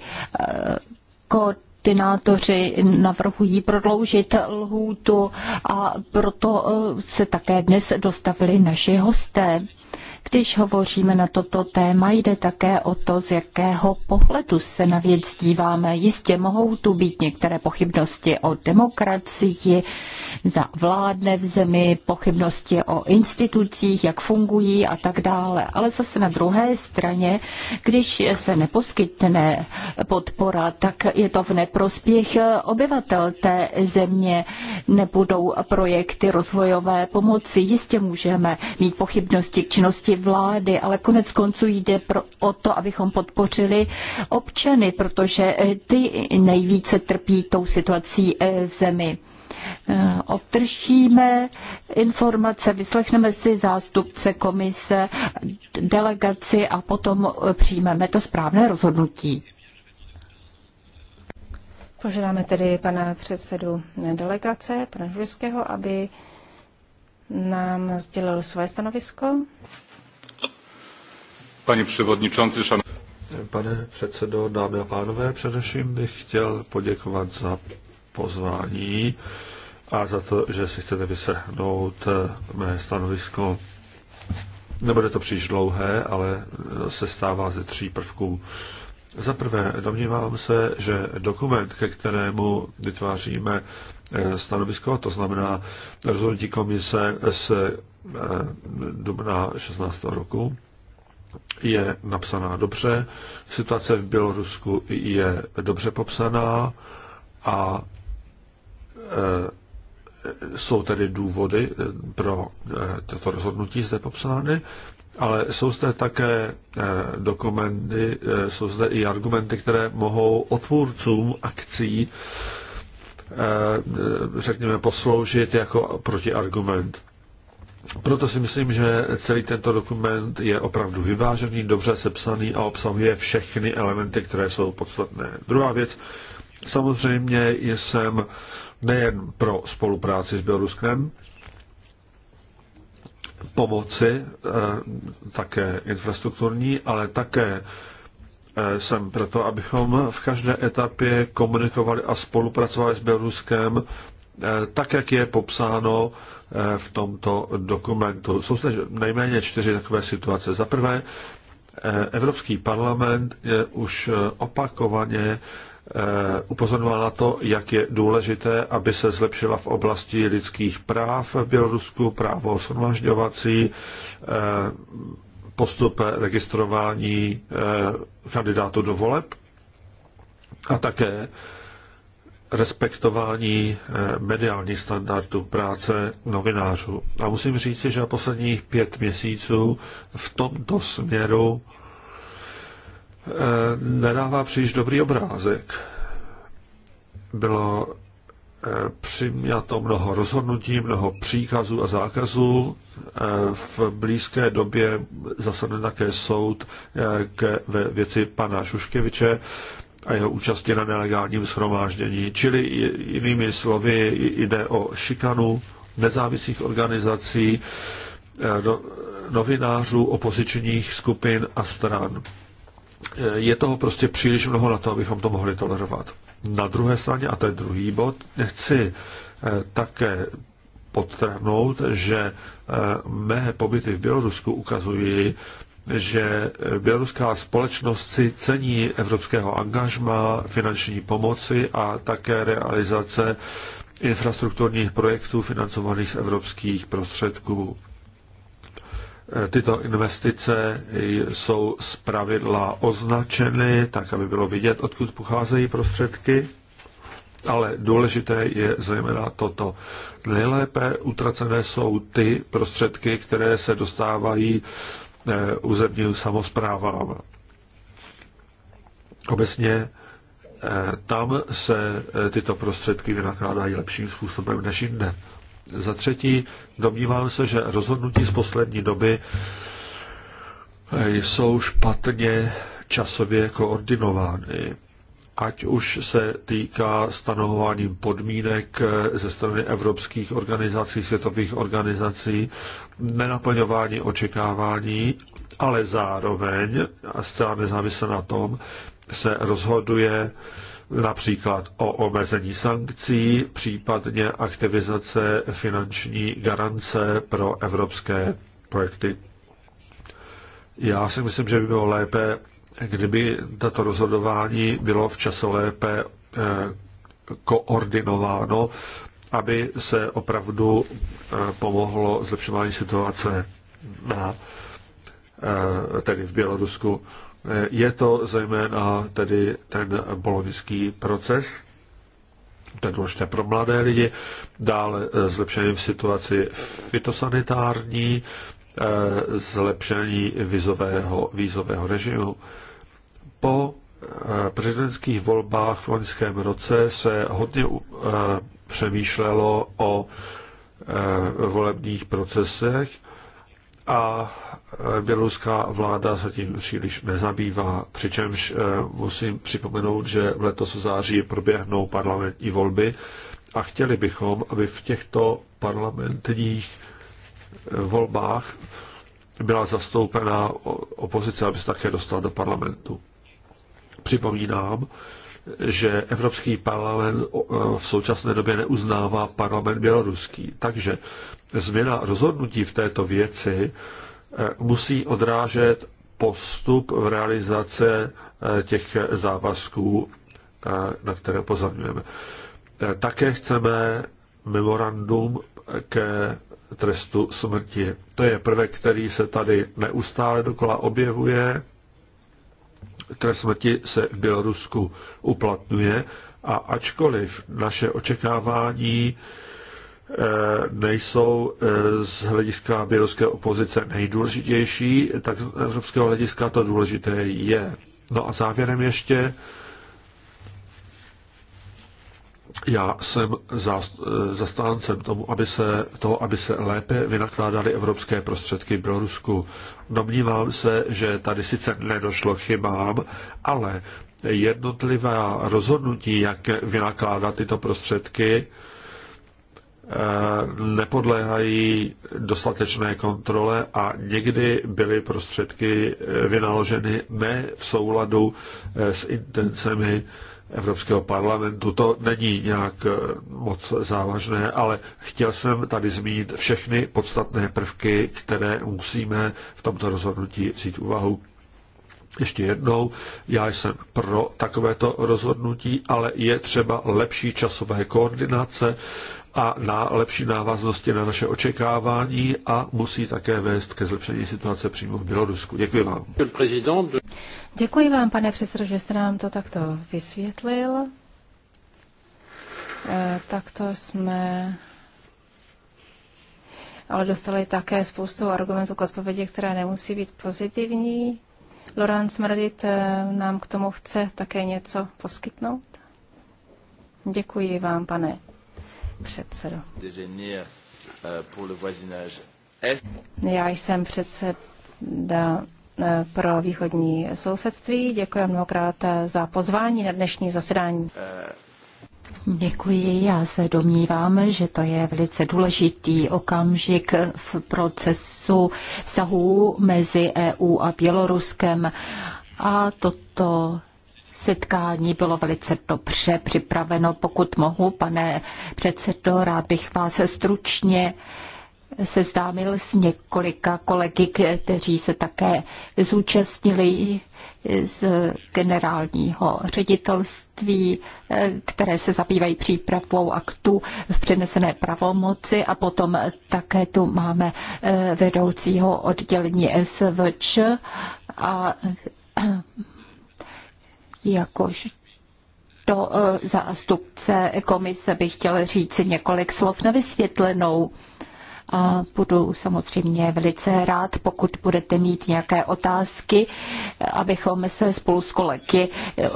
Koordinátoři navrhují prodloužit lhůtu a proto se také dnes dostavili naši hosté. Když hovoříme na toto téma, jde také o to, z jakého pohledu se na věc díváme. Jistě mohou tu být některé pochybnosti o demokracii, za vládne v zemi, pochybnosti o institucích, jak fungují a tak dále. Ale zase na druhé straně, když se neposkytne podpora, tak je to v neprospěch obyvatel té země. Nebudou projekty rozvojové pomoci. Jistě můžeme mít pochybnosti k činnosti činnosti vlády, ale konec konců jde pro, o to, abychom podpořili občany, protože eh, ty nejvíce trpí tou situací eh, v zemi eh, obdržíme informace, vyslechneme si zástupce komise, delegaci a potom přijmeme to správné rozhodnutí. Požádáme tedy pana předsedu delegace, pana Žujského, aby nám sdělil své stanovisko. Pane předsedající, Pane předsedo, dámy a pánové, především bych chtěl poděkovat za pozvání a za to, že si chcete vysehnout eh, mé stanovisko. Nebude to příliš dlouhé, ale se stává ze tří prvků. Za prvé, domnívám se, že dokument, ke kterému vytváříme eh, stanovisko, to znamená rozhodnutí komise z eh, dubna 16. roku, je napsaná dobře, situace v Bělorusku je dobře popsaná a e, jsou tedy důvody e, pro e, toto rozhodnutí zde popsány, ale jsou zde také dokumenty, jsou zde i argumenty, které mohou otvůrcům akcí, řekněme, posloužit jako protiargument. Proto si myslím, že celý tento dokument je opravdu vyvážený, dobře sepsaný a obsahuje všechny elementy, které jsou podstatné. Druhá věc, samozřejmě jsem nejen pro spolupráci s Běloruskem, pomoci, eh, také infrastrukturní, ale také eh, jsem proto, abychom v každé etapě komunikovali a spolupracovali s Běloruskem eh, tak, jak je popsáno Eh, v tomto dokumentu. Jsou zde nejméně čtyři takové situace. Za prvé, eh, Evropský parlament je už eh, opakovaně upozorňoval na to, jak je důležité, aby se zlepšila v oblasti lidských práv v Bělorusku, právo shromažďovací, postup registrování kandidátů do voleb a také respektování eh, mediálních standardů práce novinářů. A musím říct, že na posledních pět měsíců v tomto směru eh, nedává příliš dobrý obrázek. Bylo eh, přiměto mnoho rozhodnutí, mnoho příkazů a zákazů. V blízké době zasadne také soud ke ve věci pana Šuškeviče a jeho účasti na nelegálním shromáždění. Čili jinými slovy jde o šikanu nezávislých organizací, eh, no, novinářů, opozičních skupin a stran. Eh, je toho prostě příliš mnoho na to, abychom to mohli tolerovat. Na druhé straně, a to je druhý bod, nechci eh, také podtrhnout, že mé pobyty v Bělorusku ukazují, že běloruská společnost si cení evropského angažma, finanční pomoci a také realizace infrastrukturních projektů financovaných z evropských prostředků. Tyto investice jsou pravidla označeny, tak aby bylo vidět, odkud pocházejí prostředky, ale důležité je zejména toto. Nejlépe utracené jsou ty prostředky, které se dostávají E, územním samozprávám. Obecně e, tam se e, tyto prostředky vynakládají lepším způsobem než jinde. Za třetí, domnívám se, že rozhodnutí z poslední doby jsou špatně časově koordinovány. Ať už se týká stanovování podmínek ze strany evropských organizací, světových organizací, nenaplňování očekávání, ale zároveň, a zcela nezávisle na tom, se rozhoduje například o omezení sankcí, případně aktivizace finanční garance pro evropské projekty. Já si myslím, že by bylo lépe, kdyby tato rozhodování bylo v čase lépe eh, koordinováno aby se opravdu eh, pomohlo zlepšování situace na, eh, tedy v Bělorusku. Eh, je to zejména tedy ten bolonický proces, to je důležité pro mladé lidi, dále zlepšení v situaci fitosanitární, zlepšení vizového, vízového režimu. Po prezidentských volbách v loňském roce se hodně přemýšlelo o eh, volebních procesech a eh, běloruská vláda se tím příliš nezabývá, přičemž eh, musím připomenout, že v letos v září proběhnou parlamentní volby a chtěli bychom, aby v těchto parlamentních volbách byla zastoupena opozice, aby se také dostala do parlamentu. Připomínám, že Evropský parlament e, v současné době neuznává parlament běloruský. Takže změna rozhodnutí v této věci e, musí odrážet postup v realizace e, těch závazků, na které pozorňujeme. Také chceme memorandum ke trestu smrti. To je prvek, který se tady neustále dokola objevuje trest smrti se v Bělorusku uplatňuje a ačkoliv naše očekávání eh, nejsou eh, z hlediska běloruské opozice nejdůležitější, tak z evropského hlediska to důležité je. No a závěrem ještě já jsem eh, zastáncem tomu, aby se, toho, aby se lépe vynakládaly evropské prostředky Bělorusku. Domnívám se, že tady sice nedošlo chybám, ale jednotlivá rozhodnutí, jak vynakládat tyto prostředky, eh, nepodléhají dostatečné kontrole a někdy byly prostředky eh, vynaloženy ne v souladu s intencemi Evropského parlamentu. To není nějak eh, moc závažné, ale chtěl jsem tady zmínit všechny podstatné prvky, které musíme v tomto rozhodnutí vzít úvahu. Ještě jednou, já jsem pro takovéto rozhodnutí, ale je třeba lepší časové koordinace a na lepší návaznosti na naše očekávání a musí také vést ke zlepšení situace přímo v Bělorusku. Děkuji vám. Děkuji vám, pane předsedo, že jste nám to takto vysvětlil. E, takto jsme ale dostali také spoustu argumentů k odpovědi, které nemusí být pozitivní. Loran Smrdit e, nám k tomu chce také něco poskytnout. Děkuji vám, pane předsedo. Euh, Já jsem předseda eh, pro východní sousedství. Děkuji mnohokrát eh, za pozvání na dnešní zasedání. Euh. Děkuji. Já se domnívám, že to je velice důležitý okamžik v procesu vztahů mezi EU a Běloruskem. A toto setkání bylo velice dobře připraveno. Pokud mohu, pane předsedo, rád bych vás stručně seznámil s několika kolegy, kteří se také zúčastnili z generálního ředitelství, které se zabývají přípravou aktu v přenesené pravomoci a potom také tu máme eh, vedoucího oddělení SVČ a jakož to e, zástupce komise bych chtěl říct několik slov na vysvětlenou. A budu samozřejmě velice rád, pokud budete mít nějaké otázky, abychom se spolu s kolegy e,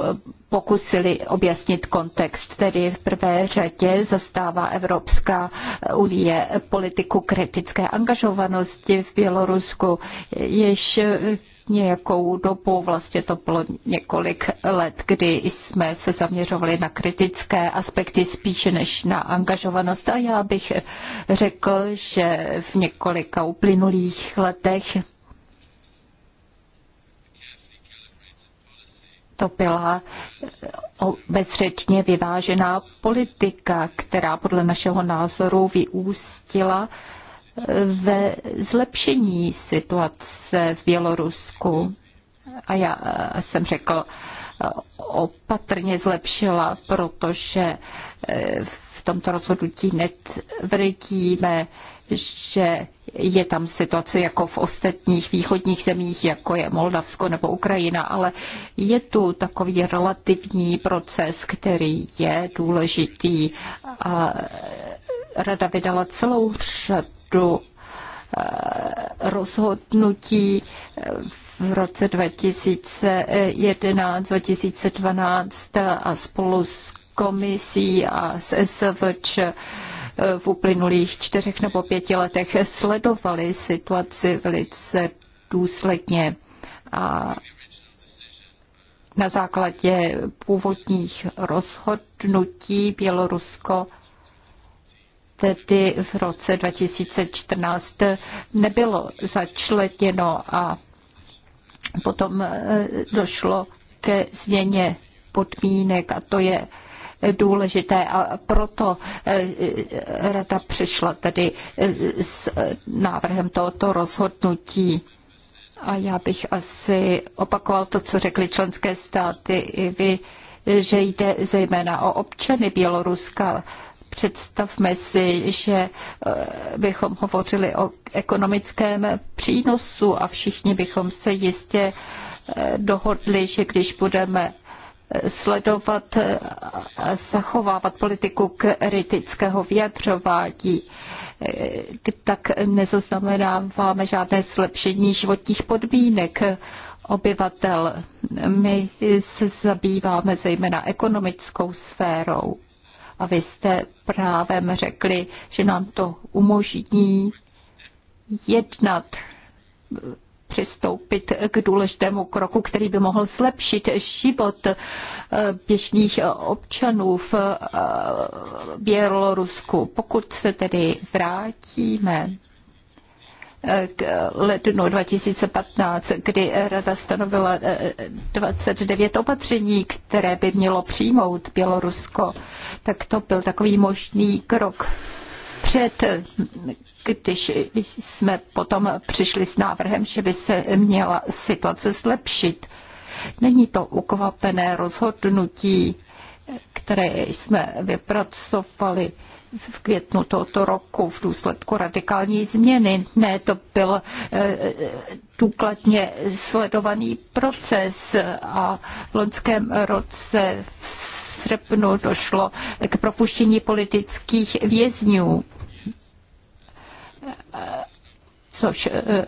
pokusili objasnit kontext. Tedy v prvé řadě zastává Evropská unie politiku kritické angažovanosti v Bělorusku, jež nějakou dobu, vlastně to bylo několik let, kdy jsme se zaměřovali na kritické aspekty spíše než na angažovanost. A já bych řekl, že v několika uplynulých letech to byla obezřetně vyvážená politika, která podle našeho názoru vyústila ve zlepšení situace v Bělorusku. A já jsem řekl, opatrně zlepšila, protože e, v tomto rozhodnutí netvrdíme, že je tam situace jako v ostatních východních zemích, jako je Moldavsko nebo Ukrajina, ale je tu takový relativní proces, který je důležitý a rada vydala celou řadu eh, rozhodnutí eh, v roce 2011, 2012 a spolu s komisí a s SVČ eh, v uplynulých čtyřech nebo pěti letech sledovali situaci velice důsledně a na základě původních rozhodnutí Bělorusko tedy v roce 2014 nebylo začleněno a potom e, došlo ke změně podmínek a to je důležité a proto e, rada přišla tedy e, s návrhem tohoto rozhodnutí. A já bych asi opakoval to, co řekly členské státy i vy, že jde zejména o občany Běloruska, Představme si, že eh, bychom hovořili o ekonomickém přínosu a všichni bychom se jistě eh, dohodli, že když budeme eh, sledovat a zachovávat politiku kritického vyjadřování, tak nezaznamenáváme žádné zlepšení životních podmínek obyvatel. My se zabýváme zejména ekonomickou sférou. A vy jste právem řekli, že nám to umožní jednat, přistoupit k důležitému kroku, který by mohl zlepšit život eh, běžných občanů v eh, Bělorusku. Pokud se tedy vrátíme k lednu 2015, kdy Rada stanovila 29 eh, opatření, které by mělo přijmout Bělorusko, tak to byl takový možný krok před, když jsme potom přišli s návrhem, že by se měla situace zlepšit. Není to ukvapené rozhodnutí, které jsme vypracovali v květnu tohoto roku v důsledku radikální změny. Ne, to byl eh, důkladně sledovaný proces a v loňském roce v srpnu došlo k propuštění politických vězňů eh, což eh,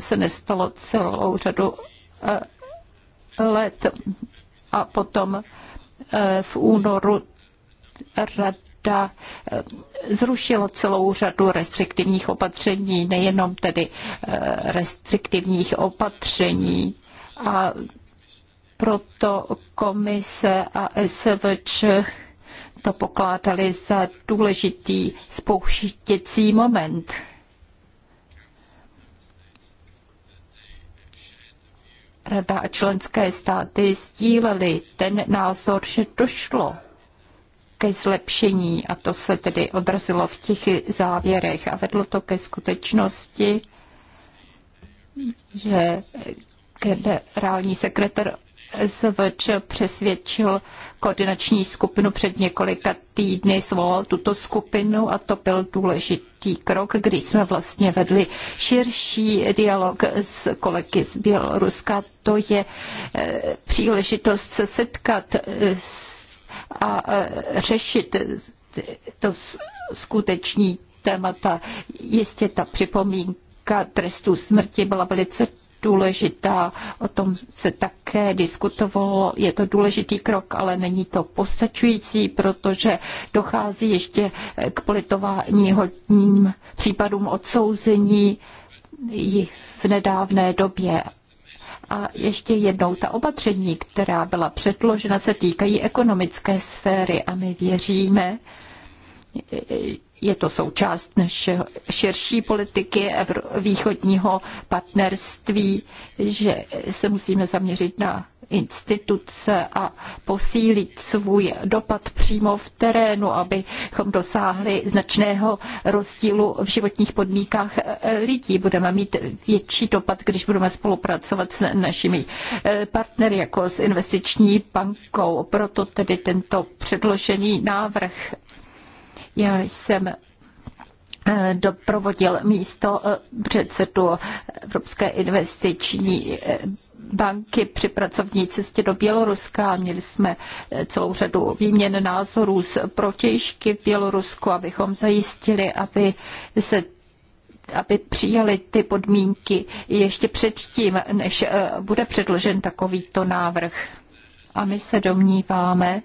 se nestalo celou řadu let. A potom v únoru rad vláda eh, zrušila celou řadu restriktivních opatření, nejenom tedy eh, restriktivních opatření. A proto komise a SVČ to pokládali za důležitý spouštěcí moment. Rada a členské státy sdílely ten názor, že došlo ke zlepšení a to se tedy odrazilo v těch závěrech a vedlo to ke skutečnosti, že generální sekretar SVČ přesvědčil koordinační skupinu před několika týdny, svolal tuto skupinu a to byl důležitý krok, kdy jsme vlastně vedli širší dialog s kolegy z Běloruska. To je eh, příležitost se setkat s a e, řešit to skuteční témata. Jistě ta připomínka trestu smrti byla velice důležitá, o tom se také diskutovalo, je to důležitý krok, ale není to postačující, protože dochází ještě k politování hodním případům odsouzení v nedávné době a ještě jednou, ta opatření, která byla předložena, se týkají ekonomické sféry a my věříme, je to součást naše širší politiky východního partnerství, že se musíme zaměřit na instituce a posílit svůj dopad přímo v terénu, abychom dosáhli značného rozdílu v životních podmínkách eh, lidí. Budeme mít větší dopad, když budeme spolupracovat s našimi eh, partnery, jako s investiční bankou. Proto tedy tento předložený návrh. Já jsem eh, doprovodil místo předsedu Evropské investiční banky při pracovní cestě do Běloruska. Měli jsme eh, celou řadu výměn názorů s protějšky v Bělorusku, abychom zajistili, aby se aby přijali ty podmínky ještě předtím, než eh, bude předložen takovýto návrh. A my se domníváme,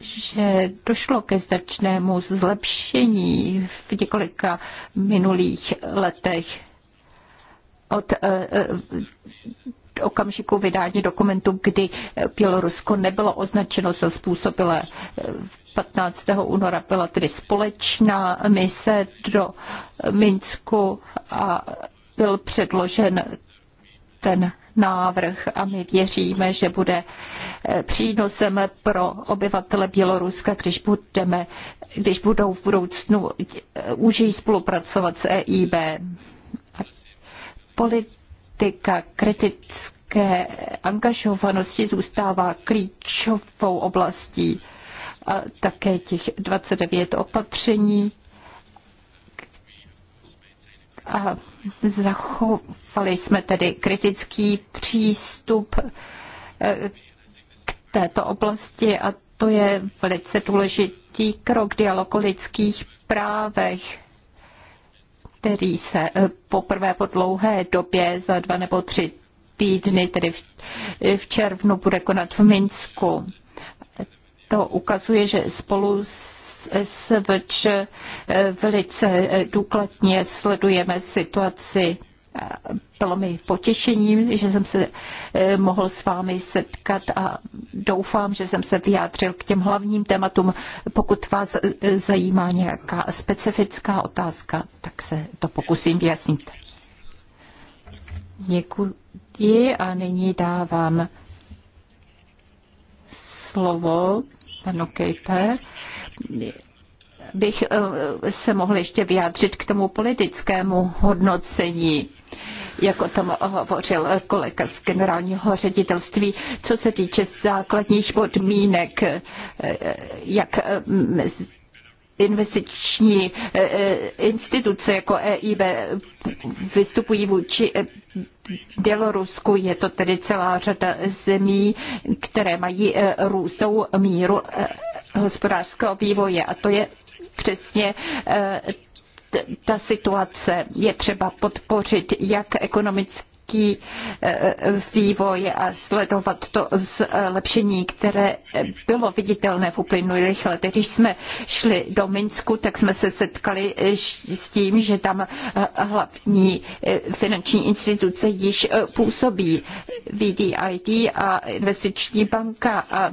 že došlo ke značnému zlepšení v několika minulých letech od eh, eh, okamžiku vydání dokumentu, kdy Bělorusko nebylo označeno za způsobilé 15. února byla tedy společná mise do Minsku a byl předložen ten návrh a my věříme, že bude eh, přínosem pro obyvatele Běloruska, když, budeme, když budou v budoucnu užijí spolupracovat s EIB politika kritické angažovanosti zůstává klíčovou oblastí a také těch 29 opatření a zachovali jsme tedy kritický přístup e, k této oblasti a to je velice důležitý krok dialogu lidských právech který se eh, poprvé po dlouhé době za dva nebo tři týdny, tedy v červnu, bude konat v Minsku. To ukazuje, že spolu s SVČ eh, velice eh, důkladně sledujeme situaci bylo mi potěšením, že jsem se eh, mohl s vámi setkat a doufám, že jsem se vyjádřil k těm hlavním tématům. Pokud vás eh, zajímá nějaká specifická otázka, tak se to pokusím vyjasnit. Děkuji a nyní dávám slovo panu Kejpe bych eh, se mohl ještě vyjádřit k tomu politickému hodnocení jak o tom hovořil kolega z generálního ředitelství, co se týče základních podmínek, eh, jak mm, investiční eh, eh, instituce jako EIB vystupují vůči Bělorusku. Je to tedy celá řada zemí, které mají růstou míru hospodářského vývoje a to je přesně ta situace. Je třeba podpořit jak ekonomický e, vývoj a sledovat to zlepšení, které bylo viditelné v uplynulých letech. Když jsme šli do Minsku, tak jsme se setkali s tím, že tam hlavní e, finanční instituce již e, působí VDID a investiční banka a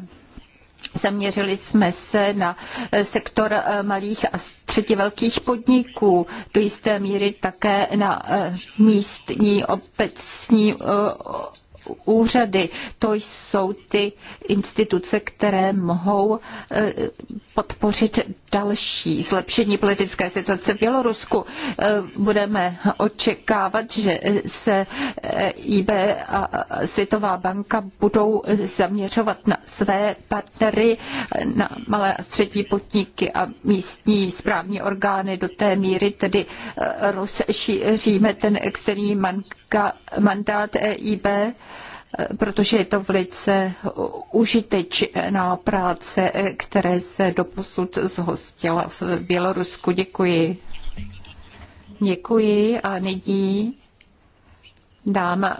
Zaměřili jsme se na eh, sektor eh, malých a středně velkých podniků, do jisté míry také na eh, místní obecní úřady. To jsou ty instituce, které mohou podpořit další zlepšení politické situace v Bělorusku. E, budeme očekávat, že se e IB a Světová banka budou zaměřovat na své partnery, na malé a střední podniky a místní správní orgány do té míry, tedy e, rozšíříme ten externí mandát IB protože je to velice užitečná práce, které se doposud zhostila v Bělorusku. Děkuji. Děkuji a nyní dám eh,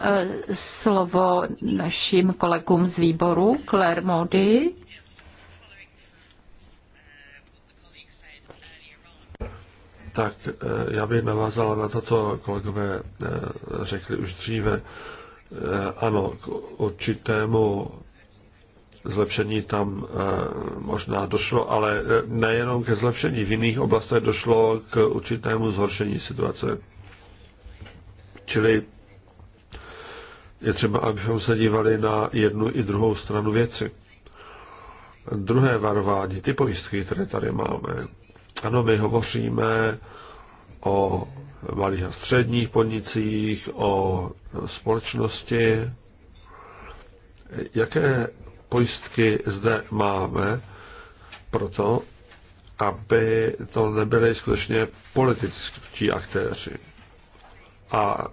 slovo našim kolegům z výboru, Claire Mody. Tak eh, já bych navázala na to, co kolegové eh, řekli už dříve. Eh, ano, k určitému zlepšení tam eh, možná došlo, ale eh, nejenom ke zlepšení. V jiných oblastech došlo k určitému zhoršení situace. Čili je třeba, abychom se dívali na jednu i druhou stranu věci. Druhé varování, ty pojistky, které tady máme. Ano, my hovoříme o malých a středních podnicích, o společnosti. Jaké pojistky zde máme pro to, aby to nebyly skutečně političtí aktéři? A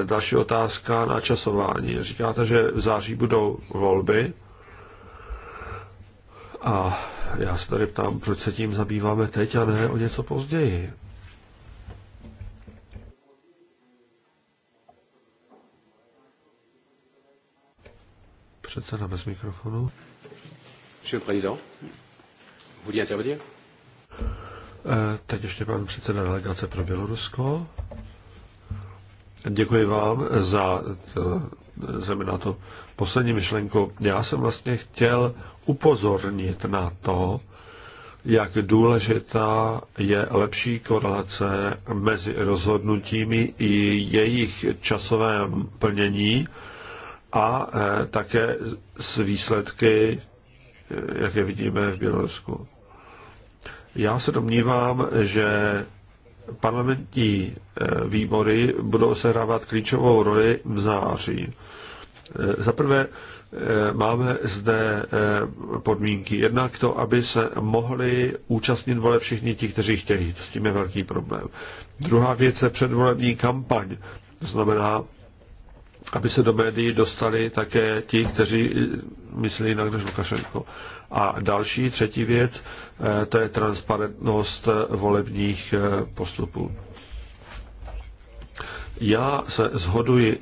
e, další otázka na časování. Říkáte, že v září budou volby. A já se tady ptám, proč se tím zabýváme teď a ne o něco později. Předseda bez mikrofonu. Monsieur président, vouliez intervenir? Eh, teď ještě pan předseda delegace pro Bělorusko. Děkuji vám za na to poslední myšlenku. Já jsem vlastně chtěl upozornit na to, jak důležitá je lepší korelace mezi rozhodnutími i jejich časovém plnění a e, také s výsledky, e, jak je vidíme v Bělorusku. Já se domnívám, že parlamentní e, výbory budou sehrávat klíčovou roli v září. Za prvé máme zde podmínky. Jednak to, aby se mohli účastnit vole všichni ti, kteří chtějí. S tím je velký problém. Druhá věc je předvolební kampaň. To znamená, aby se do médií dostali také ti, kteří eh, myslí jinak než Lukašenko. A další, třetí věc, eh, to je transparentnost eh, volebních postupů. Já se zhoduji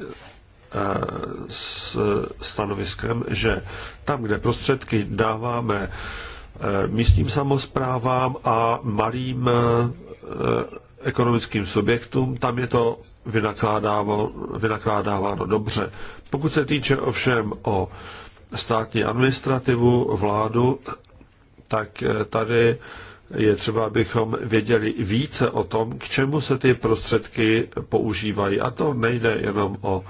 s stanoviskem, že tam, kde prostředky dáváme místním samozprávám a malým ekonomickým subjektům, tam je to vynakládáváno, dobře. Pokud se týče ovšem o státní administrativu, vládu, tak eh, tady je třeba, abychom věděli více o tom, k čemu se ty prostředky používají. A to nejde jenom o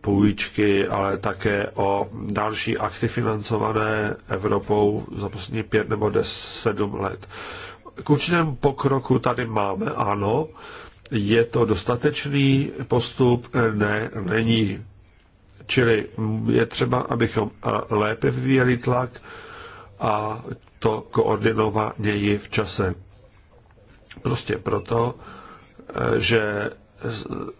půjčky, ale také o další akty financované Evropou za poslední pět nebo deset, sedm let. K určitému pokroku tady máme, ano, je to dostatečný postup? Ne, není. Čili je třeba, abychom lépe vyvíjeli tlak a to koordinovaněji v čase. Prostě proto, že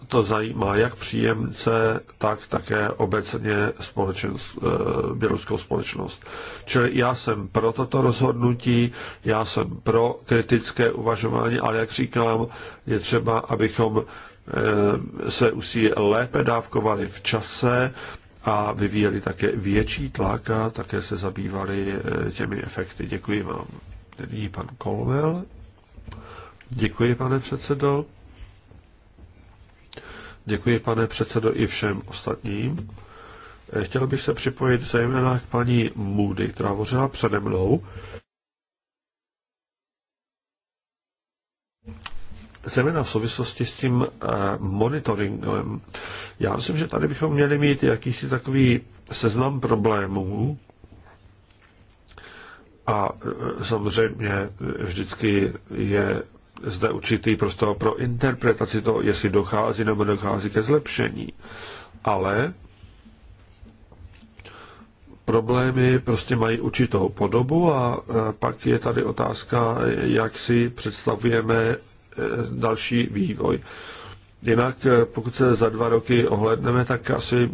to zajímá jak příjemce, tak také obecně společenst, eh, běloruskou společnost. Čili já jsem pro toto rozhodnutí, já jsem pro kritické uvažování, ale jak říkám, je třeba, abychom eh, se usí lépe dávkovali v čase a vyvíjeli také větší tlak a také se zabývali eh, těmi efekty. Děkuji vám. Nyní pan Kolmel. Děkuji, pane předsedo. Děkuji, pane předsedo, i všem ostatním. Eh, chtěl bych se připojit zejména k paní Moody, která hovořila přede mnou. Zejména v souvislosti s tím eh, monitoringem. Já myslím, že tady bychom měli mít jakýsi takový seznam problémů, a eh, samozřejmě vždycky je zde určitý prostor pro interpretaci toho, jestli dochází nebo dochází ke zlepšení. Ale problémy prostě mají určitou podobu a pak je tady otázka, jak si představujeme e, další vývoj. Jinak, e, pokud se za dva roky ohledneme, tak asi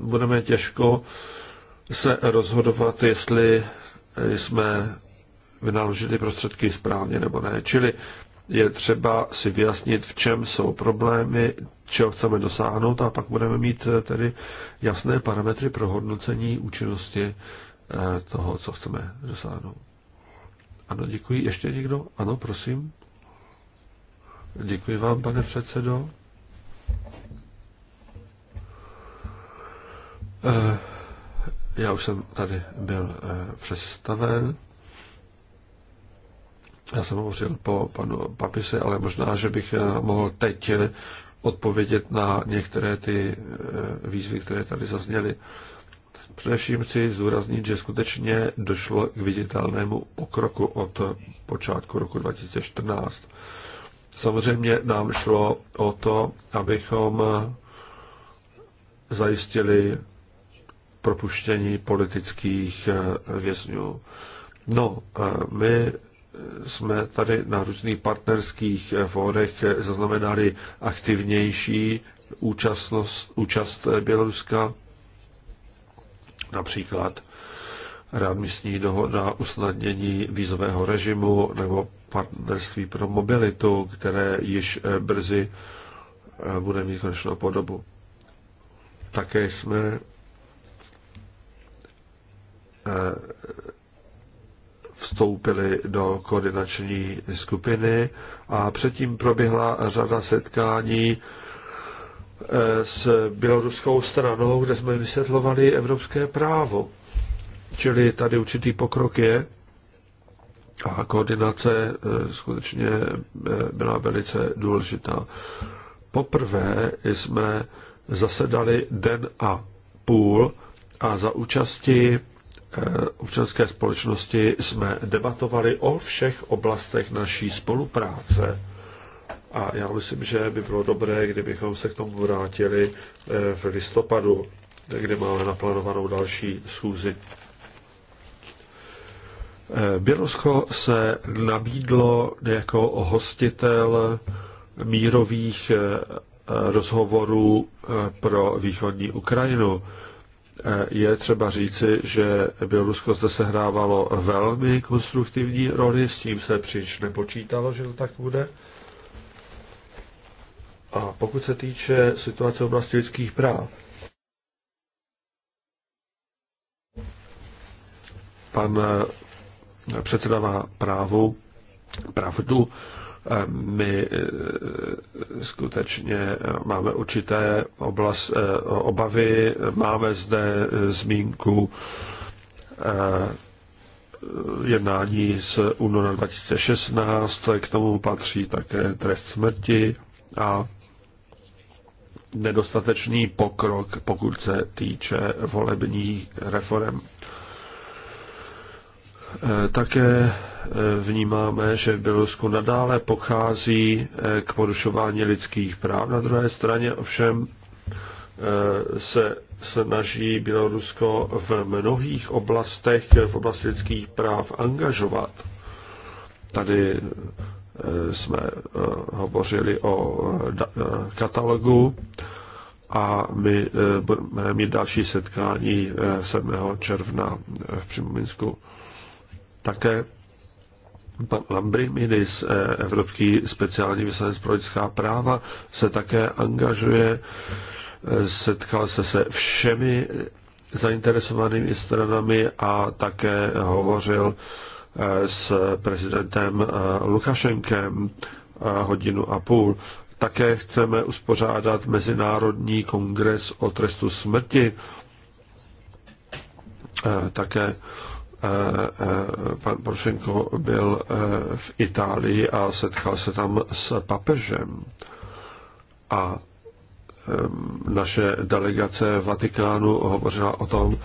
budeme těžko se rozhodovat, jestli e, jsme vynaložili prostředky správně nebo ne. Čili je třeba si vyjasnit, v čem jsou problémy, čeho chceme dosáhnout a pak budeme mít eh, tedy jasné parametry pro hodnocení účinnosti eh, toho, co chceme dosáhnout. Ano, děkuji. Ještě někdo? Ano, prosím. Děkuji vám, pane předsedo. Eh, já už jsem tady byl přestaven. Já jsem hovořil po panu Papise, ale možná, že bych eh, mohl teď eh, odpovědět na některé ty eh, výzvy, které tady zazněly. Především chci zúraznit, že skutečně došlo k viditelnému pokroku od počátku roku 2014. Samozřejmě nám šlo o to, abychom zajistili propuštění politických vězňů. No, my jsme tady na různých partnerských eh, fórech eh, zaznamenali aktivnější účastnost, účast eh, Běloruska, například readmisní dohoda, usnadnění vízového režimu nebo partnerství pro mobilitu, které již brzy bude mít konečnou podobu. Také jsme vstoupili do koordinační skupiny a předtím proběhla řada setkání eh, s běloruskou stranou, kde jsme vysvětlovali evropské právo. Čili tady určitý pokrok je a koordinace eh, skutečně eh, byla velice důležitá. Poprvé jsme zasedali den a půl a za účasti Eh, občanské společnosti jsme debatovali o všech oblastech naší spolupráce. A já myslím, že by bylo dobré, kdybychom se k tomu vrátili eh, v listopadu, kde máme naplánovanou další schůzi. Eh, Bělorusko se nabídlo jako hostitel mírových rozhovorů pro východní Ukrajinu je třeba říci, že Bělorusko zde sehrávalo velmi konstruktivní roli, s tím se příliš nepočítalo, že to tak bude. A pokud se týče situace v oblasti lidských práv, pan předseda má právu, pravdu, my eh, skutečně eh, máme určité oblast, eh, obavy, máme zde zmínku jednání z února 2016, k tomu patří také trest smrti a nedostatečný pokrok, pokud se týče volební reform. Eh, také eh, vnímáme, že v Bělorusku nadále pochází eh, k porušování lidských práv. Na druhé straně ovšem se snaží Bělorusko v mnohých oblastech, v oblasti lidských práv angažovat. Tady jsme hovořili o katalogu a my budeme mít další setkání 7. června v Přimominsku. Také pan Lambrimidis, eh, evropský speciální vyslanec pro lidská práva, se také angažuje, eh, setkal se se všemi zainteresovanými stranami a také hovořil eh, s prezidentem Lukašenkem hodinu a půl. Také chceme uspořádat Mezinárodní kongres o trestu smrti. Také Eh, eh, pan Poršenko byl eh, v Itálii a setkal se tam s papežem. A ehm, naše delegace Vatikánu hovořila o tom,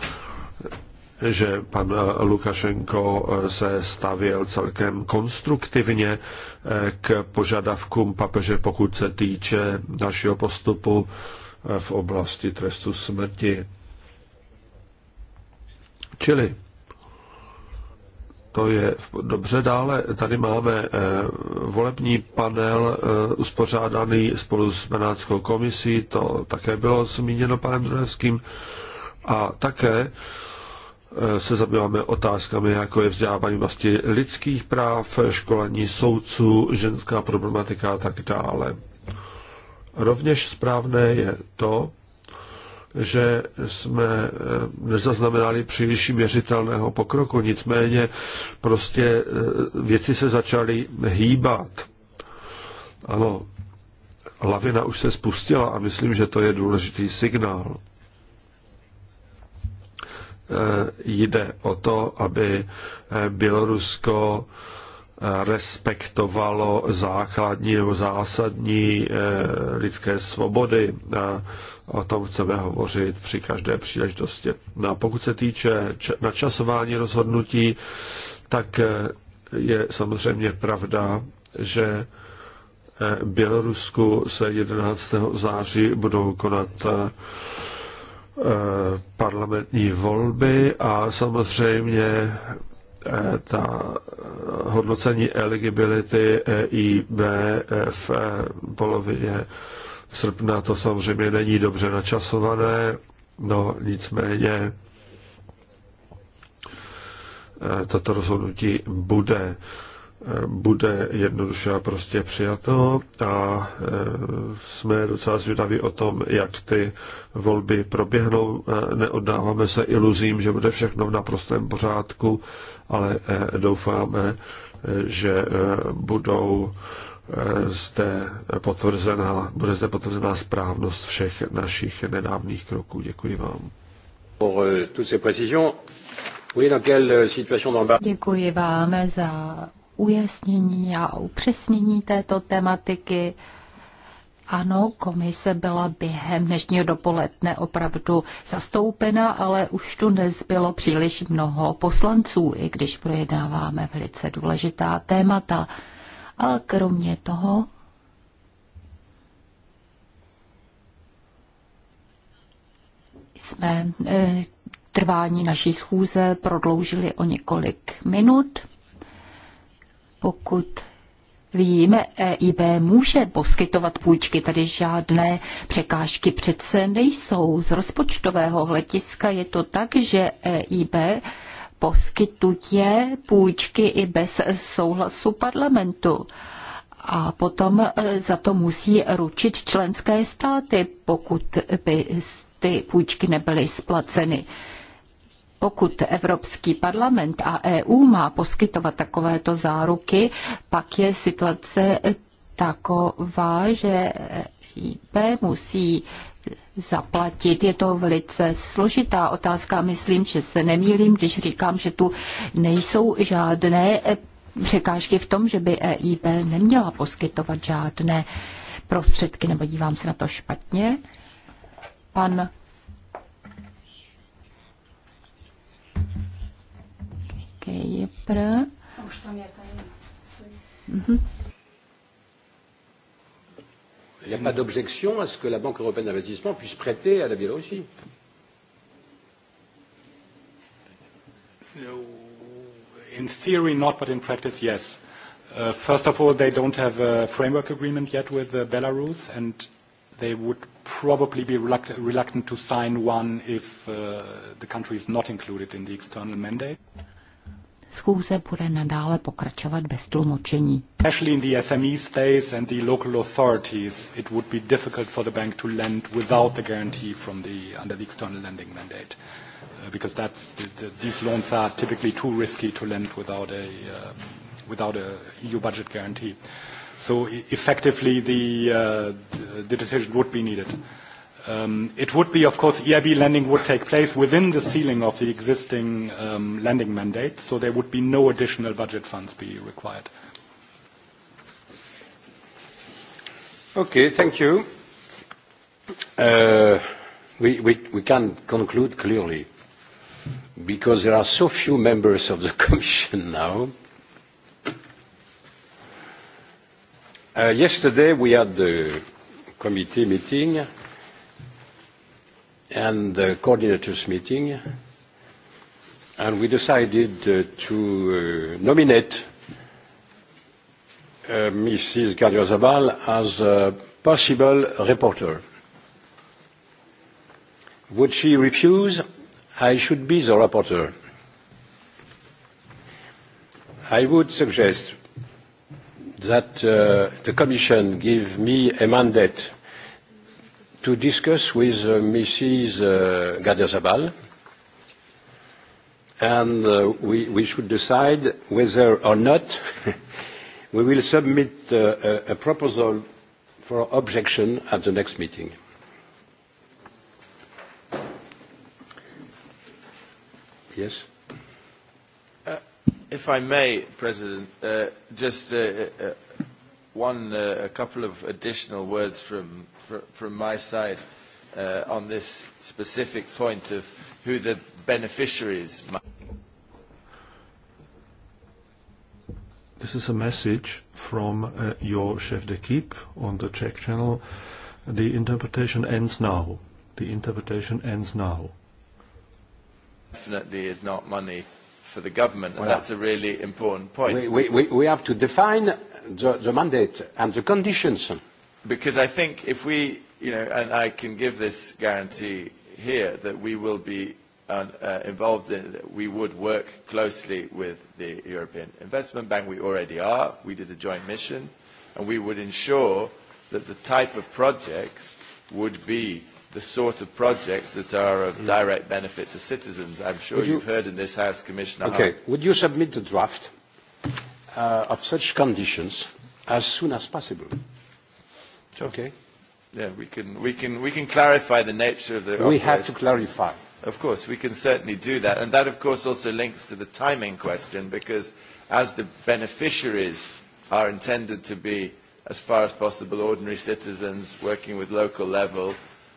že pan Lukašenko se stavěl celkem konstruktivně k požadavkům papeže, pokud se týče našeho postupu v oblasti trestu smrti. Čili to je dobře. Dále tady máme eh, volební panel eh, uspořádaný spolu s Benátskou komisí, to také bylo zmíněno panem Drojevským. A také eh, se zabýváme otázkami, jako je vzdělávání vlastně lidských práv, školení soudců, ženská problematika a tak dále. Rovněž správné je to, že jsme eh, nezaznamenali příliš měřitelného pokroku, nicméně prostě eh, věci se začaly hýbat. Ano, lavina už se spustila a myslím, že to je důležitý signál. Eh, jde o to, aby Bělorusko respektovalo základní nebo zásadní lidské svobody o tom chceme hovořit při každé příležitosti. No a pokud se týče načasování rozhodnutí, tak eh, je samozřejmě pravda, že eh, Bělorusku se 11. září budou konat eh, parlamentní volby a samozřejmě ta hodnocení eligibility EIB v polovině srpna to samozřejmě není dobře načasované, no nicméně eh, toto rozhodnutí bude eh, bude jednoduše a prostě přijato a eh, jsme docela zvědaví o tom, jak ty volby proběhnou. Neoddáváme se iluzím, že bude všechno v naprostém pořádku, ale doufáme, že budou Eh, zde potvrzená, bude zde potvrzená správnost všech našich nedávných kroků. Děkuji vám. Eh, euh, Děkuji vám za ujasnění a upřesnění této tematiky. Ano, komise byla během dnešního dopoledne opravdu zastoupena, ale už tu nezbylo příliš mnoho poslanců, i když projednáváme velice důležitá témata ale kromě toho jsme e, trvání naší schůze prodloužili o několik minut. Pokud víme, EIB může poskytovat půjčky, tady žádné překážky přece nejsou. Z rozpočtového hlediska je to tak, že EIB poskytuje půjčky i bez souhlasu parlamentu. A potom e, za to musí ručit členské státy, pokud by ty půjčky nebyly splaceny. Pokud Evropský parlament a EU má poskytovat takovéto záruky, pak je situace taková, že e IP musí zaplatit. Je to velice složitá otázka. Myslím, že se nemýlím, když říkám, že tu nejsou žádné eh, překážky v tom, že by EIB neměla poskytovat žádné prostředky, nebo dívám se na to špatně. Pan Kejpr. Už tam je, tam stojí. Mm-hmm. Il n'y a pas d'objection à ce que la Banque européenne d'investissement puisse prêter à la Biélorussie. No, in theory not, but in practice yes. Uh, first of all, they don't have a framework agreement yet with uh, Belarus, and they would probably be reluct reluctant to sign one if uh, the country is not included in the external mandate. Schůze bude nadále pokračovat bez tlumočení. Especially in the SME uh, the these loans are typically too risky to lend without a uh, without a EU budget guarantee. So e-, effectively, the, uh, the decision would be needed. Um, it would be, of course, EIB lending would take place within the ceiling of the existing um, lending mandate, so there would be no additional budget funds be required. Okay, thank you. Uh, we, can conclude clearly because there are so few members of the Commission now. Uh, yesterday we had the committee meeting and the coordinators meeting, and we decided uh, to uh, nominate uh, Mrs. Zabal as a possible reporter. Would she refuse? I should be the reporter. I would suggest that uh, the Commission give me a mandate to discuss with uh, Mrs. Uh, Gardiazabal, and uh, we, we should decide whether or not we will submit uh, a, a proposal for objection at the next meeting. Yes? Uh, if I may, President, uh, just uh, uh, uh one, uh, a couple of additional words from from my side uh, on this specific point of who the beneficiaries might This is a message from uh, your chef d'équipe on the Czech channel. The interpretation ends now. The interpretation ends now. Definitely is not money for the government, and well, that's a really important point. We, we, we have to define the, the mandate and the conditions because I think if we, you know, and I can give this guarantee here that we will be uh, uh, involved in, we would work closely with the European Investment Bank. We already are. We did a joint mission, and we would ensure that the type of projects would be the sort of projects that are of mm. direct benefit to citizens. I'm sure you, you've heard in this House, Commissioner. Okay. Hart. Would you submit the draft uh, of such conditions as soon as possible? It's Okay. Yeah, we can, we can, we can clarify the nature of the. We operation. have to clarify. Of course, we can certainly do that. And that, of course, also links to the timing question, because as the beneficiaries are intended to be, as far as possible, ordinary citizens working with local level,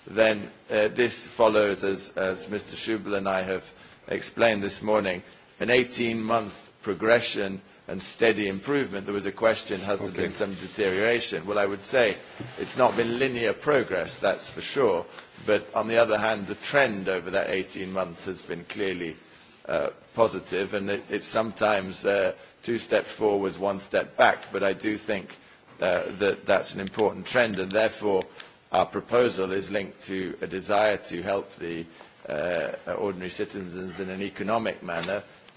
then uh, this follows, as, as Mr. Schubel and I have explained this morning, an 18-month progression and steady improvement. There was a question, has okay. there been some deterioration? Well, I would say it's not been linear progress, that's for sure. But on the other hand, the trend over that 18 months has been clearly uh, positive, and it, it's sometimes uh, two steps forwards, one step back. But I do think uh, that that's an important trend, and therefore our proposal is linked to a desire to help the uh, ordinary citizens in an economic manner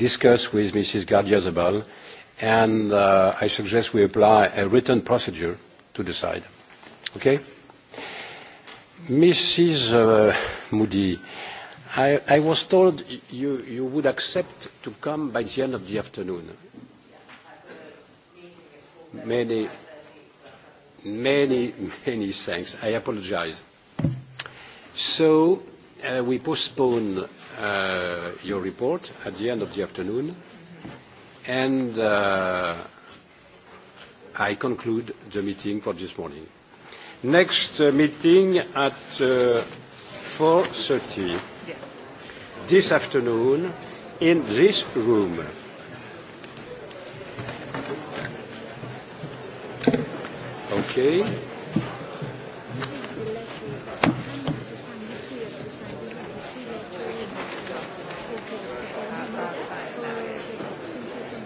discuss with Mrs. Gardia Zabal, and uh, I suggest we apply a written procedure to decide. Okay? Mrs. Uh, Moody, I, I was told you, you would accept to come by the end of the afternoon. Many, many, many thanks. I apologize. So uh, we postpone uh, your report at the end of the afternoon, and uh, I conclude the meeting for this morning. Next uh, meeting at uh, 4.30 yeah. this afternoon in this room. Okay.